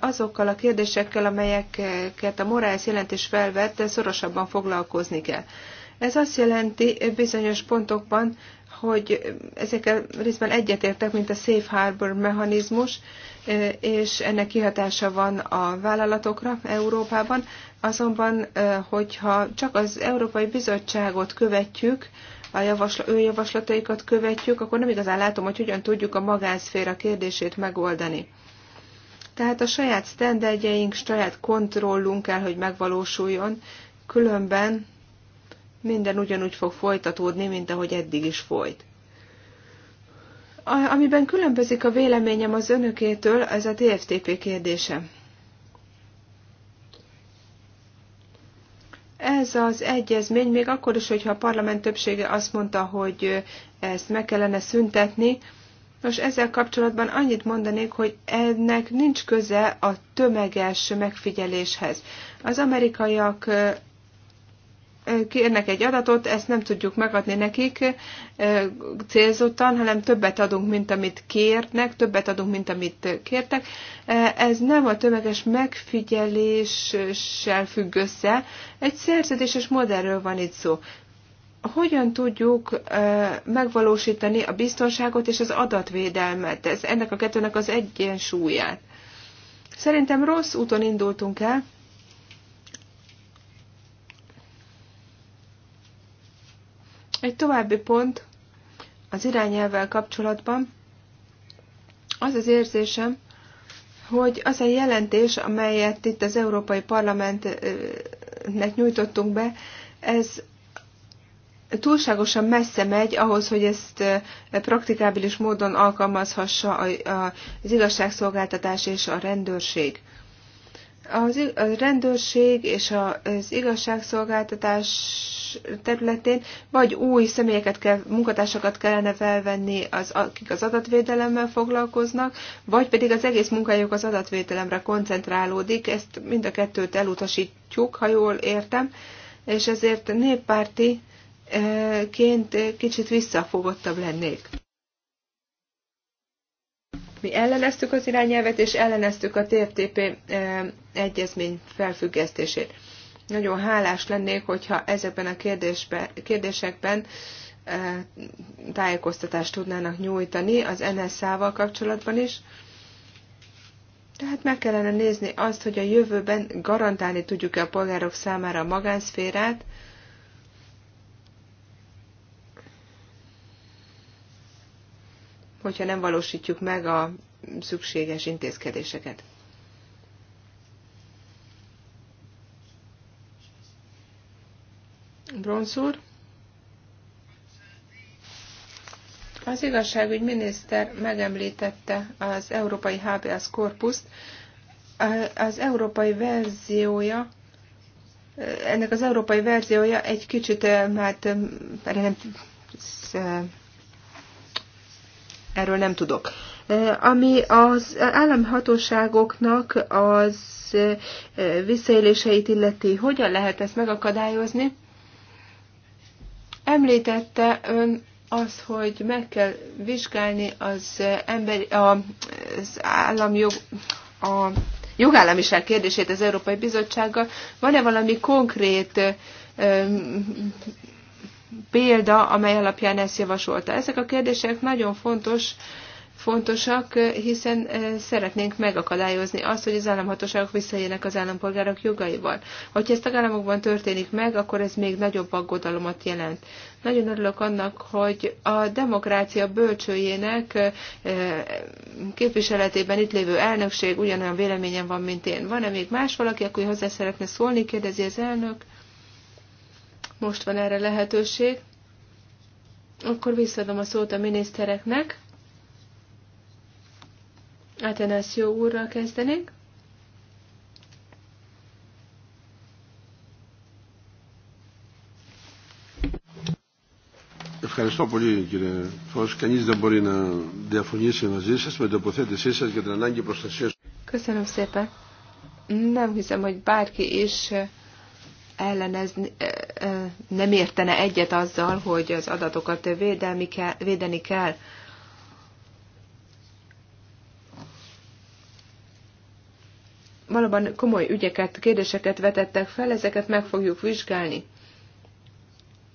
azokkal a kérdésekkel, amelyeket a morális jelentés felvett, szorosabban foglalkozni kell. Ez azt jelenti bizonyos pontokban, hogy ezekkel részben egyetértek, mint a Safe Harbor mechanizmus, és ennek kihatása van a vállalatokra Európában. Azonban, hogyha csak az Európai Bizottságot követjük, a javasla, ő javaslataikat követjük, akkor nem igazán látom, hogy hogyan tudjuk a magánszféra kérdését megoldani. Tehát a saját sztenderdjeink, saját kontrollunk kell, hogy megvalósuljon, különben minden ugyanúgy fog folytatódni, mint ahogy eddig is folyt. Amiben különbözik a véleményem az önökétől, ez a DFTP kérdése. ez az egyezmény, még akkor is, hogyha a parlament többsége azt mondta, hogy ezt meg kellene szüntetni, Nos, ezzel kapcsolatban annyit mondanék, hogy ennek nincs köze a tömeges megfigyeléshez. Az amerikaiak kérnek egy adatot, ezt nem tudjuk megadni nekik célzottan, hanem többet adunk, mint amit kérnek, többet adunk, mint amit kértek. Ez nem a tömeges megfigyeléssel függ össze, egy szerződéses modellről van itt szó. Hogyan tudjuk megvalósítani a biztonságot és az adatvédelmet, ez ennek a kettőnek az egyensúlyát? Szerintem rossz úton indultunk el, Egy további pont az irányelvvel kapcsolatban az az érzésem, hogy az a jelentés, amelyet itt az Európai Parlamentnek nyújtottunk be, ez túlságosan messze megy ahhoz, hogy ezt praktikábilis módon alkalmazhassa az igazságszolgáltatás és a rendőrség. Az, a rendőrség és az igazságszolgáltatás területén, vagy új személyeket kell, munkatársakat kellene felvenni, az, akik az adatvédelemmel foglalkoznak, vagy pedig az egész munkájuk az adatvédelemre koncentrálódik, ezt mind a kettőt elutasítjuk, ha jól értem, és ezért néppárti eh, ként kicsit visszafogottabb lennék. Mi elleneztük az irányelvet, és elleneztük a TFTP eh, egyezmény felfüggesztését. Nagyon hálás lennék, hogyha ezekben a kérdésekben e, tájékoztatást tudnának nyújtani az NSZ-val kapcsolatban is. Tehát meg kellene nézni azt, hogy a jövőben garantálni tudjuk-e a polgárok számára a magánszférát, hogyha nem valósítjuk meg a szükséges intézkedéseket. úr. Az igazságügy miniszter megemlítette az európai HBS korpuszt. Az európai verziója ennek az európai verziója egy kicsit, hát erre nem, erről nem tudok. Ami az államhatóságoknak az visszaéléseit illeti, hogyan lehet ezt megakadályozni? Említette ön az, hogy meg kell vizsgálni az emberi, a, az államjog, a jogállamiság kérdését az Európai Bizottsággal. Van-e valami konkrét ö, példa, amely alapján ezt javasolta? Ezek a kérdések nagyon fontos, fontosak, hiszen szeretnénk megakadályozni azt, hogy az államhatóságok visszaélnek az állampolgárok jogaival. Hogyha ez tagállamokban történik meg, akkor ez még nagyobb aggodalomat jelent. Nagyon örülök annak, hogy a demokrácia bölcsőjének képviseletében itt lévő elnökség ugyanolyan véleményen van, mint én. Van-e még más valaki, aki hozzá szeretne szólni, kérdezi az elnök. Most van erre lehetőség. Akkor visszadom a szót a minisztereknek. Atenasio úrral kezdenék. Ευχαριστώ πολύ κύριε Φως. Κανείς δεν μπορεί να διαφωνήσει μαζί σας με την τοποθέτησή σας για την ανάγκη προστασίας. Köszönöm szépen. Nem hiszem, hogy bárki is eh, ellenez, eh, eh, nem értene egyet azzal, hogy az adatokat védelmi kell, védeni kell. valóban komoly ügyeket, kérdéseket vetettek fel, ezeket meg fogjuk vizsgálni.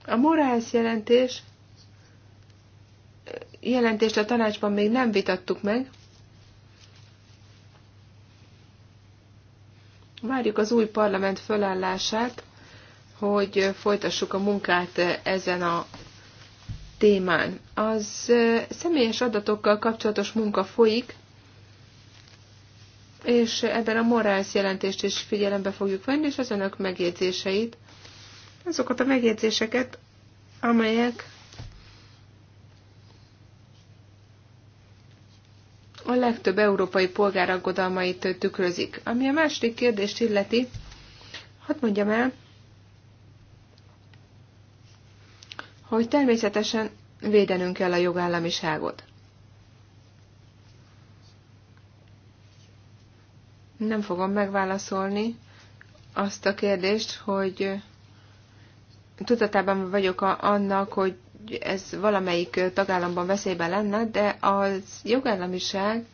A morális jelentés jelentést a tanácsban még nem vitattuk meg. Várjuk az új parlament fölállását, hogy folytassuk a munkát ezen a témán. Az személyes adatokkal kapcsolatos munka folyik, és ebben a morális jelentést is figyelembe fogjuk venni, és az önök megjegyzéseit, azokat a megjegyzéseket, amelyek a legtöbb európai polgár aggodalmait tükrözik. Ami a második kérdést illeti, hadd mondjam el, hogy természetesen védenünk kell a jogállamiságot. nem fogom megválaszolni azt a kérdést, hogy tudatában vagyok annak, hogy ez valamelyik tagállamban veszélyben lenne, de az jogállamiság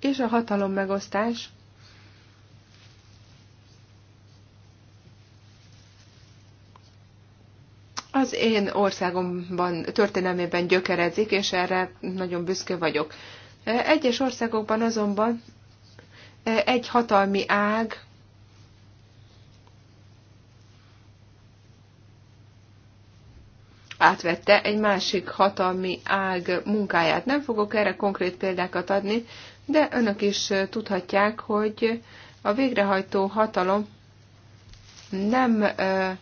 és a hatalom megosztás az én országomban történelmében gyökerezik, és erre nagyon büszke vagyok. E, egyes országokban azonban e, egy hatalmi ág átvette egy másik hatalmi ág munkáját. Nem fogok erre konkrét példákat adni, de önök is tudhatják, hogy a végrehajtó hatalom nem e,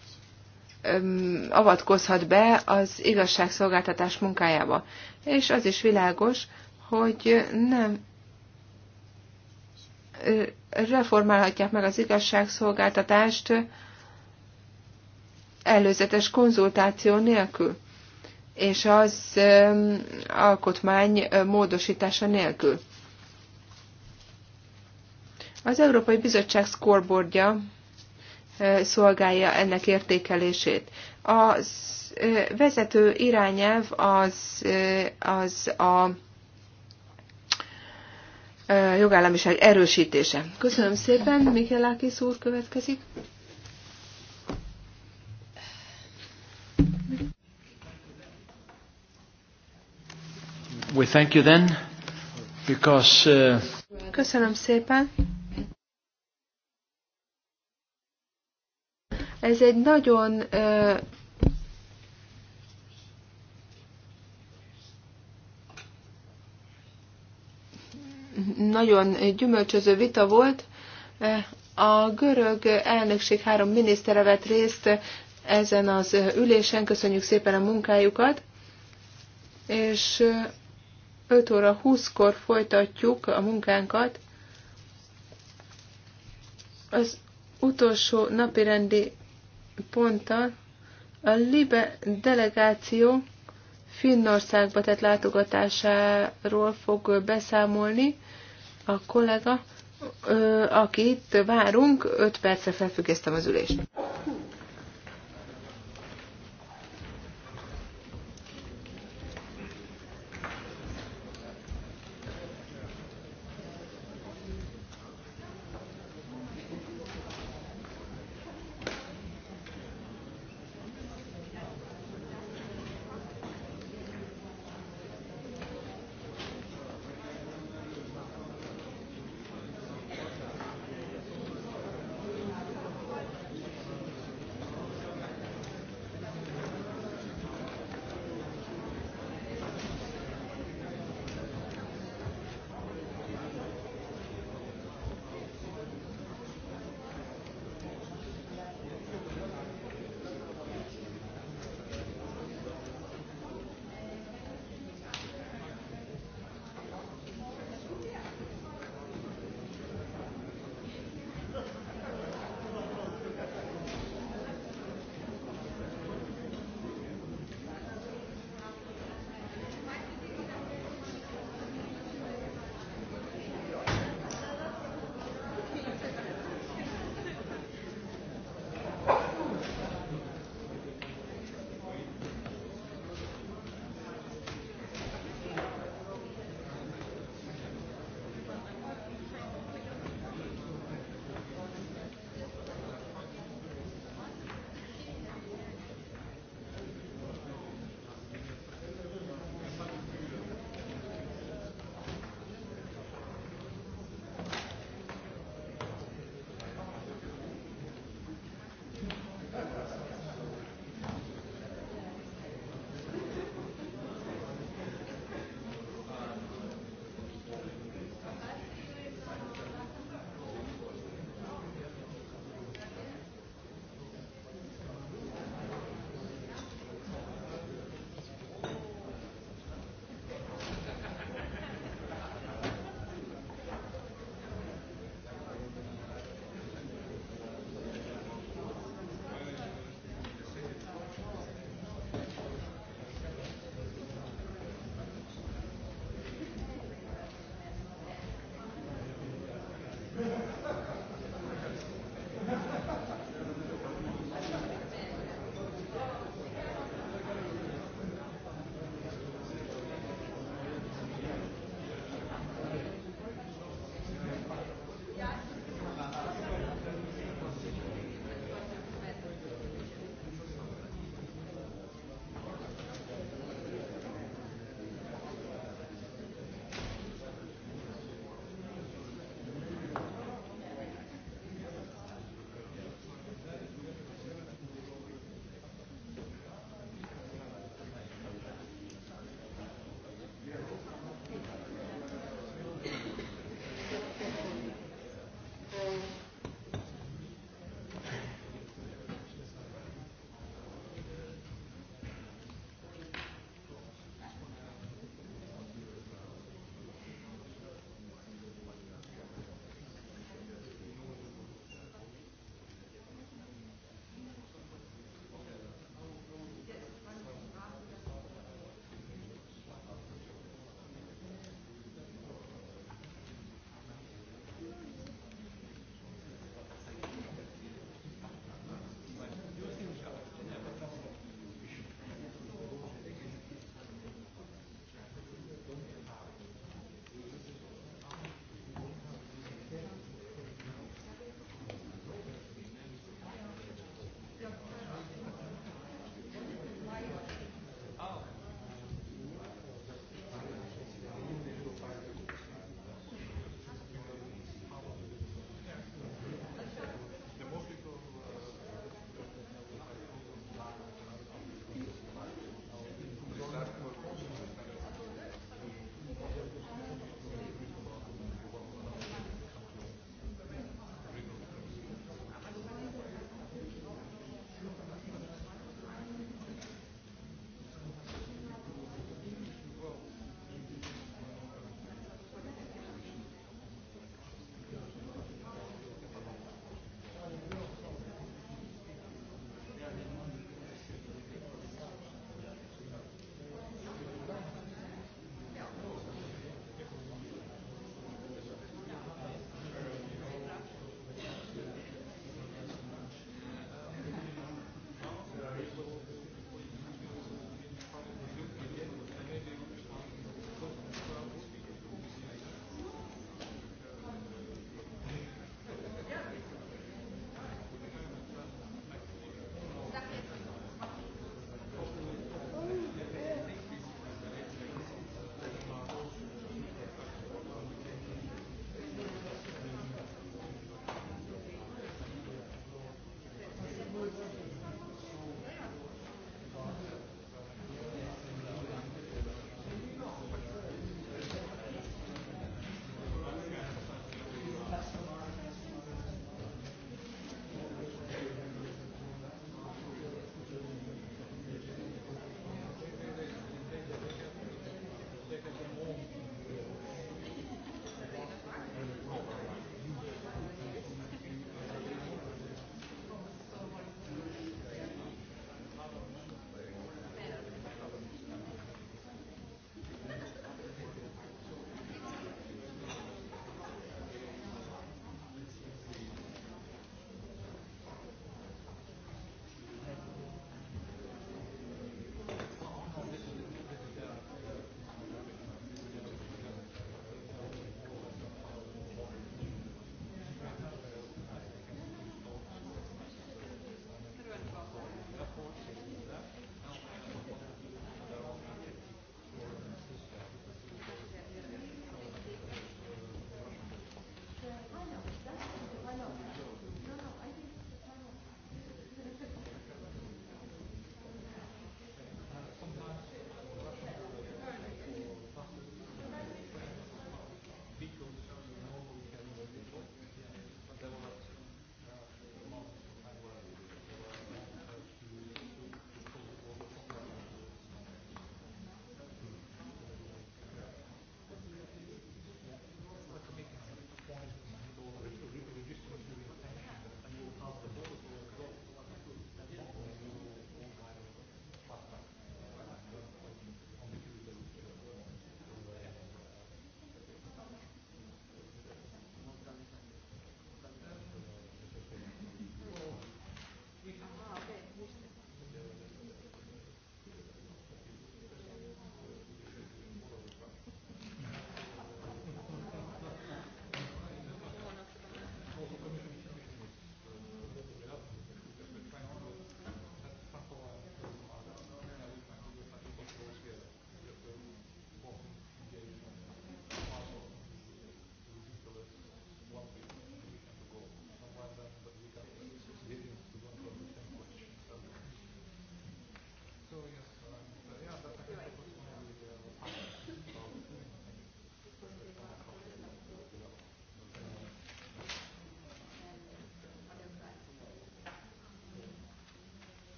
avatkozhat be az igazságszolgáltatás munkájába. És az is világos, hogy nem reformálhatják meg az igazságszolgáltatást előzetes konzultáció nélkül, és az alkotmány módosítása nélkül. Az Európai Bizottság scoreboardja szolgálja ennek értékelését. A vezető irányelv az, az a jogállamiság erősítése. Köszönöm szépen, Mikelakis úr következik. We thank you then, because, uh... Köszönöm szépen. Ez egy nagyon nagyon gyümölcsöző vita volt. A görög elnökség három minisztere vett részt ezen az ülésen. Köszönjük szépen a munkájukat. És 5 óra 20-kor folytatjuk a munkánkat. Az utolsó napirendi ponttal a Libe delegáció Finnországba tett látogatásáról fog beszámolni a kollega, akit várunk, 5 percre felfüggesztem az ülést.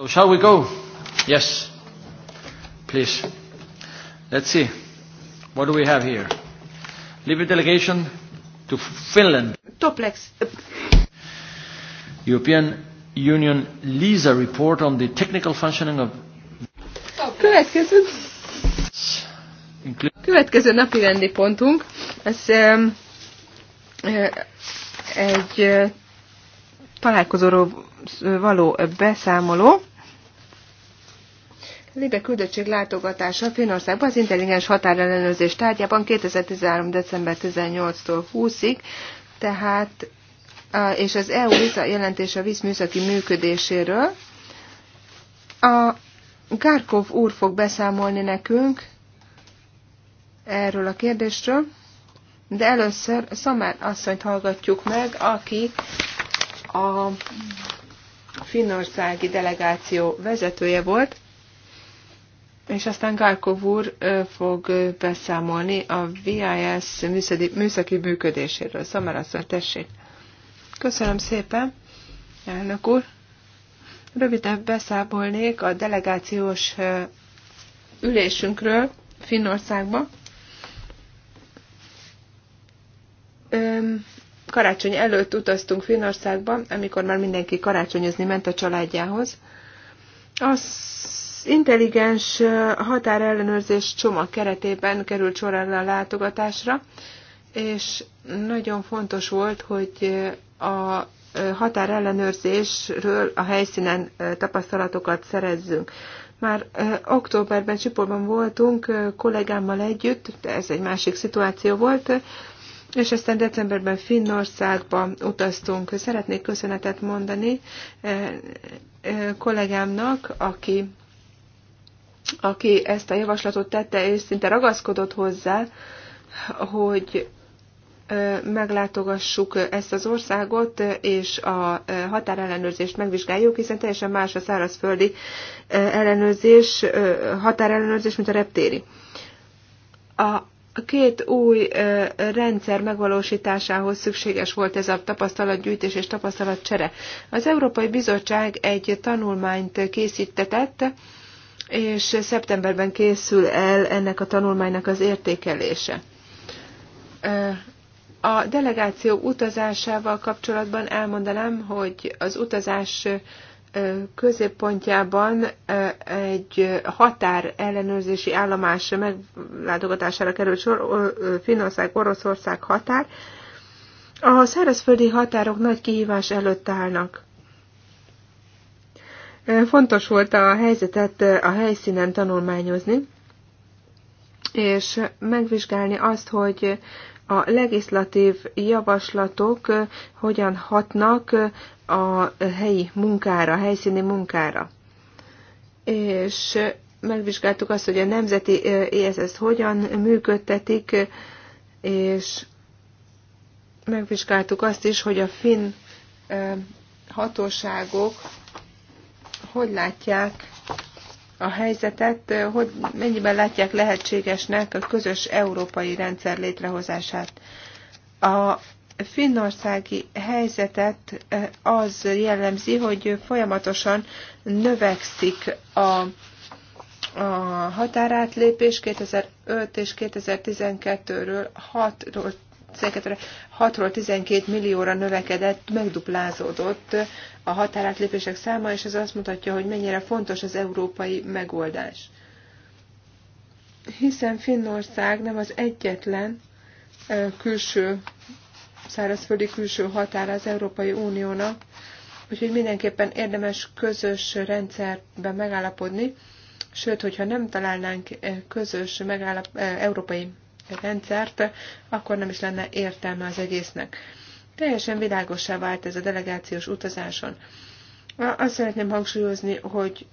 So oh, shall we go? Yes. Please. Let's see. What do we have here? Libyan delegation to Finland. Toplex. European Union LISA report on the technical functioning of... Következő. Következő napi rendi pontunk, ez um, egy uh, találkozóról való beszámoló. Libe küldöttség látogatása Finországban az intelligens határellenőrzés tárgyában 2013. december 18-tól 20-ig, tehát és az EU jelentése a vízműszaki működéséről. A Gárkov úr fog beszámolni nekünk erről a kérdésről, de először Szamár asszonyt hallgatjuk meg, aki a finnországi delegáció vezetője volt, és aztán Gárkov úr fog beszámolni a VIS műszaki, műszaki működéséről. Szamer szóval tessék. Köszönöm szépen, elnök úr. Röviden beszámolnék a delegációs ülésünkről Finnországba. Karácsony előtt utaztunk Finnországba, amikor már mindenki karácsonyozni ment a családjához. Az intelligens határellenőrzés csomag keretében került sor erre a látogatásra, és nagyon fontos volt, hogy a határellenőrzésről a helyszínen tapasztalatokat szerezzünk. Már októberben Csiporban voltunk kollégámmal együtt, de ez egy másik szituáció volt, és aztán decemberben Finnországba utaztunk. Szeretnék köszönetet mondani kollégámnak, aki aki ezt a javaslatot tette, és szinte ragaszkodott hozzá, hogy meglátogassuk ezt az országot, és a határellenőrzést megvizsgáljuk, hiszen teljesen más a szárazföldi ellenőrzés, határellenőrzés, mint a reptéri. A két új rendszer megvalósításához szükséges volt ez a tapasztalatgyűjtés és tapasztalatcsere. Az Európai Bizottság egy tanulmányt készítetett, és szeptemberben készül el ennek a tanulmánynak az értékelése. A delegáció utazásával kapcsolatban elmondanám, hogy az utazás középpontjában egy határ ellenőrzési állomás meglátogatására került sor, Finnország, Oroszország határ. A szárazföldi határok nagy kihívás előtt állnak. Fontos volt a helyzetet a helyszínen tanulmányozni, és megvizsgálni azt, hogy a legislatív javaslatok hogyan hatnak a helyi munkára, a helyszíni munkára. És megvizsgáltuk azt, hogy a nemzeti ESS hogyan működtetik, és megvizsgáltuk azt is, hogy a finn hatóságok hogy látják a helyzetet, hogy mennyiben látják lehetségesnek a közös európai rendszer létrehozását. A finnországi helyzetet eh, az jellemzi, hogy folyamatosan növekszik a a határátlépés 2005 és 2012-ről 6-ról 12-re, 6-ról 12 millióra növekedett, megduplázódott a határátlépések száma, és ez azt mutatja, hogy mennyire fontos az európai megoldás. Hiszen Finnország nem az egyetlen külső, szárazföldi külső határa az Európai Uniónak, úgyhogy mindenképpen érdemes közös rendszerben megállapodni, sőt, hogyha nem találnánk közös megállap, európai rendszert, akkor nem is lenne értelme az egésznek. Teljesen világosá vált ez a delegációs utazáson. Azt szeretném hangsúlyozni, hogy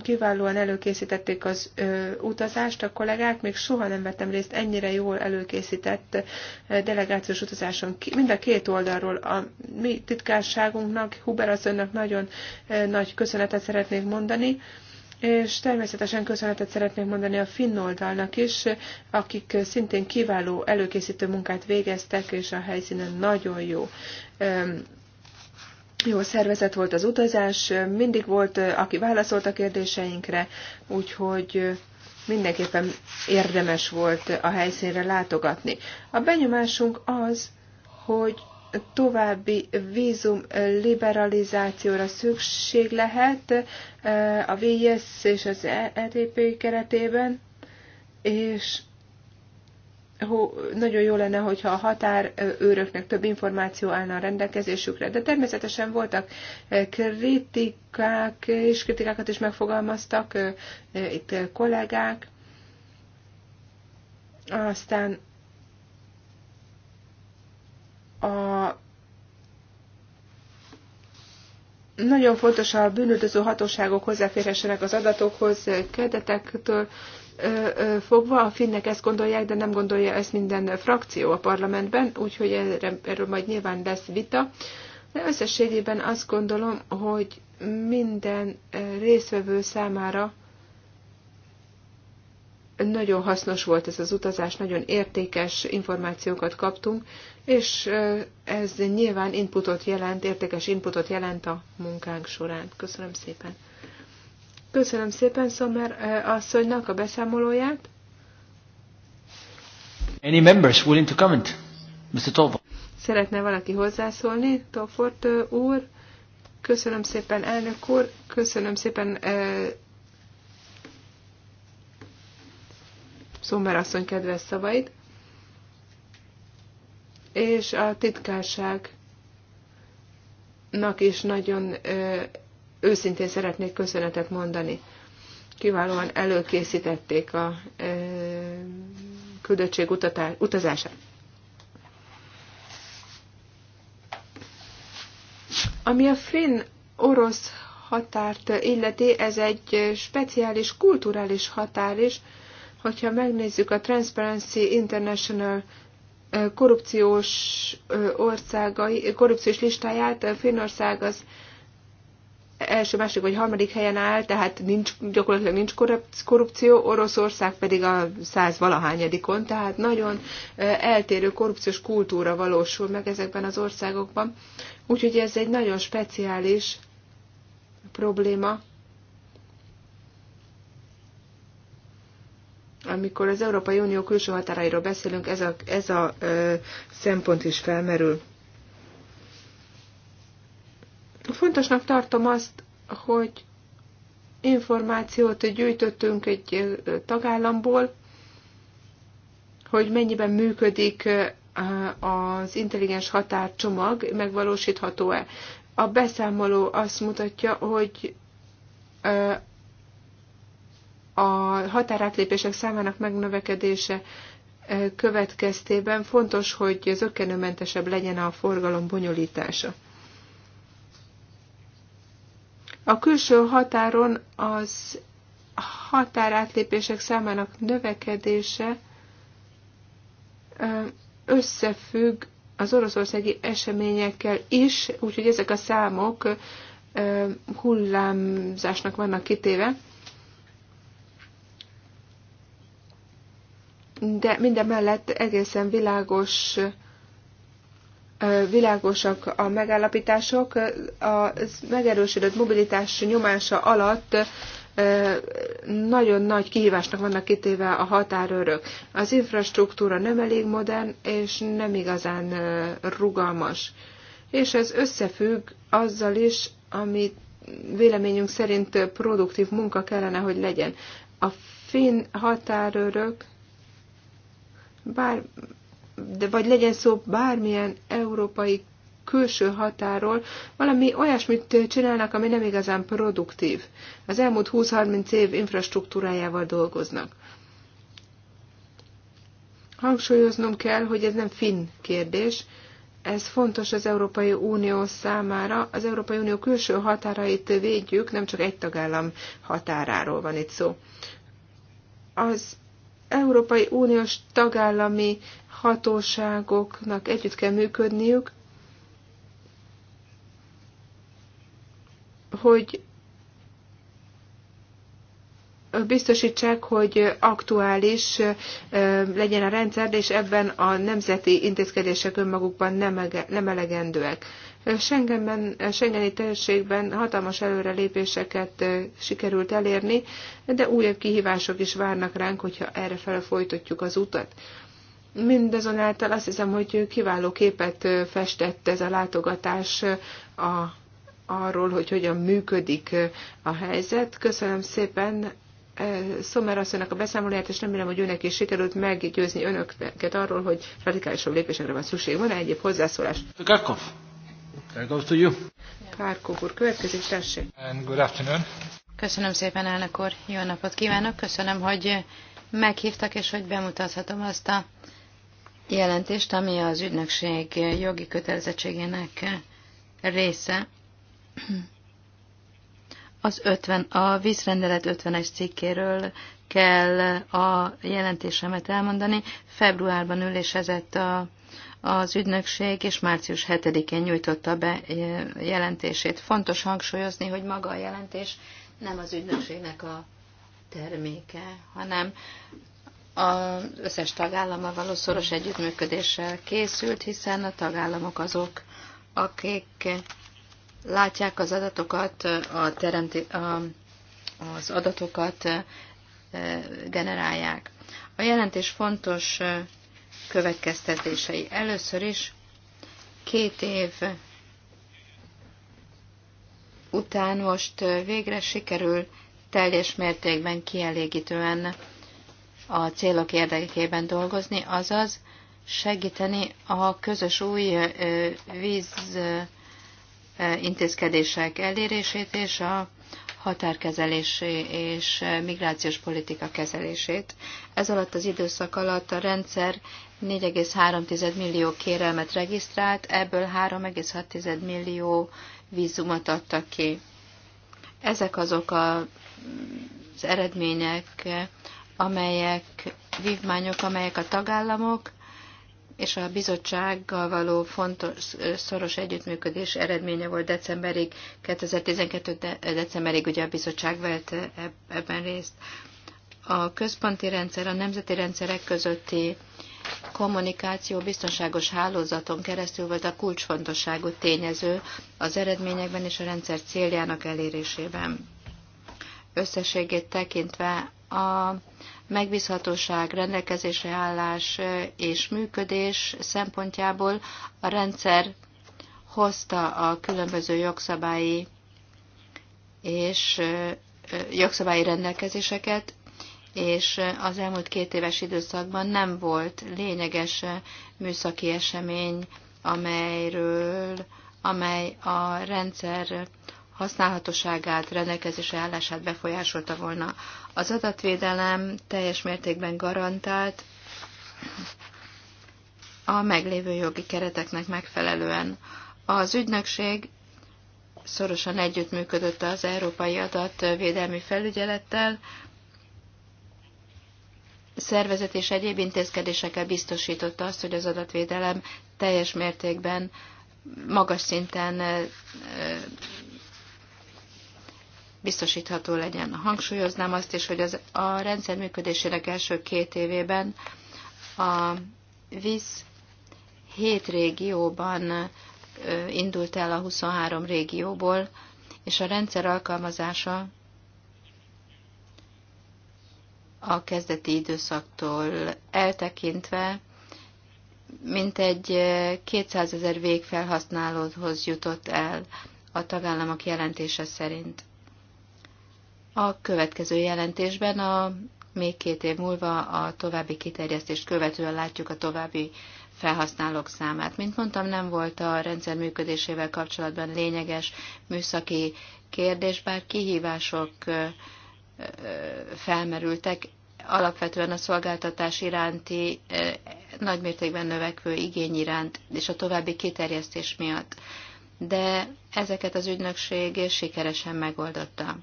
kiválóan előkészítették az ö, utazást a kollégák, még soha nem vettem részt ennyire jól előkészített delegációs utazáson. Mind a két oldalról a mi titkárságunknak, Huber asszonynak nagyon ö, nagy köszönetet szeretnék mondani. Ö, és természetesen köszönetet szeretnék mondani a finn oldalnak is, akik szintén kiváló előkészítő munkát végeztek, és a helyszínen nagyon jó jó szervezet volt az utazás, mindig volt, aki válaszolt a kérdéseinkre, úgyhogy mindenképpen érdemes volt a helyszínre látogatni. A benyomásunk az, hogy további vízum liberalizációra szükség lehet a VIS és az ETP keretében, és nagyon jó lenne, hogyha a határőröknek több információ állna a rendelkezésükre. De természetesen voltak kritikák, és kritikákat is megfogalmaztak itt kollégák. Aztán a nagyon fontos a bűnöldöző hatóságok hozzáférhessenek az adatokhoz, kedetektől fogva. A finnek ezt gondolják, de nem gondolja ezt minden frakció a parlamentben, úgyhogy erre, erről majd nyilván lesz vita. De összességében azt gondolom, hogy minden részvevő számára nagyon hasznos volt ez az utazás, nagyon értékes információkat kaptunk, és ez nyilván inputot jelent, értékes inputot jelent a munkánk során. Köszönöm szépen. Köszönöm szépen Szomer asszonynak a beszámolóját. Any members willing to comment? Mr. Tolford. Szeretne valaki hozzászólni? Tolford úr. Köszönöm szépen, elnök úr. Köszönöm szépen Szomer asszony kedves szavait, és a titkárságnak is nagyon őszintén szeretnék köszönetet mondani. Kiválóan előkészítették a küldöttség utazását. Ami a finn-orosz határt illeti, ez egy speciális kulturális határ is, Hogyha megnézzük a Transparency International eh, korrupciós eh, országai, korrupciós listáját, eh, Finnország az első, második vagy harmadik helyen áll, tehát nincs, gyakorlatilag nincs korrupció, Oroszország pedig a száz valahányadikon, tehát nagyon eltérő korrupciós kultúra valósul meg ezekben az országokban. Úgyhogy ez egy nagyon speciális probléma, Amikor az Európai Unió külső határairól beszélünk, ez a, ez a ö, szempont is felmerül. Fontosnak tartom azt, hogy információt gyűjtöttünk egy tagállamból, hogy mennyiben működik az intelligens határcsomag, megvalósítható-e. A beszámoló azt mutatja, hogy a határátlépések számának megnövekedése következtében fontos, hogy zöggenőmentesebb legyen a forgalom bonyolítása. A külső határon az határátlépések számának növekedése összefügg az oroszországi eseményekkel is, úgyhogy ezek a számok hullámzásnak vannak kitéve. de minden mellett egészen világos világosak a megállapítások. A megerősödött mobilitás nyomása alatt nagyon nagy kihívásnak vannak kitéve a határőrök. Az infrastruktúra nem elég modern, és nem igazán rugalmas. És ez összefügg azzal is, amit véleményünk szerint produktív munka kellene, hogy legyen. A finn határőrök bár, de vagy legyen szó bármilyen európai külső határól, valami olyasmit csinálnak, ami nem igazán produktív. Az elmúlt 20-30 év infrastruktúrájával dolgoznak. Hangsúlyoznom kell, hogy ez nem finn kérdés, ez fontos az Európai Unió számára. Az Európai Unió külső határait védjük, nem csak egy tagállam határáról van itt szó. Az Európai Uniós tagállami hatóságoknak együtt kell működniük, hogy biztosítsák, hogy aktuális legyen a rendszer, és ebben a nemzeti intézkedések önmagukban nem elegendőek. Schengenben, Schengeni térségben hatalmas előrelépéseket sikerült elérni, de újabb kihívások is várnak ránk, hogyha erre fel folytatjuk az utat. Mindazonáltal azt hiszem, hogy kiváló képet festett ez a látogatás a, arról, hogy hogyan működik a helyzet. Köszönöm szépen Szomer asszonynak a beszámolóját, és remélem, hogy őnek is sikerült meggyőzni önöket arról, hogy radikálisabb lépésekre van szükség. Van-e egyéb hozzászólás? Garkov. That goes to you. Párkók úr, következik, tessék. And good afternoon. Köszönöm szépen, elnök úr. Jó napot kívánok. Köszönöm, hogy meghívtak, és hogy bemutathatom azt a jelentést, ami az ügynökség jogi kötelezettségének része. Az 50, a vízrendelet 51 cikkéről kell a jelentésemet elmondani. Februárban ülésezett a az ügynökség, és március 7-én nyújtotta be e, jelentését. Fontos hangsúlyozni, hogy maga a jelentés nem az ügynökségnek a terméke, hanem az összes tagállama való szoros együttműködéssel készült, hiszen a tagállamok azok, akik látják az adatokat, a teremti, a, az adatokat e, generálják. A jelentés fontos e, következtetései. Először is két év után most végre sikerül teljes mértékben kielégítően a célok érdekében dolgozni, azaz segíteni a közös új víz intézkedések elérését és a határkezelésé és eh, migrációs politika kezelését. Ez alatt az időszak alatt a rendszer 4,3 millió kérelmet regisztrált, ebből 3,6 millió vízumot adtak ki. Ezek azok a, az eredmények, amelyek vívmányok, amelyek a tagállamok és a bizottsággal való fontos, szoros együttműködés eredménye volt decemberig, 2012. De, decemberig ugye a bizottság vett ebben részt. A központi rendszer, a nemzeti rendszerek közötti kommunikáció biztonságos hálózaton keresztül volt a kulcsfontosságú tényező az eredményekben és a rendszer céljának elérésében. Összességét tekintve a megbízhatóság, rendelkezésre állás és működés szempontjából a rendszer hozta a különböző jogszabályi és jogszabályi rendelkezéseket, és az elmúlt két éves időszakban nem volt lényeges műszaki esemény, amelyről, amely a rendszer használhatóságát, rendelkezésre állását befolyásolta volna. Az adatvédelem teljes mértékben garantált a meglévő jogi kereteknek megfelelően. Az ügynökség szorosan együttműködött az Európai Adatvédelmi Felügyelettel, szervezet és egyéb intézkedésekkel biztosította azt, hogy az adatvédelem teljes mértékben, magas szinten biztosítható legyen. Hangsúlyoznám azt is, hogy az, a rendszer működésének első két évében a víz hét régióban indult el a 23 régióból, és a rendszer alkalmazása a kezdeti időszaktól eltekintve mintegy 200 ezer végfelhasználóhoz jutott el a tagállamok jelentése szerint. A következő jelentésben a még két év múlva a további kiterjesztést követően látjuk a további felhasználók számát. Mint mondtam, nem volt a rendszer működésével kapcsolatban lényeges műszaki kérdés, bár kihívások felmerültek, alapvetően a szolgáltatás iránti nagymértékben növekvő igény iránt és a további kiterjesztés miatt. De ezeket az ügynökség sikeresen megoldotta.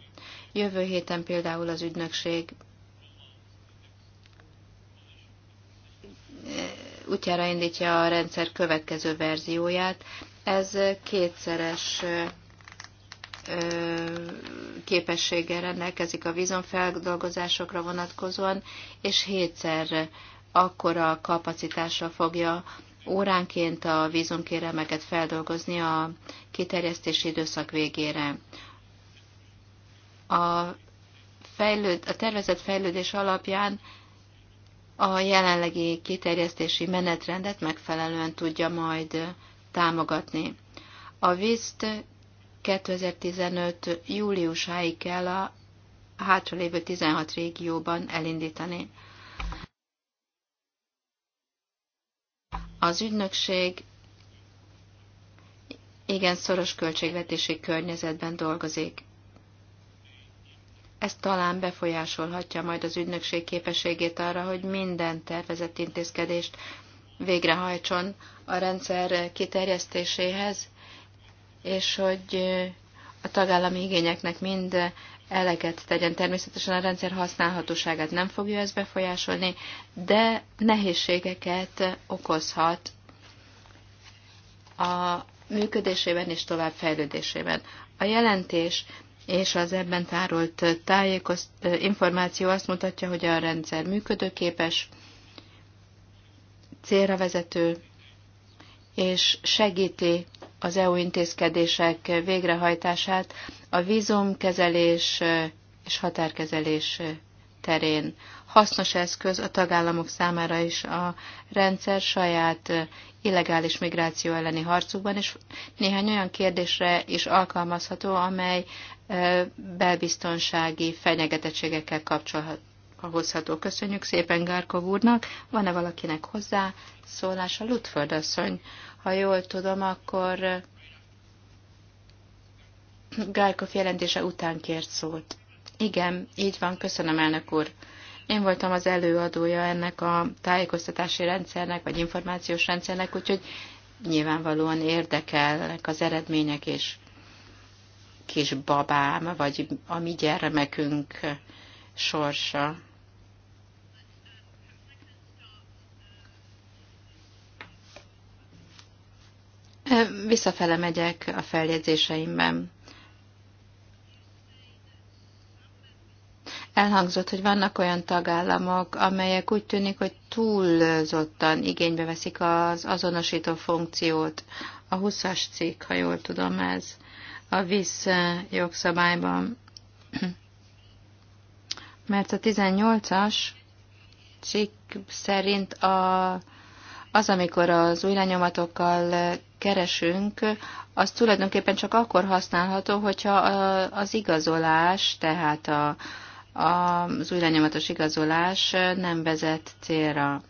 Jövő héten például az ügynökség eh, útjára indítja a rendszer következő verzióját. Ez kétszeres eh, eh, képességgel rendelkezik a vízonfeldolgozásokra vonatkozóan, és hétszer akkora kapacitásra fogja óránként a vízumkérelmeket feldolgozni a kiterjesztési időszak végére a, fejlőd, a tervezett fejlődés alapján a jelenlegi kiterjesztési menetrendet megfelelően tudja majd támogatni. A vízt 2015. júliusáig kell a hátralévő 16 régióban elindítani. Az ügynökség igen szoros költségvetési környezetben dolgozik. Ez talán befolyásolhatja majd az ügynökség képességét arra, hogy minden tervezett intézkedést végrehajtson a rendszer kiterjesztéséhez, és hogy a tagállami igényeknek mind eleget tegyen. Természetesen a rendszer használhatóságát nem fogja ez befolyásolni, de nehézségeket okozhat a működésében és továbbfejlődésében. A jelentés és az ebben tárolt információ azt mutatja, hogy a rendszer működőképes, célra vezető, és segíti az EU intézkedések végrehajtását a vízumkezelés és határkezelés terén. Hasznos eszköz a tagállamok számára is a rendszer saját illegális migráció elleni harcukban, és néhány olyan kérdésre is alkalmazható, amely belbiztonsági fenyegetettségekkel kapcsolható. Köszönjük szépen Gárkov úrnak. Van-e valakinek hozzá szólása? Lutföld asszony, ha jól tudom, akkor Gárkov jelentése után kért szót. Igen, így van, köszönöm, elnök úr. Én voltam az előadója ennek a tájékoztatási rendszernek, vagy információs rendszernek, úgyhogy nyilvánvalóan érdekelnek az eredmények, és kis babám, vagy a mi gyermekünk sorsa. Visszafele megyek a feljegyzéseimben. Elhangzott, hogy vannak olyan tagállamok, amelyek úgy tűnik, hogy túlzottan igénybe veszik az azonosító funkciót. A 20-as cikk, ha jól tudom, ez a VISZ jogszabályban. Mert a 18-as cikk szerint a, az, amikor az új lenyomatokkal keresünk, az tulajdonképpen csak akkor használható, hogyha az igazolás, tehát a, az újranyomatos igazolás nem vezet célra.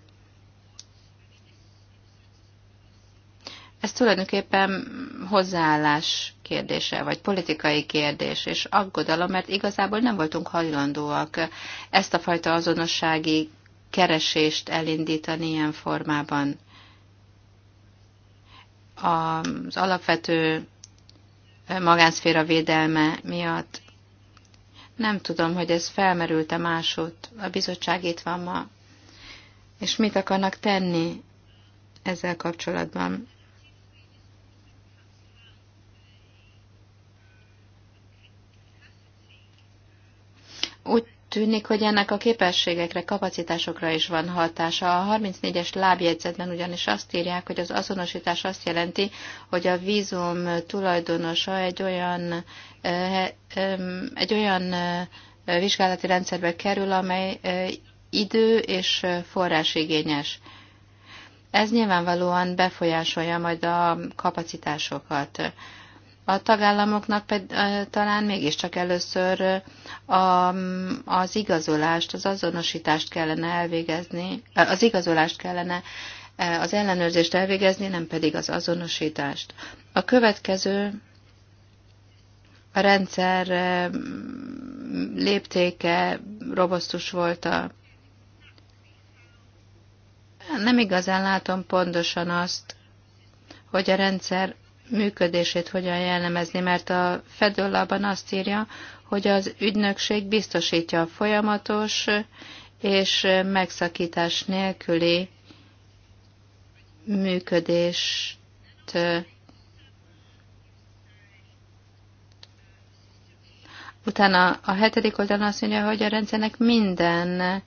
Ez tulajdonképpen hozzáállás kérdése, vagy politikai kérdés, és aggodalom, mert igazából nem voltunk hajlandóak ezt a fajta azonossági keresést elindítani ilyen formában. Az alapvető magánszféra védelme miatt nem tudom, hogy ez felmerült-e másod. A bizottság itt van ma. És mit akarnak tenni ezzel kapcsolatban? Úgy tűnik, hogy ennek a képességekre, kapacitásokra is van hatása. A 34-es lábjegyzetben ugyanis azt írják, hogy az azonosítás azt jelenti, hogy a vízum tulajdonosa egy olyan, eh, eh, egy olyan eh, vizsgálati rendszerbe kerül, amely idő és forrásigényes. Ez nyilvánvalóan befolyásolja majd a kapacitásokat. A tagállamoknak ped, talán mégiscsak először a, az igazolást, az azonosítást kellene elvégezni, az igazolást kellene az ellenőrzést elvégezni, nem pedig az azonosítást. A következő a rendszer léptéke robosztus volt a nem igazán látom pontosan azt, hogy a rendszer működését hogyan jellemezni, mert a fedőlapban azt írja, hogy az ügynökség biztosítja a folyamatos és megszakítás nélküli működést Utána a hetedik oldalon azt mondja, hogy a rendszernek minden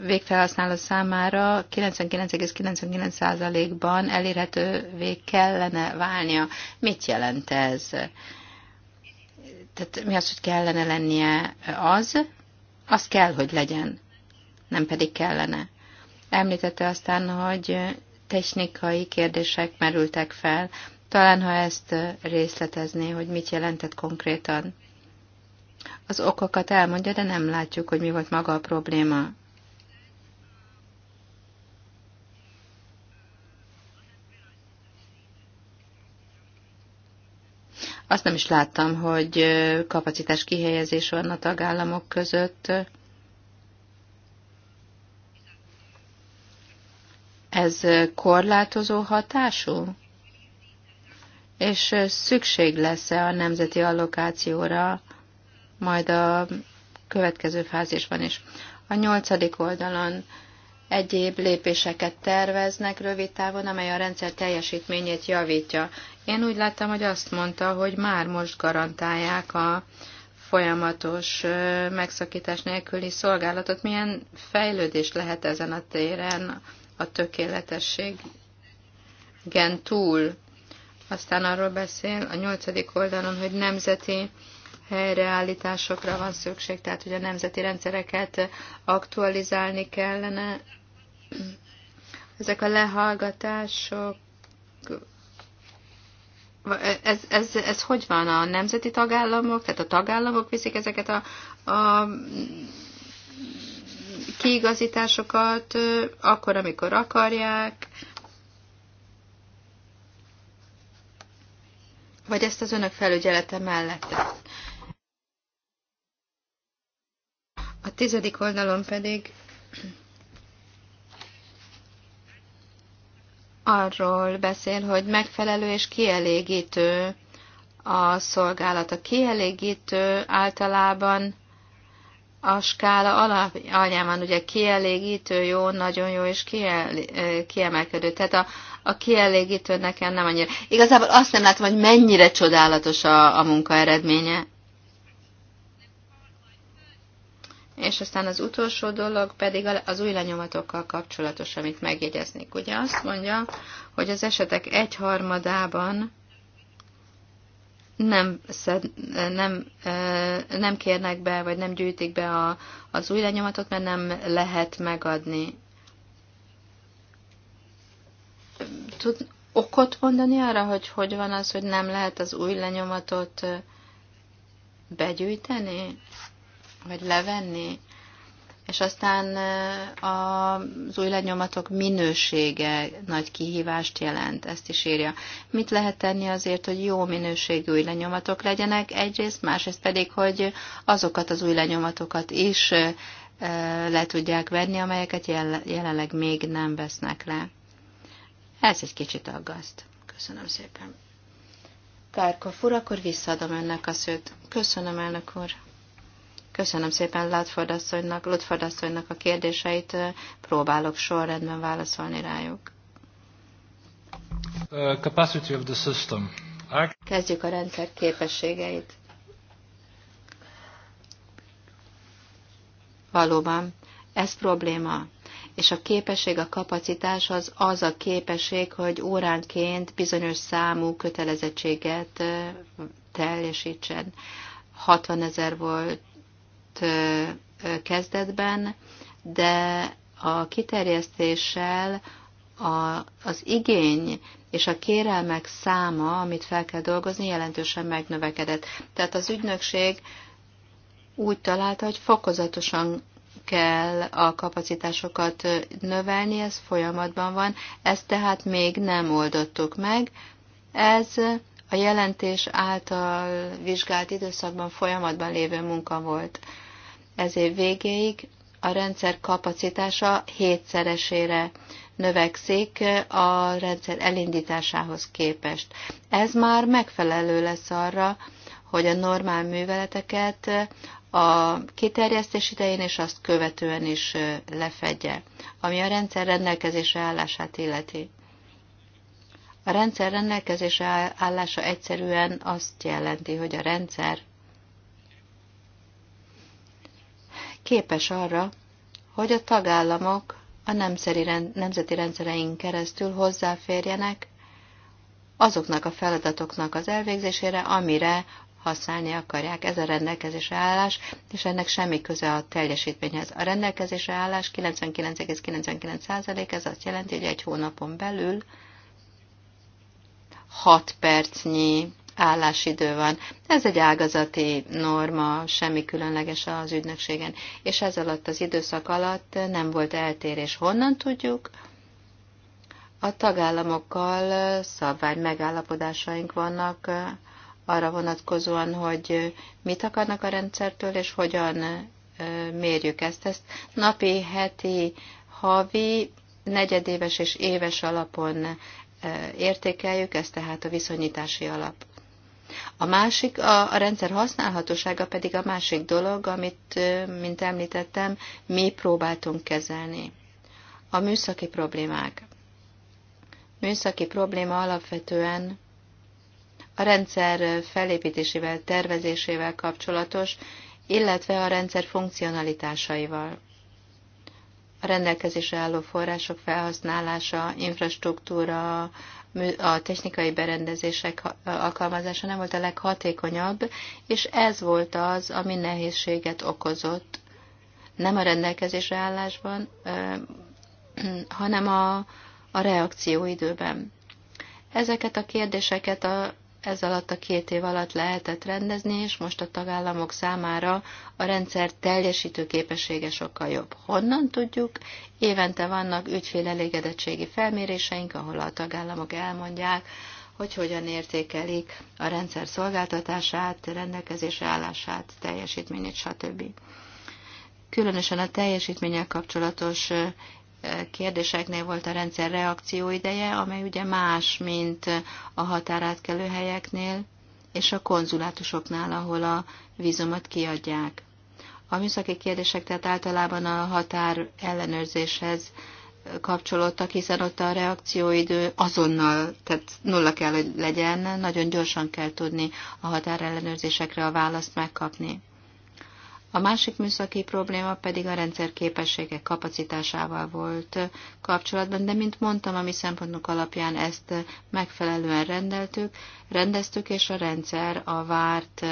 végfelhasználó számára 99,99%-ban elérhetővé kellene válnia. Mit jelent ez? Tehát mi az, hogy kellene lennie az? Az kell, hogy legyen, nem pedig kellene. Említette aztán, hogy technikai kérdések merültek fel. Talán, ha ezt részletezné, hogy mit jelentett konkrétan. Az okokat elmondja, de nem látjuk, hogy mi volt maga a probléma. Azt nem is láttam, hogy kapacitás kihelyezés van a tagállamok között. Ez korlátozó hatású? És szükség lesz-e a nemzeti allokációra, majd a következő fázisban is. A nyolcadik oldalon egyéb lépéseket terveznek rövid távon, amely a rendszer teljesítményét javítja. Én úgy láttam, hogy azt mondta, hogy már most garantálják a folyamatos megszakítás nélküli szolgálatot. Milyen fejlődés lehet ezen a téren a gen túl? Aztán arról beszél a nyolcadik oldalon, hogy nemzeti helyreállításokra van szükség, tehát hogy a nemzeti rendszereket aktualizálni kellene. Ezek a lehallgatások ez, ez, ez hogy van a nemzeti tagállamok, tehát a tagállamok viszik ezeket a, a kiigazításokat akkor, amikor akarják, vagy ezt az önök felügyelete mellett. A tizedik oldalon pedig arról beszél, hogy megfelelő és kielégítő a szolgálat. A kielégítő általában a skála alapján ugye kielégítő, jó, nagyon jó és kiel, kiemelkedő. Tehát a, a kielégítő nekem nem annyira. Igazából azt nem látom, hogy mennyire csodálatos a, a munka eredménye. És aztán az utolsó dolog pedig az új lenyomatokkal kapcsolatos, amit megjegyeznék. Ugye azt mondja, hogy az esetek egyharmadában nem, szed, nem, nem kérnek be, vagy nem gyűjtik be a, az új lenyomatot, mert nem lehet megadni. Tud okot mondani arra, hogy hogy van az, hogy nem lehet az új lenyomatot begyűjteni? vagy levenni, és aztán az új lenyomatok minősége nagy kihívást jelent, ezt is írja. Mit lehet tenni azért, hogy jó minőségű új lenyomatok legyenek egyrészt, másrészt pedig, hogy azokat az új lenyomatokat is le tudják venni, amelyeket jelenleg még nem vesznek le. Ez egy kicsit aggaszt. Köszönöm szépen. Kárkov úr, akkor visszaadom önnek a szőt. Köszönöm, elnök úr. Köszönöm szépen Ludford asszonynak, Ludford asszonynak a kérdéseit, próbálok sorrendben válaszolni rájuk. Uh, capacity of the system. Kezdjük a rendszer képességeit. Valóban, ez probléma. És a képesség, a kapacitás az az a képesség, hogy óránként bizonyos számú kötelezettséget teljesítsen. 60 ezer volt volt kezdetben, de a kiterjesztéssel a, az igény és a kérelmek száma, amit fel kell dolgozni, jelentősen megnövekedett. Tehát az ügynökség úgy találta, hogy fokozatosan kell a kapacitásokat növelni, ez folyamatban van, ezt tehát még nem oldottuk meg. Ez a jelentés által vizsgált időszakban folyamatban lévő munka volt ez év végéig a rendszer kapacitása hétszeresére növekszik a rendszer elindításához képest. Ez már megfelelő lesz arra, hogy a normál műveleteket a kiterjesztés idején és azt követően is lefedje, ami a rendszer rendelkezésre állását illeti. A rendszer rendelkezésre állása egyszerűen azt jelenti, hogy a rendszer képes arra, hogy a tagállamok a nemzeti rendszereink keresztül hozzáférjenek azoknak a feladatoknak az elvégzésére, amire használni akarják. Ez a rendelkezésre állás, és ennek semmi köze a teljesítményhez. A rendelkezésre állás 99,99% ez azt jelenti, hogy egy hónapon belül 6 percnyi állásidő van. Ez egy ágazati norma, semmi különleges az ügynökségen. És ez alatt az időszak alatt nem volt eltérés. Honnan tudjuk? A tagállamokkal szabvány megállapodásaink vannak arra vonatkozóan, hogy mit akarnak a rendszertől, és hogyan mérjük ezt. Ezt napi, heti, havi, negyedéves és éves alapon értékeljük, ez tehát a viszonyítási alap. A másik, a, a rendszer használhatósága pedig a másik dolog, amit, mint említettem, mi próbáltunk kezelni. A műszaki problémák. Műszaki probléma alapvetően a rendszer felépítésével, tervezésével kapcsolatos, illetve a rendszer funkcionalitásaival. A rendelkezésre álló források felhasználása, infrastruktúra, a technikai berendezések alkalmazása nem volt a leghatékonyabb, és ez volt az, ami nehézséget okozott nem a rendelkezésre állásban, hanem a, a reakcióidőben. Ezeket a kérdéseket a, ez alatt a két év alatt lehetett rendezni, és most a tagállamok számára a rendszer teljesítő képessége sokkal jobb. Honnan tudjuk? Évente vannak ügyfél elégedettségi felméréseink, ahol a tagállamok elmondják, hogy hogyan értékelik a rendszer szolgáltatását, rendelkezésre állását, teljesítményét, stb. Különösen a teljesítménnyel kapcsolatos kérdéseknél volt a rendszer reakcióideje, amely ugye más, mint a határátkelő helyeknél és a konzulátusoknál, ahol a vízumot kiadják. A műszaki kérdések tehát általában a határ ellenőrzéshez kapcsolódtak, hiszen ott a reakcióidő azonnal, tehát nulla kell, hogy legyen, nagyon gyorsan kell tudni a határellenőrzésekre a választ megkapni. A másik műszaki probléma pedig a rendszer képességek kapacitásával volt kapcsolatban, de mint mondtam, a mi szempontunk alapján ezt megfelelően rendeltük, rendeztük, és a rendszer a várt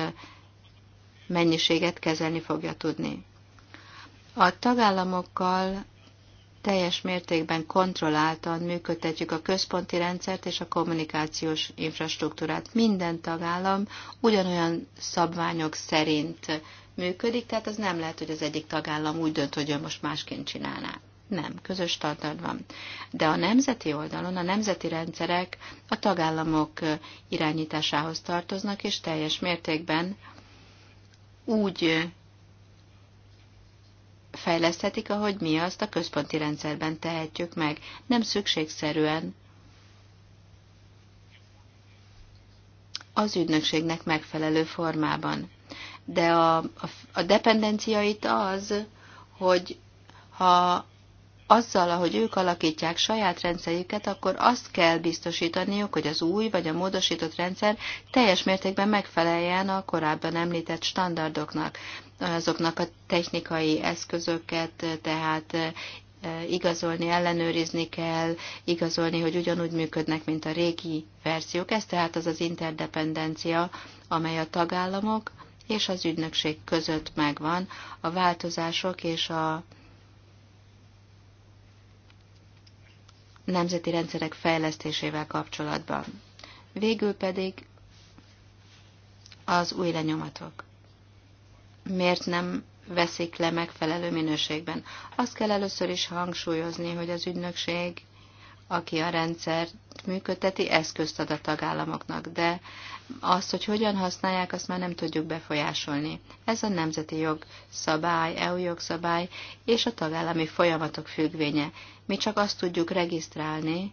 mennyiséget kezelni fogja tudni. A tagállamokkal teljes mértékben kontrolláltan működtetjük a központi rendszert és a kommunikációs infrastruktúrát. Minden tagállam ugyanolyan szabványok szerint működik, tehát az nem lehet, hogy az egyik tagállam úgy dönt, hogy ő most másként csinálná. Nem, közös standard van. De a nemzeti oldalon a nemzeti rendszerek a tagállamok irányításához tartoznak, és teljes mértékben úgy fejleszthetik, ahogy mi azt a központi rendszerben tehetjük meg. Nem szükségszerűen az ügynökségnek megfelelő formában de a, a, a dependenciait az, hogy ha azzal, ahogy ők alakítják saját rendszerüket, akkor azt kell biztosítaniuk, hogy az új vagy a módosított rendszer teljes mértékben megfeleljen a korábban említett standardoknak, azoknak a technikai eszközöket, tehát e, igazolni, ellenőrizni kell, igazolni, hogy ugyanúgy működnek, mint a régi verziók. Ez tehát az az interdependencia, amely a tagállamok, és az ügynökség között megvan a változások és a nemzeti rendszerek fejlesztésével kapcsolatban. Végül pedig az új lenyomatok. Miért nem veszik le megfelelő minőségben? Azt kell először is hangsúlyozni, hogy az ügynökség aki a rendszert működteti, eszközt ad a tagállamoknak, de azt, hogy hogyan használják, azt már nem tudjuk befolyásolni. Ez a nemzeti jogszabály, EU jogszabály és a tagállami folyamatok függvénye. Mi csak azt tudjuk regisztrálni,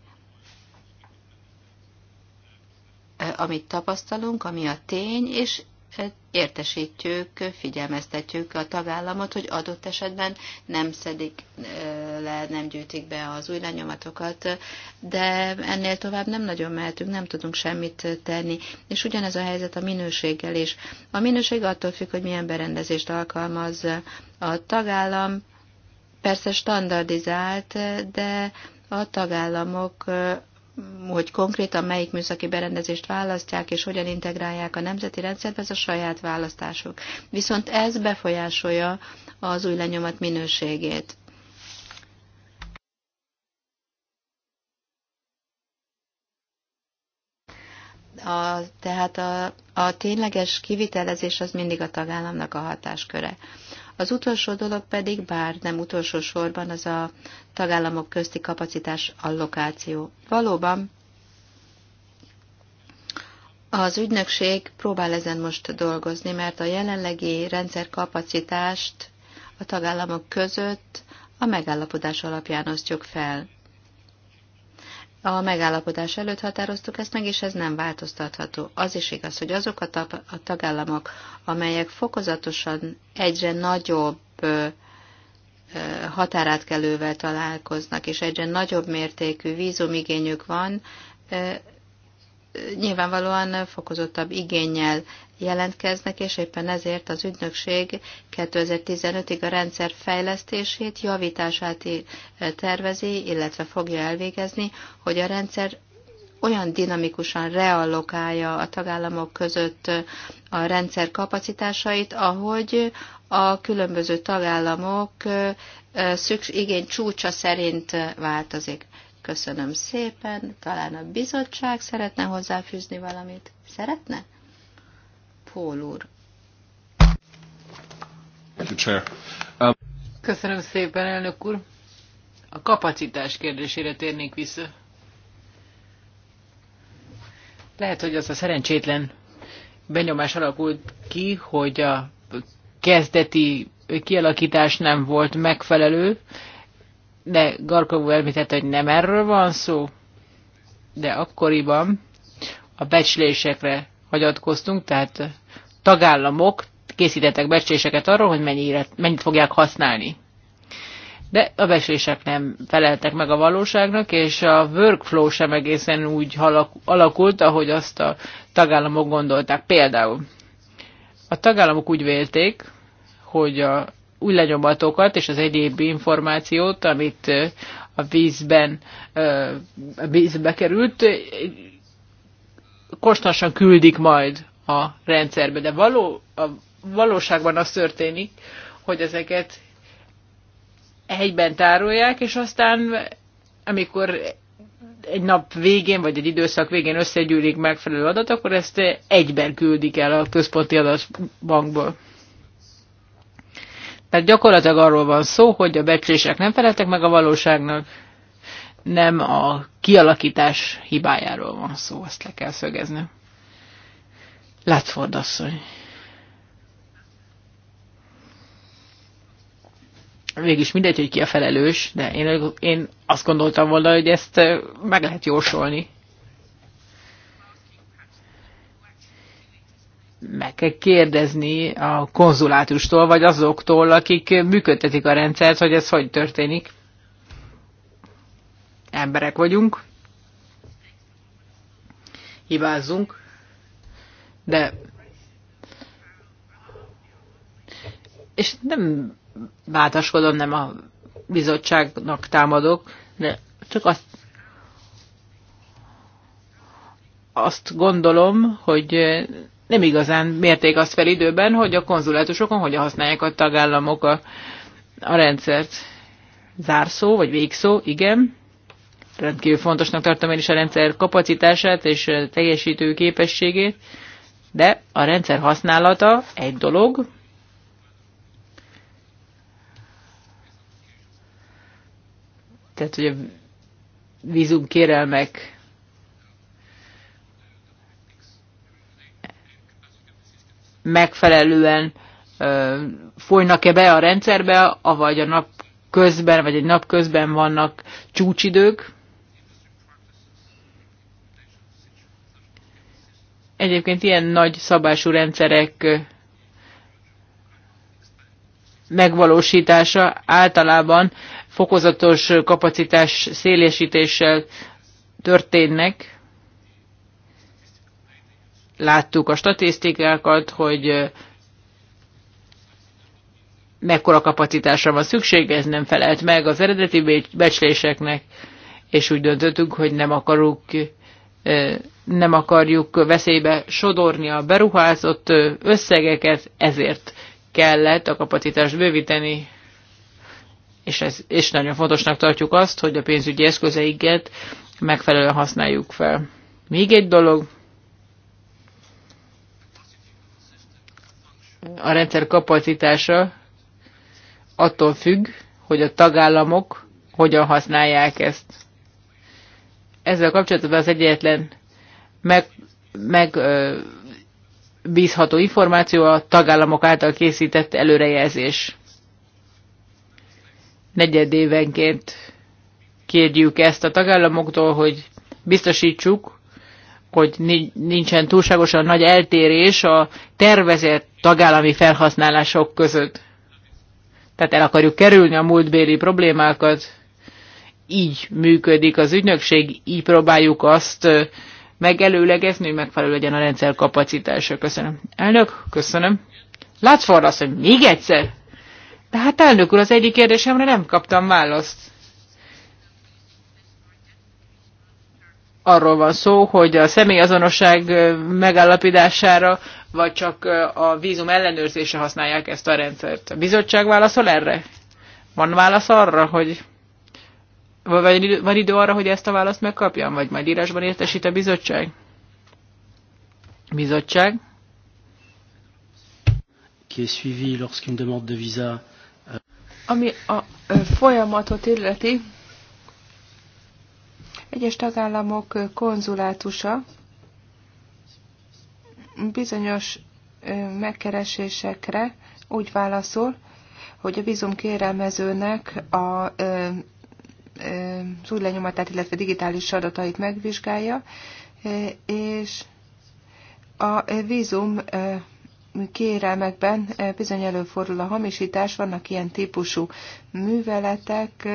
amit tapasztalunk, ami a tény, és értesítjük, figyelmeztetjük a tagállamot, hogy adott esetben nem szedik le, nem gyűjtik be az új lenyomatokat, de ennél tovább nem nagyon mehetünk, nem tudunk semmit tenni. És ugyanez a helyzet a minőséggel is. A minőség attól függ, hogy milyen berendezést alkalmaz a tagállam, persze standardizált, de a tagállamok hogy konkrétan melyik műszaki berendezést választják, és hogyan integrálják a nemzeti rendszerbe, ez a saját választásuk. Viszont ez befolyásolja az új lenyomat minőségét. A, tehát a, a tényleges kivitelezés az mindig a tagállamnak a hatásköre. Az utolsó dolog pedig, bár nem utolsó sorban, az a tagállamok közti kapacitás allokáció. Valóban az ügynökség próbál ezen most dolgozni, mert a jelenlegi rendszerkapacitást a tagállamok között a megállapodás alapján osztjuk fel. A megállapodás előtt határoztuk ezt meg, és ez nem változtatható. Az is igaz, hogy azok a, tag, a tagállamok, amelyek fokozatosan egyre nagyobb ö, határátkelővel találkoznak, és egyre nagyobb mértékű vízumigényük van, nyilvánvalóan fokozottabb igényel jelentkeznek, és éppen ezért az ügynökség 2015-ig a rendszer fejlesztését, javítását tervezi, illetve fogja elvégezni, hogy a rendszer olyan dinamikusan reallokálja a tagállamok között a rendszer kapacitásait, ahogy a különböző tagállamok szükség, igény csúcsa szerint változik. Köszönöm szépen. Talán a bizottság szeretne hozzáfűzni valamit. Szeretne? Pól úr. Um, Köszönöm szépen, elnök úr. A kapacitás kérdésére térnék vissza. Lehet, hogy az a szerencsétlen benyomás alakult ki, hogy a kezdeti kialakítás nem volt megfelelő, de Garkovú elmítette, hogy nem erről van szó, de akkoriban a becslésekre hagyatkoztunk, tehát tagállamok készítettek becsléseket arról, hogy mennyire, mennyit fogják használni. De a becslések nem feleltek meg a valóságnak, és a workflow sem egészen úgy alakult, ahogy azt a tagállamok gondolták. Például a tagállamok úgy vélték, hogy a új lenyomatokat és az egyéb információt, amit a vízben, a vízbe került, konstansan küldik majd a rendszerbe. De való, a valóságban az történik, hogy ezeket egyben tárolják, és aztán amikor egy nap végén, vagy egy időszak végén összegyűlik megfelelő adat, akkor ezt egyben küldik el a központi adatbankból. Tehát gyakorlatilag arról van szó, hogy a becslések nem feleltek meg a valóságnak, nem a kialakítás hibájáról van szó, azt le kell szögezni. Látford asszony. Végis mindegy, hogy ki a felelős, de én, én azt gondoltam volna, hogy ezt eh, meg lehet jósolni. meg kell kérdezni a konzulátustól, vagy azoktól, akik működtetik a rendszert, hogy ez hogy történik. Emberek vagyunk, hibázzunk, de és nem bátaskodom, nem a bizottságnak támadok, de csak azt, azt gondolom, hogy nem igazán mérték azt fel időben, hogy a konzulátusokon hogyan használják a tagállamok a, a rendszert. Zárszó vagy végszó, igen. Rendkívül fontosnak tartom én is a rendszer kapacitását és teljesítő képességét, de a rendszer használata egy dolog, tehát hogy a vízumkérelmek megfelelően folynak-e be a rendszerbe, avagy a nap közben, vagy egy nap közben vannak csúcsidők. Egyébként ilyen nagy szabású rendszerek megvalósítása általában fokozatos kapacitás szélesítéssel történnek láttuk a statisztikákat, hogy mekkora kapacitásra van szükség, ez nem felelt meg az eredeti becsléseknek, és úgy döntöttünk, hogy nem akarunk nem akarjuk veszélybe sodorni a beruházott összegeket, ezért kellett a kapacitást bővíteni, és, ez, és nagyon fontosnak tartjuk azt, hogy a pénzügyi eszközeiket megfelelően használjuk fel. Még egy dolog, a rendszer kapacitása attól függ, hogy a tagállamok hogyan használják ezt. Ezzel kapcsolatban az egyetlen megbízható meg információ a tagállamok által készített előrejelzés. Negyedévenként kérjük ezt a tagállamoktól, hogy biztosítsuk, hogy nincsen túlságosan nagy eltérés a tervezett tagállami felhasználások között. Tehát el akarjuk kerülni a múltbéli problémákat, így működik az ügynökség, így próbáljuk azt megelőlegezni, hogy megfelelő legyen a rendszer kapacitása. Köszönöm. Elnök, köszönöm. Látsz forrasz, hogy még egyszer? De hát elnök úr, az egyik kérdésemre nem kaptam választ. arról van szó, hogy a személyazonosság megállapítására, vagy csak a vízum ellenőrzése használják ezt a rendszert. A bizottság válaszol erre? Van válasz arra, hogy vagy van idő arra, hogy ezt a választ megkapjam, vagy majd írásban értesít a bizottság? Bizottság. Qui est suivi lorsqu'une demande de visa. Euh, Ami a folyamatot illeti, egyes tagállamok konzulátusa bizonyos megkeresésekre úgy válaszol, hogy a vízum kérelmezőnek a az új lenyomatát, illetve digitális adatait megvizsgálja, és a vízum kérelmekben bizony előfordul a hamisítás, vannak ilyen típusú műveletek,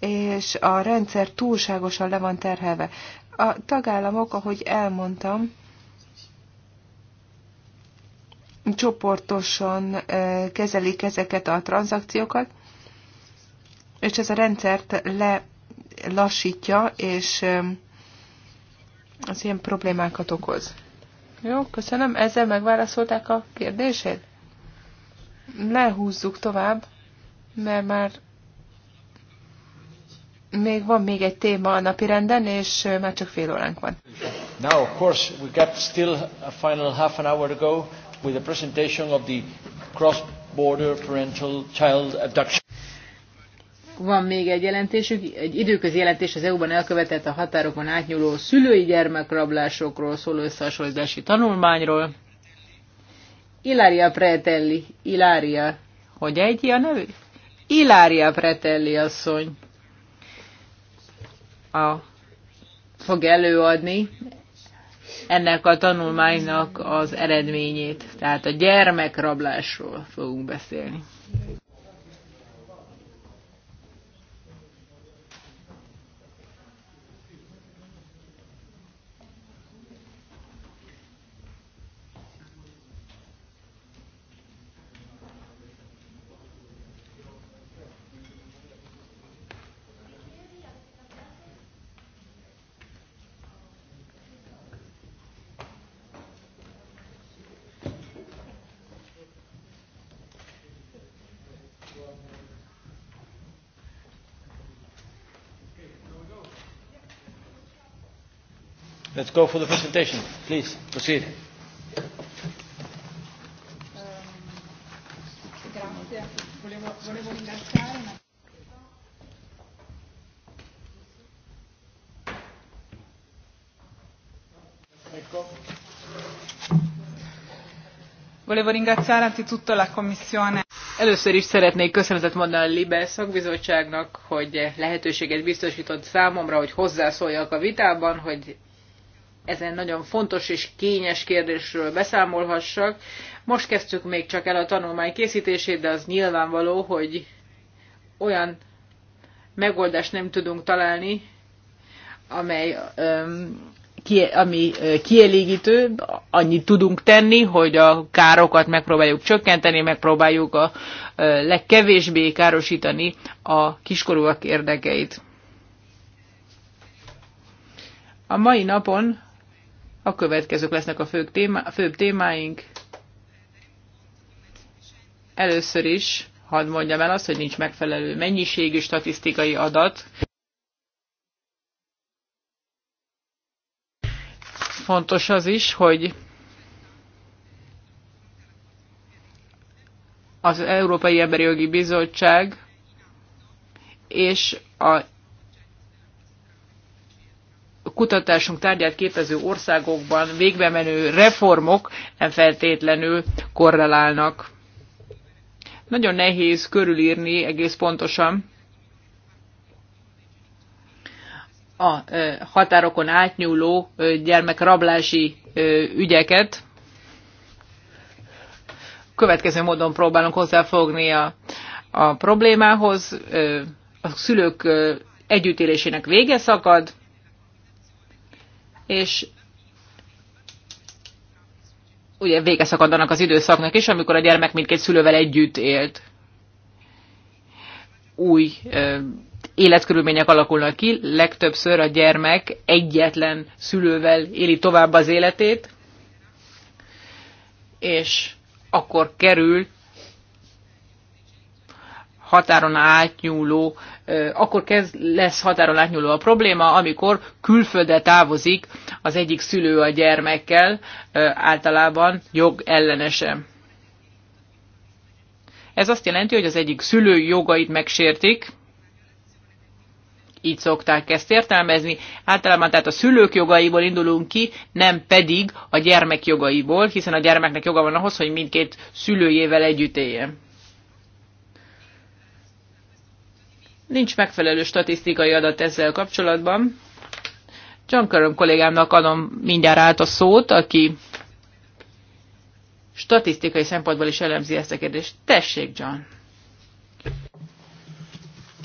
és a rendszer túlságosan le van terhelve. A tagállamok, ahogy elmondtam, csoportosan kezelik ezeket a tranzakciókat, és ez a rendszert lelassítja, és az ilyen problémákat okoz. Jó, köszönöm. Ezzel megválaszolták a kérdését? Lehúzzuk tovább, mert már még van még egy téma a napi renden, és már csak fél óránk van. Now, of course, we got still a final half an hour to go with the presentation of the cross-border parental child abduction. Van még egy jelentésük, egy időközi jelentés az EU-ban elkövetett a határokon átnyúló szülői gyermekrablásokról szóló összehasonlítási tanulmányról. Ilária Pretelli, Ilária, hogy egy a nevű? Ilária Pretelli asszony a, fog előadni ennek a tanulmánynak az eredményét. Tehát a gyermekrablásról fogunk beszélni. Let's go for the presentation. Please, proceed. volevo, ringraziare. Volevo ringraziare anzitutto la Commissione. Először is szeretnék köszönetet mondani a Libe szakbizottságnak, hogy lehetőséget biztosított számomra, hogy hozzászóljak a vitában, hogy ezen nagyon fontos és kényes kérdésről beszámolhassak. Most kezdtük még csak el a tanulmány készítését, de az nyilvánvaló, hogy olyan megoldást nem tudunk találni, amely, öm, ki, ami kielégítő, annyit tudunk tenni, hogy a károkat megpróbáljuk csökkenteni, megpróbáljuk a legkevésbé károsítani a kiskorúak érdekeit. A mai napon a következők lesznek a főbb, főbb témáink. Először is hadd mondjam el azt, hogy nincs megfelelő mennyiségű statisztikai adat. Fontos az is, hogy az Európai Emberi Jogi Bizottság és a kutatásunk tárgyát képező országokban végbe menő reformok nem feltétlenül korrelálnak. Nagyon nehéz körülírni egész pontosan a határokon átnyúló gyermekrablási ügyeket. Következő módon próbálunk hozzáfogni a, a problémához. A szülők együttélésének vége szakad, és ugye vége szakad annak az időszaknak is, amikor a gyermek mindkét szülővel együtt élt. Új ö, életkörülmények alakulnak ki, legtöbbször a gyermek egyetlen szülővel éli tovább az életét, és akkor kerül határon átnyúló, akkor kezd, lesz határon átnyúló a probléma, amikor külföldre távozik az egyik szülő a gyermekkel, általában jog ellenese. Ez azt jelenti, hogy az egyik szülő jogait megsértik, így szokták ezt értelmezni. Általában tehát a szülők jogaiból indulunk ki, nem pedig a gyermek jogaiból, hiszen a gyermeknek joga van ahhoz, hogy mindkét szülőjével együtt éljen. Nincs megfelelő statisztikai adat ezzel kapcsolatban. John Curran kollégámnak adom mindjárt át a szót, aki statisztikai szempontból is elemzi ezt a kérdést. Tessék, John!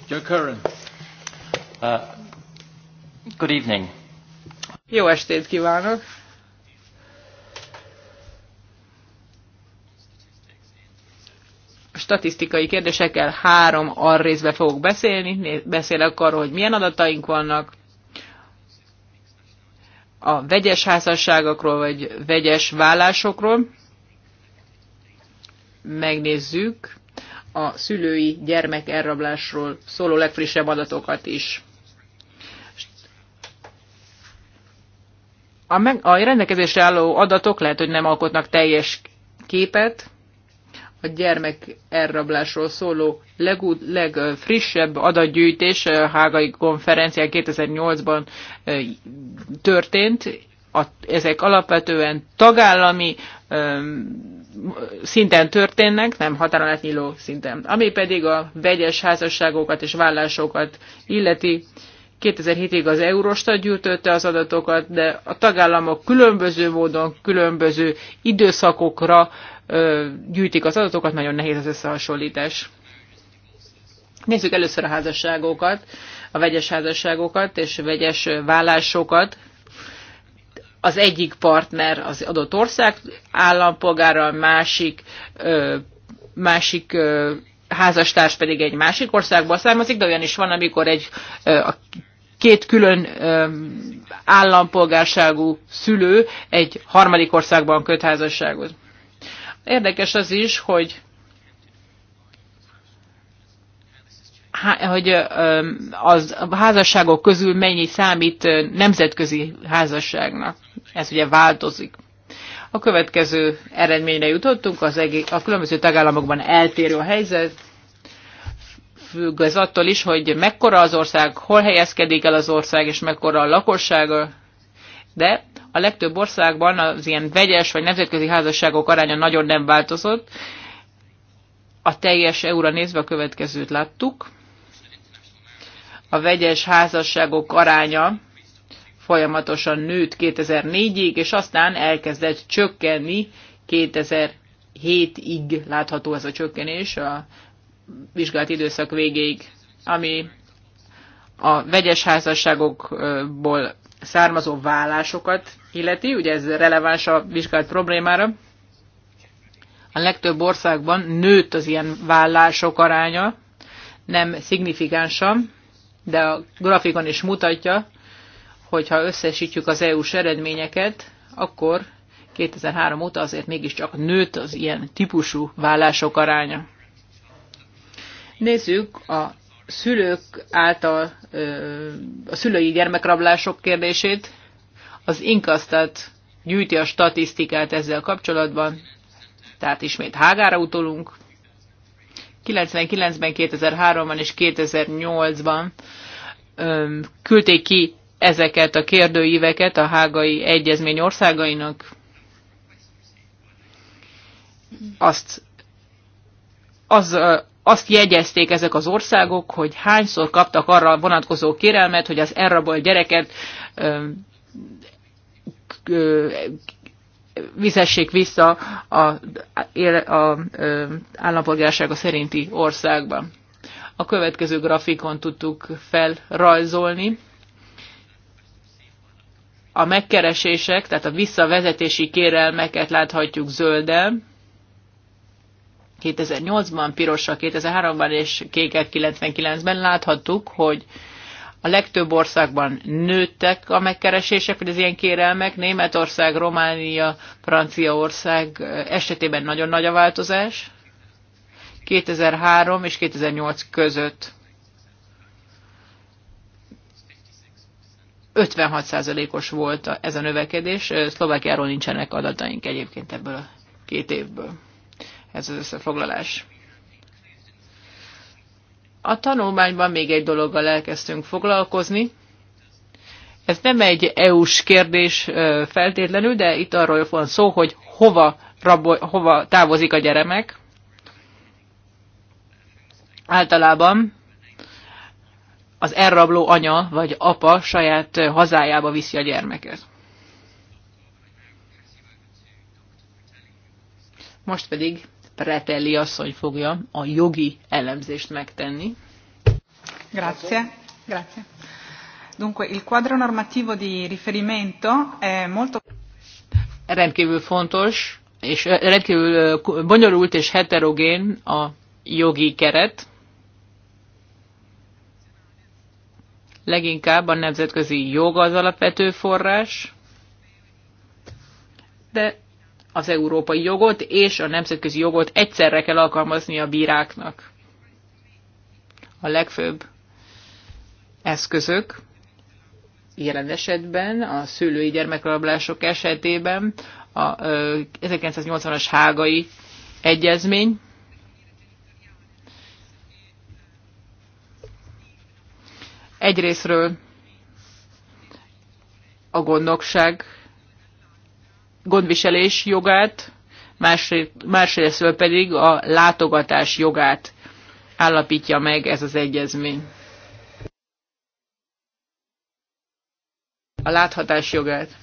John Curran. Uh, good evening. Jó estét kívánok! statisztikai kérdésekkel három arrészbe fogok beszélni. Beszélek arról, hogy milyen adataink vannak, a vegyes házasságokról, vagy vegyes vállásokról. Megnézzük a szülői gyermek elrablásról szóló legfrissebb adatokat is. A, meg, a rendelkezésre álló adatok lehet, hogy nem alkotnak teljes képet, a gyermek elrablásról szóló legúd, legfrissebb adatgyűjtés a Hágai konferencián 2008-ban történt. A, ezek alapvetően tagállami öm, szinten történnek, nem határon átnyíló szinten. Ami pedig a vegyes házasságokat és vállásokat illeti, 2007-ig az Eurostat gyűjtötte az adatokat, de a tagállamok különböző módon, különböző időszakokra gyűjtik az adatokat, nagyon nehéz az összehasonlítás. Nézzük először a házasságokat, a vegyes házasságokat és vegyes vállásokat. Az egyik partner az adott ország állampolgára, a másik, másik házastárs pedig egy másik országból származik, de olyan is van, amikor egy a két külön állampolgárságú szülő egy harmadik országban köt házasságot. Érdekes az is, hogy hogy az házasságok közül mennyi számít nemzetközi házasságnak. Ez ugye változik. A következő eredményre jutottunk, az egész, a különböző tagállamokban eltérő a helyzet, függ az attól is, hogy mekkora az ország, hol helyezkedik el az ország, és mekkora a lakossága, de a legtöbb országban az ilyen vegyes vagy nemzetközi házasságok aránya nagyon nem változott. A teljes EU-ra nézve a következőt láttuk. A vegyes házasságok aránya folyamatosan nőtt 2004-ig, és aztán elkezdett csökkenni 2007-ig látható ez a csökkenés a vizsgált időszak végéig, ami a vegyes házasságokból származó vállásokat illeti, ugye ez releváns a vizsgált problémára. A legtöbb országban nőtt az ilyen vállások aránya, nem szignifikánsan, de a grafikon is mutatja, hogyha összesítjük az EU-s eredményeket, akkor 2003 óta azért mégiscsak nőtt az ilyen típusú vállások aránya. Nézzük a szülők által a szülői gyermekrablások kérdését. Az Inkasztat gyűjti a statisztikát ezzel kapcsolatban, tehát ismét Hágára utolunk. 99-ben, 2003-ban és 2008-ban küldték ki ezeket a kérdőíveket a hágai egyezmény országainak. Azt az, azt jegyezték ezek az országok, hogy hányszor kaptak arra vonatkozó kérelmet, hogy az elrabolt gyereket ö, ö, vizessék vissza a, állampolgársága szerinti országba. A következő grafikon tudtuk felrajzolni. A megkeresések, tehát a visszavezetési kérelmeket láthatjuk zölden, 2008-ban, pirosra 2003-ban és kékek 99-ben láthattuk, hogy a legtöbb országban nőttek a megkeresések, vagy az ilyen kérelmek. Németország, Románia, Franciaország esetében nagyon nagy a változás. 2003 és 2008 között 56%-os volt ez a növekedés. Szlovákiáról nincsenek adataink egyébként ebből a két évből ez az összefoglalás. A tanulmányban még egy dologgal elkezdtünk foglalkozni. Ez nem egy EU-s kérdés feltétlenül, de itt arról van szó, hogy hova, rabol, hova távozik a gyermek. Általában az elrabló anya vagy apa saját hazájába viszi a gyermeket. Most pedig Preteli asszony fogja a jogi elemzést megtenni. Grazie. Grazie. Dunque, il quadro normativo di riferimento è molto... Rendkívül fontos, és eh, rendkívül eh, bonyolult és heterogén a jogi keret. Leginkább a nemzetközi jog az alapvető forrás, de az európai jogot és a nemzetközi jogot egyszerre kell alkalmazni a bíráknak. A legfőbb eszközök jelen esetben, a szülői gyermekrablások esetében a 1980-as hágai egyezmény, egyrésztről a gondnokság gondviselés jogát, másrésztől pedig a látogatás jogát állapítja meg ez az egyezmény. A láthatás jogát.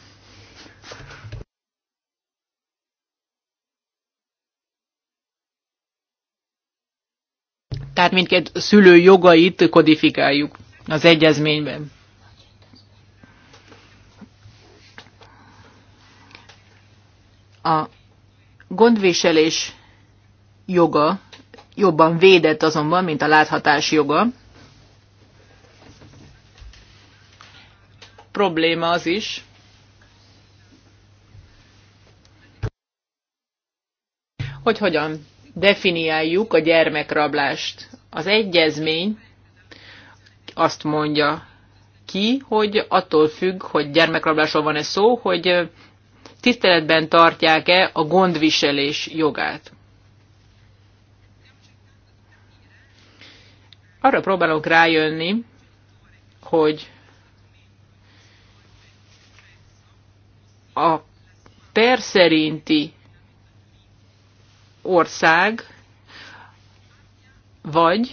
Tehát mindkét szülő jogait kodifikáljuk az egyezményben. A gondviselés joga jobban védett azonban, mint a láthatás joga. Probléma az is, hogy hogyan definiáljuk a gyermekrablást. Az egyezmény azt mondja ki, hogy attól függ, hogy gyermekrablásról van-e szó, hogy tiszteletben tartják-e a gondviselés jogát. Arra próbálok rájönni, hogy a per szerinti ország, vagy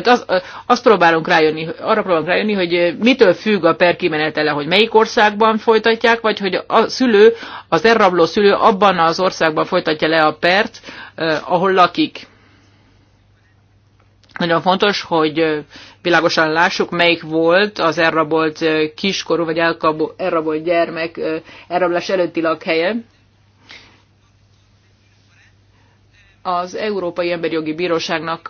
tehát az, azt próbálunk rájönni, arra próbálunk rájönni, hogy mitől függ a per kimenetele, hogy melyik országban folytatják, vagy hogy a szülő, az elrabló szülő abban az országban folytatja le a pert, ahol lakik. Nagyon fontos, hogy világosan lássuk, melyik volt az elrabolt kiskorú vagy elrabolt gyermek elrablás előtti lakhelye. az Európai Emberi Jogi Bíróságnak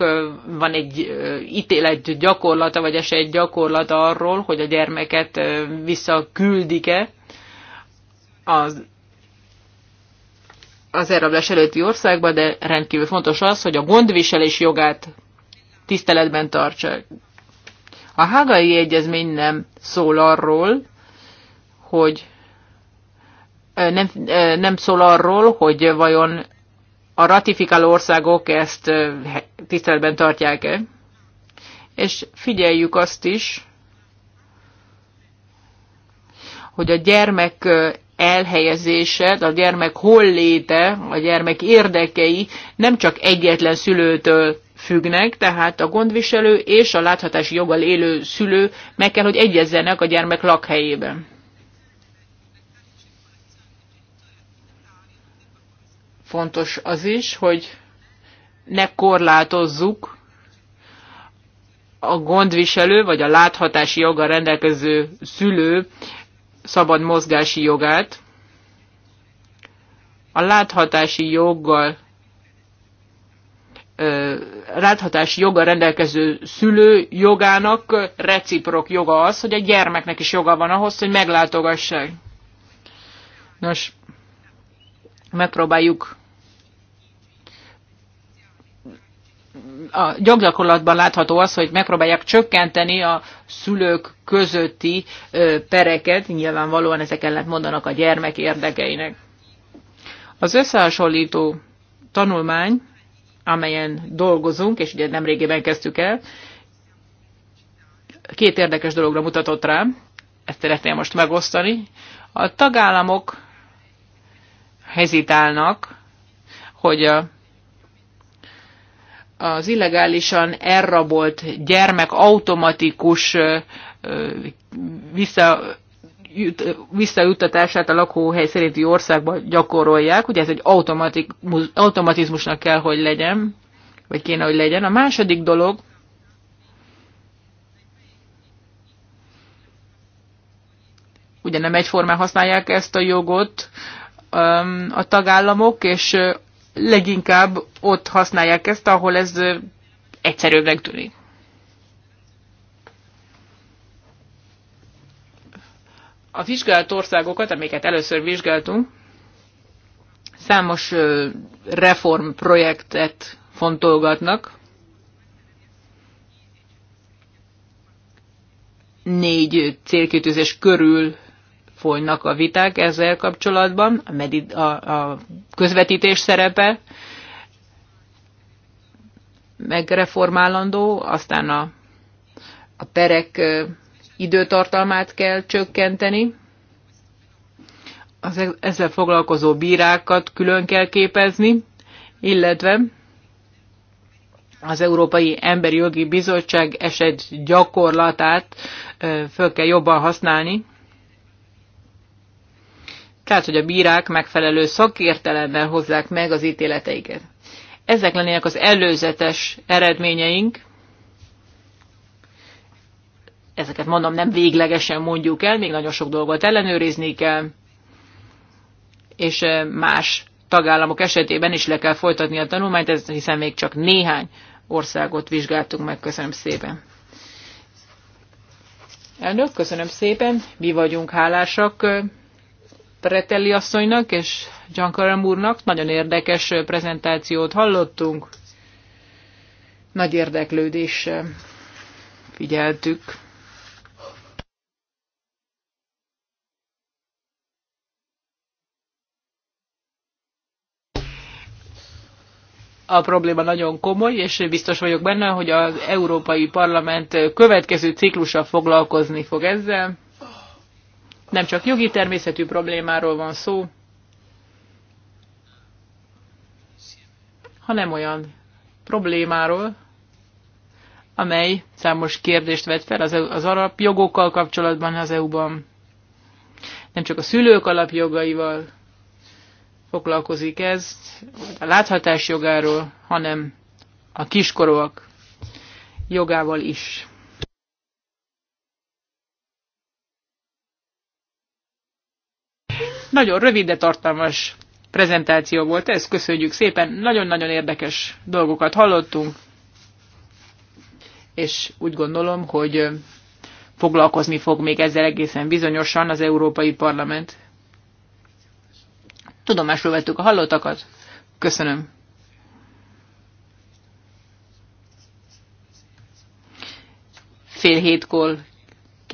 van egy ítélet gyakorlata, vagy esély gyakorlata arról, hogy a gyermeket visszaküldik-e az, az elrablás előtti országba, de rendkívül fontos az, hogy a gondviselés jogát tiszteletben tartsa. A hágai egyezmény nem szól arról, hogy nem, nem szól arról, hogy vajon a ratifikáló országok ezt tiszteletben tartják-e. És figyeljük azt is, hogy a gyermek elhelyezése, a gyermek hol léte, a gyermek érdekei nem csak egyetlen szülőtől függnek, tehát a gondviselő és a láthatási joggal élő szülő meg kell, hogy egyezzenek a gyermek lakhelyében. Fontos az is, hogy ne korlátozzuk a gondviselő vagy a láthatási joga rendelkező szülő szabad mozgási jogát. A láthatási joggal láthatási joga rendelkező szülő jogának reciprok joga az, hogy a gyermeknek is joga van ahhoz, hogy meglátogassák. Nos, megpróbáljuk a gyakorlatban látható az, hogy megpróbálják csökkenteni a szülők közötti pereket, nyilvánvalóan ezek ellent mondanak a gyermek érdekeinek. Az összehasonlító tanulmány, amelyen dolgozunk, és ugye nemrégében kezdtük el, két érdekes dologra mutatott rám, ezt szeretném most megosztani. A tagállamok hezitálnak, hogy a az illegálisan elrabolt gyermek automatikus vissza, visszajuttatását a lakóhely szerinti országba gyakorolják, ugye ez egy automatizmusnak kell, hogy legyen, vagy kéne, hogy legyen. A második dolog, ugye nem egyformán használják ezt a jogot a tagállamok, és leginkább ott használják ezt, ahol ez egyszerűbbnek tűnik. A vizsgált országokat, amiket először vizsgáltunk, számos reformprojektet fontolgatnak. Négy célkitűzés körül folynak a viták ezzel kapcsolatban, a, medit, a, a közvetítés szerepe megreformálandó, aztán a, a perek időtartalmát kell csökkenteni, az e- ezzel foglalkozó bírákat külön kell képezni, illetve az Európai Emberi Jogi Bizottság eset gyakorlatát föl kell jobban használni. Tehát, hogy a bírák megfelelő szakértelemmel hozzák meg az ítéleteiket. Ezek lennének az előzetes eredményeink. Ezeket mondom, nem véglegesen mondjuk el, még nagyon sok dolgot ellenőrizni kell, és eh, más tagállamok esetében is le kell folytatni a tanulmányt, hiszen még csak néhány országot vizsgáltunk meg. Köszönöm szépen. Elnök, köszönöm szépen, mi vagyunk hálásak eh, Pretelli asszonynak és Giancarlo úrnak. Nagyon érdekes prezentációt hallottunk. Nagy érdeklődéssel figyeltük. a probléma nagyon komoly, és biztos vagyok benne, hogy az Európai Parlament következő ciklusa foglalkozni fog ezzel nem csak jogi természetű problémáról van szó, hanem olyan problémáról, amely számos kérdést vet fel az, az jogokkal kapcsolatban az EU-ban. Nem csak a szülők alapjogaival foglalkozik ez, a láthatás jogáról, hanem a kiskorúak jogával is. Nagyon rövid, de tartalmas prezentáció volt ez, köszönjük szépen, nagyon-nagyon érdekes dolgokat hallottunk, és úgy gondolom, hogy foglalkozni fog még ezzel egészen bizonyosan az Európai Parlament. Tudomásul vettük a hallottakat, köszönöm. Fél hétkor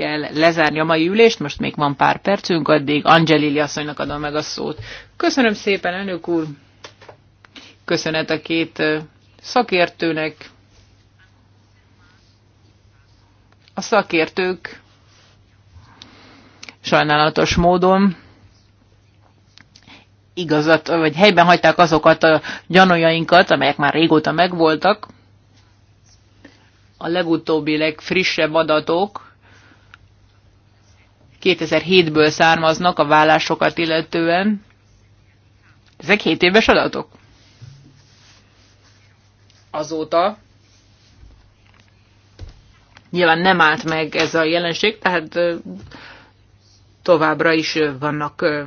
kell lezárni a mai ülést, most még van pár percünk, addig Angelili asszonynak adom meg a szót. Köszönöm szépen, elnök úr! Köszönet a két szakértőnek. A szakértők sajnálatos módon igazat, vagy helyben hagyták azokat a gyanújainkat, amelyek már régóta megvoltak. A legutóbbi, legfrissebb adatok 2007-ből származnak a vállásokat illetően. Ezek 7 éves adatok. Azóta nyilván nem állt meg ez a jelenség, tehát továbbra is vannak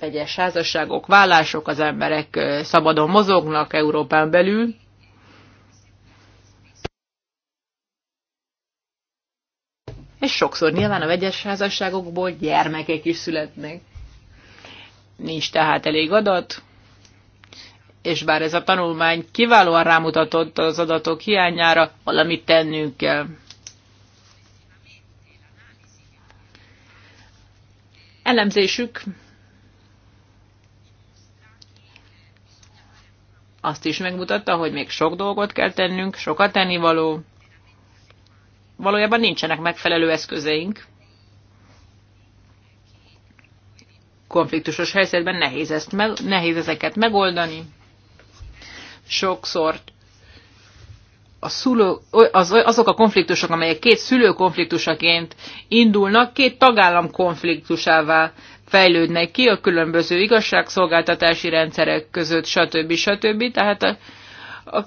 vegyes házasságok, vállások, az emberek szabadon mozognak Európán belül, és sokszor nyilván a vegyes házasságokból gyermekek is születnek. Nincs tehát elég adat, és bár ez a tanulmány kiválóan rámutatott az adatok hiányára, valamit tennünk kell. Elemzésük azt is megmutatta, hogy még sok dolgot kell tennünk, sokat tennivaló, valójában nincsenek megfelelő eszközeink. Konfliktusos helyzetben nehéz, ezt meg, nehéz ezeket megoldani. Sokszor a szülő, az, azok a konfliktusok, amelyek két szülő konfliktusaként indulnak, két tagállam konfliktusává fejlődnek ki a különböző igazságszolgáltatási rendszerek között, stb. stb. Tehát a, a,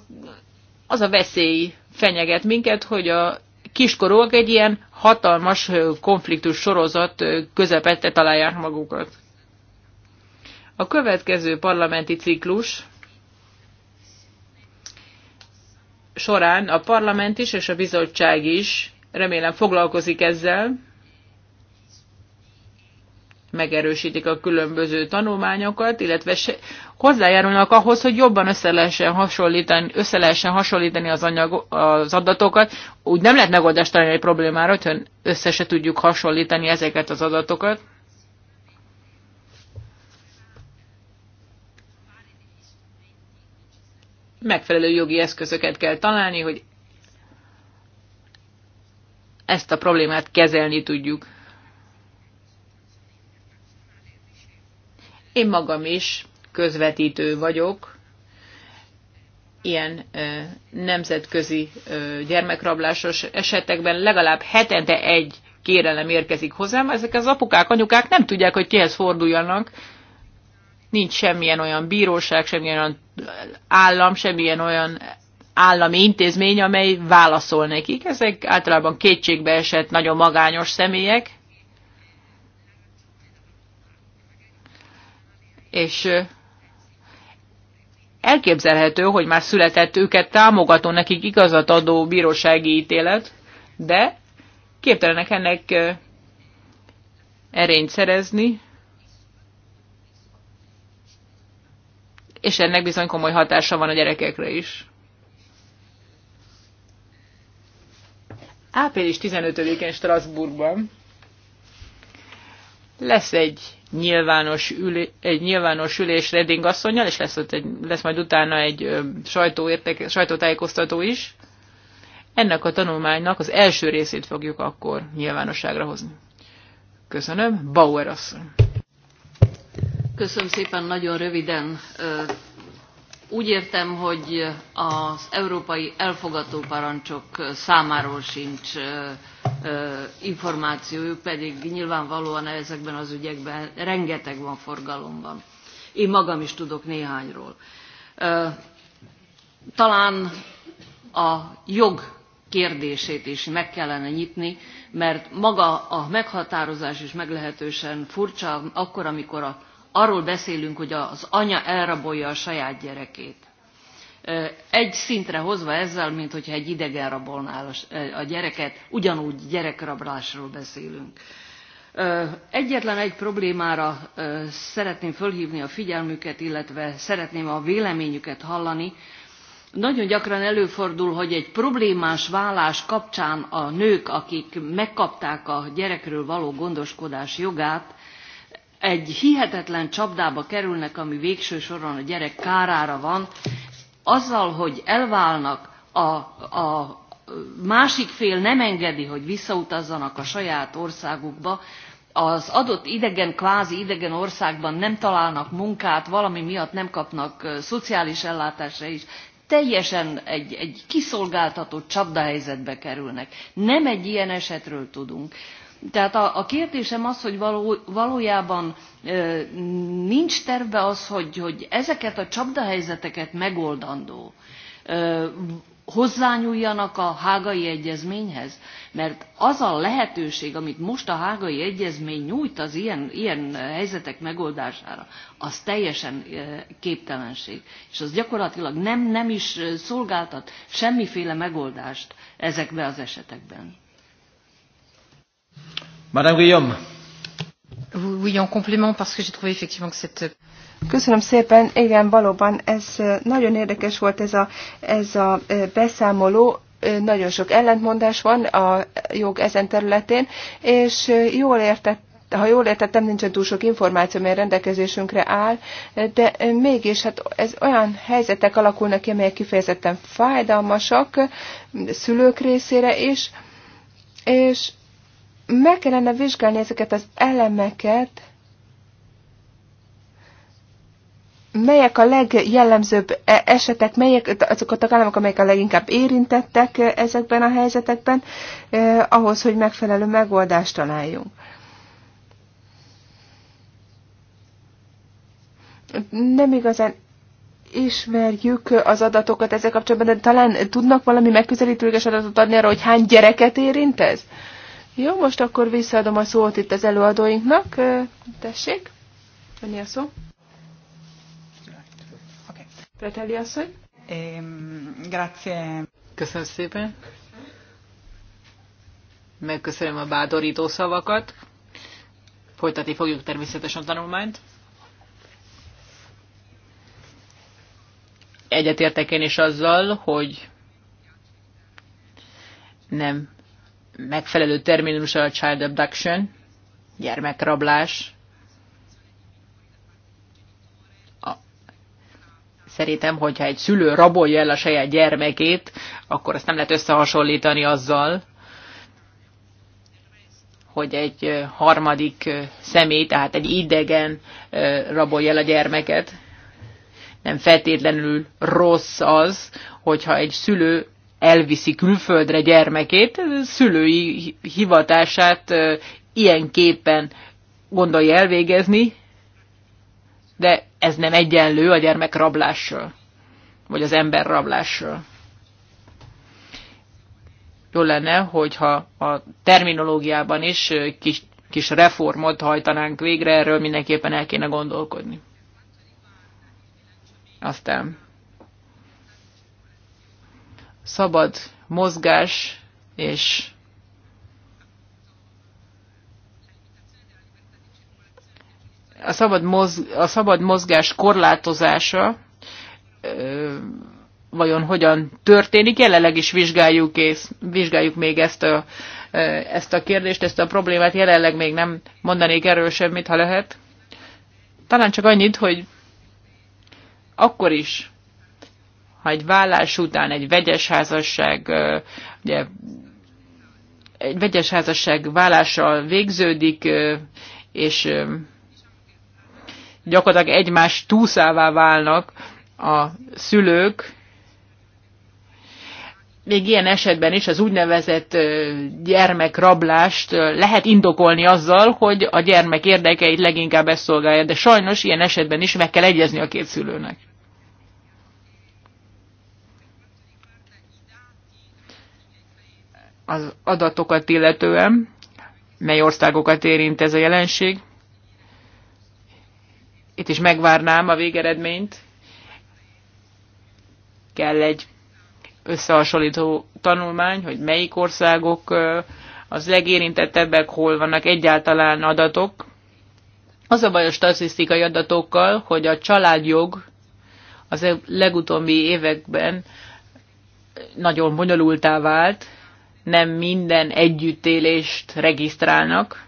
az a veszély fenyeget minket, hogy a kiskorúak egy ilyen hatalmas konfliktus sorozat közepette találják magukat. A következő parlamenti ciklus során a parlament is és a bizottság is remélem foglalkozik ezzel, megerősítik a különböző tanulmányokat, illetve hozzájárulnak ahhoz, hogy jobban össze lehessen hasonlítani, össze lehessen hasonlítani az, anyag, az adatokat. Úgy nem lehet megoldást találni egy problémára, hogyha össze se tudjuk hasonlítani ezeket az adatokat. Megfelelő jogi eszközöket kell találni, hogy ezt a problémát kezelni tudjuk. Én magam is közvetítő vagyok, ilyen nemzetközi gyermekrablásos esetekben legalább hetente egy kérelem érkezik hozzám. Ezek az apukák, anyukák nem tudják, hogy kihez forduljanak. Nincs semmilyen olyan bíróság, semmilyen olyan állam, semmilyen olyan állami intézmény, amely válaszol nekik. Ezek általában kétségbe esett, nagyon magányos személyek. És Elképzelhető, hogy már született őket támogató, nekik igazat adó bírósági ítélet, de képtelenek ennek erényt szerezni, és ennek bizony komoly hatása van a gyerekekre is. Április 15-én Strasbourgban lesz egy nyilvános, ülé, egy nyilvános ülés Redding asszonynal, és lesz, ott egy, lesz majd utána egy sajtóértek, sajtótájékoztató is. Ennek a tanulmánynak az első részét fogjuk akkor nyilvánosságra hozni. Köszönöm. Bauer asszony. Köszönöm szépen, nagyon röviden. Úgy értem, hogy az európai elfogató parancsok számáról sincs információjuk, pedig nyilvánvalóan ezekben az ügyekben rengeteg van forgalomban. Én magam is tudok néhányról. Talán a jog kérdését is meg kellene nyitni, mert maga a meghatározás is meglehetősen furcsa, akkor, amikor a, arról beszélünk, hogy az anya elrabolja a saját gyerekét egy szintre hozva ezzel, mint hogyha egy idegen rabolná a gyereket, ugyanúgy gyerekrablásról beszélünk. Egyetlen egy problémára szeretném fölhívni a figyelmüket, illetve szeretném a véleményüket hallani. Nagyon gyakran előfordul, hogy egy problémás vállás kapcsán a nők, akik megkapták a gyerekről való gondoskodás jogát, egy hihetetlen csapdába kerülnek, ami végső soron a gyerek kárára van, azzal, hogy elválnak, a, a másik fél nem engedi, hogy visszautazzanak a saját országukba, az adott idegen, kvázi idegen országban nem találnak munkát, valami miatt nem kapnak szociális ellátásra is, teljesen egy, egy kiszolgáltatott csapdahelyzetbe kerülnek. Nem egy ilyen esetről tudunk. Tehát a, a kérdésem az, hogy való, valójában e, nincs terve az, hogy, hogy ezeket a csapdahelyzeteket megoldandó e, hozzányúljanak a hágai egyezményhez, mert az a lehetőség, amit most a hágai egyezmény nyújt az ilyen, ilyen helyzetek megoldására, az teljesen képtelenség. És az gyakorlatilag nem, nem is szolgáltat semmiféle megoldást ezekben az esetekben. Madame Guillaume. Oui, en complément, parce que j'ai trouvé effectivement que cette... Köszönöm szépen, igen, valóban ez nagyon érdekes volt ez a, ez a beszámoló, nagyon sok ellentmondás van a jog ezen területén, és jól értett ha jól értettem, nincsen túl sok információ, mert rendelkezésünkre áll, de mégis hát ez olyan helyzetek alakulnak ki, amelyek kifejezetten fájdalmasak szülők részére is, és meg kellene vizsgálni ezeket az elemeket, melyek a legjellemzőbb e- esetek, melyek azok a tagállamok, amelyek a leginkább érintettek ezekben a helyzetekben, eh, ahhoz, hogy megfelelő megoldást találjunk. Nem igazán ismerjük az adatokat ezzel kapcsolatban, de talán tudnak valami megközelítőleges adatot adni arra, hogy hány gyereket érint ez? Eh, jó, most akkor visszaadom a szót itt az előadóinknak. Tessék, venni a szó. Preteli asszony. Ehm, grazie. Köszönöm szépen. Megköszönöm a bátorító szavakat. Folytatni fogjuk természetesen a tanulmányt. Egyetértek én is azzal, hogy nem megfelelő terminus a child abduction, gyermekrablás. A, szerintem, hogyha egy szülő rabolja el a saját gyermekét, akkor azt nem lehet összehasonlítani azzal, hogy egy harmadik személy, tehát egy idegen rabolja el a gyermeket. Nem feltétlenül rossz az, hogyha egy szülő elviszi külföldre gyermekét, szülői hivatását ilyen képen gondolja elvégezni, de ez nem egyenlő a gyermek rablással, vagy az ember rablással. Jó lenne, hogyha a terminológiában is kis, kis reformot hajtanánk végre, erről mindenképpen el kéne gondolkodni. Aztán szabad mozgás és a szabad, mozg, a szabad mozgás korlátozása vajon hogyan történik. Jelenleg is vizsgáljuk, és, vizsgáljuk még ezt a, ezt a kérdést, ezt a problémát. Jelenleg még nem mondanék erről semmit, ha lehet. Talán csak annyit, hogy akkor is, ha egy vállás után egy vegyes házasság, ugye, egy vegyes házasság vállással végződik, és gyakorlatilag egymás túszává válnak a szülők, még ilyen esetben is az úgynevezett gyermekrablást lehet indokolni azzal, hogy a gyermek érdekeit leginkább ezt szolgálja, de sajnos ilyen esetben is meg kell egyezni a két szülőnek. az adatokat illetően, mely országokat érint ez a jelenség. Itt is megvárnám a végeredményt. Kell egy összehasonlító tanulmány, hogy melyik országok az legérintettebbek, hol vannak egyáltalán adatok. Az a baj a statisztikai adatokkal, hogy a családjog az e- legutóbbi években nagyon bonyolultá vált, nem minden együttélést regisztrálnak.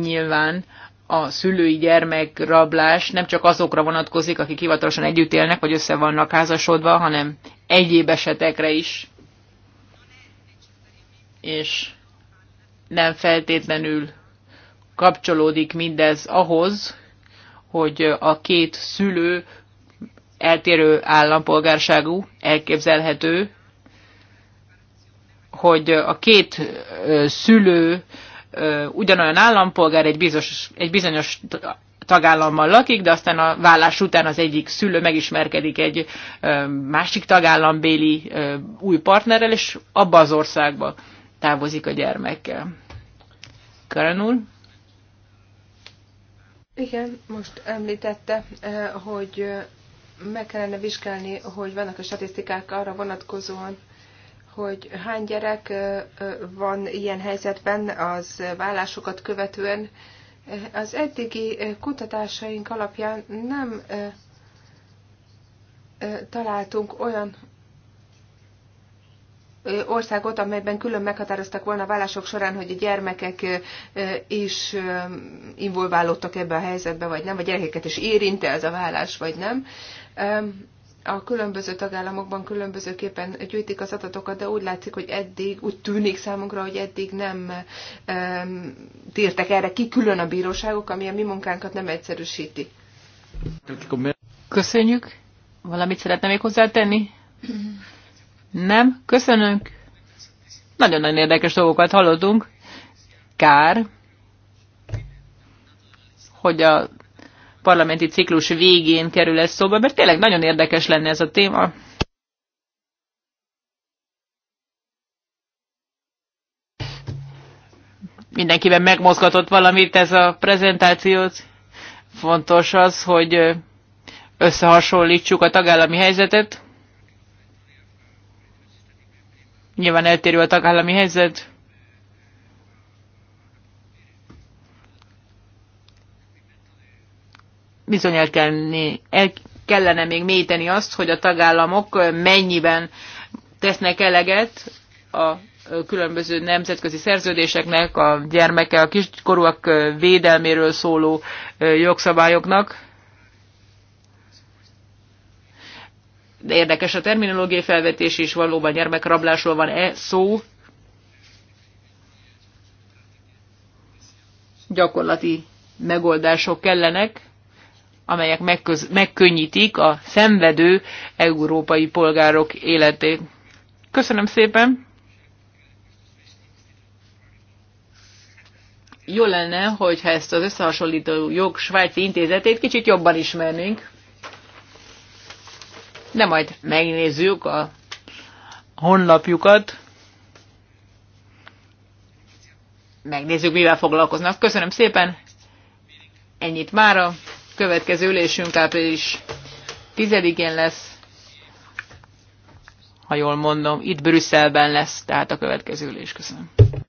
Nyilván a szülői rablás nem csak azokra vonatkozik, akik hivatalosan együtt élnek, vagy össze vannak házasodva, hanem egyéb esetekre is. És nem feltétlenül kapcsolódik mindez ahhoz, hogy a két szülő eltérő állampolgárságú, elképzelhető, hogy a két szülő ugyanolyan állampolgár egy, bizos, egy bizonyos tagállammal lakik, de aztán a vállás után az egyik szülő megismerkedik egy másik tagállambéli új partnerrel, és abba az országba távozik a gyermekkel. Karen úr? Igen, most említette, eh, hogy meg kellene vizsgálni, hogy vannak a statisztikák arra vonatkozóan, hogy hány gyerek van ilyen helyzetben az vállásokat követően. Az eddigi kutatásaink alapján nem találtunk olyan országot, amelyben külön meghatároztak volna a vállások során, hogy a gyermekek is involválódtak ebbe a helyzetbe, vagy nem, vagy gyerekeket is érinte ez a vállás, vagy nem a különböző tagállamokban különbözőképpen gyűjtik az adatokat, de úgy látszik, hogy eddig, úgy tűnik számunkra, hogy eddig nem um, tértek erre ki külön a bíróságok, ami a mi munkánkat nem egyszerűsíti. Köszönjük. Valamit szeretne még hozzátenni? Nem? Köszönünk. Nagyon-nagyon érdekes dolgokat hallottunk. Kár, hogy a parlamenti ciklus végén kerül ez szóba, mert tényleg nagyon érdekes lenne ez a téma. Mindenkiben megmozgatott valamit ez a prezentációt. Fontos az, hogy összehasonlítsuk a tagállami helyzetet. Nyilván eltérő a tagállami helyzet. bizony el, kellene, el kellene még mélyíteni azt, hogy a tagállamok mennyiben tesznek eleget a különböző nemzetközi szerződéseknek, a gyermeke, a kiskorúak védelméről szóló jogszabályoknak. De érdekes a terminológiai felvetés is, valóban gyermekrablásról van-e szó. Gyakorlati megoldások kellenek amelyek megköz, megkönnyítik a szenvedő európai polgárok életét. Köszönöm szépen! Jó lenne, hogyha ezt az összehasonlító jog svájci intézetét kicsit jobban ismernénk, de majd megnézzük a honlapjukat. Megnézzük, mivel foglalkoznak. Köszönöm szépen! Ennyit mára! Következő ülésünk április 10-én lesz, ha jól mondom, itt Brüsszelben lesz, tehát a következő ülés. Köszönöm.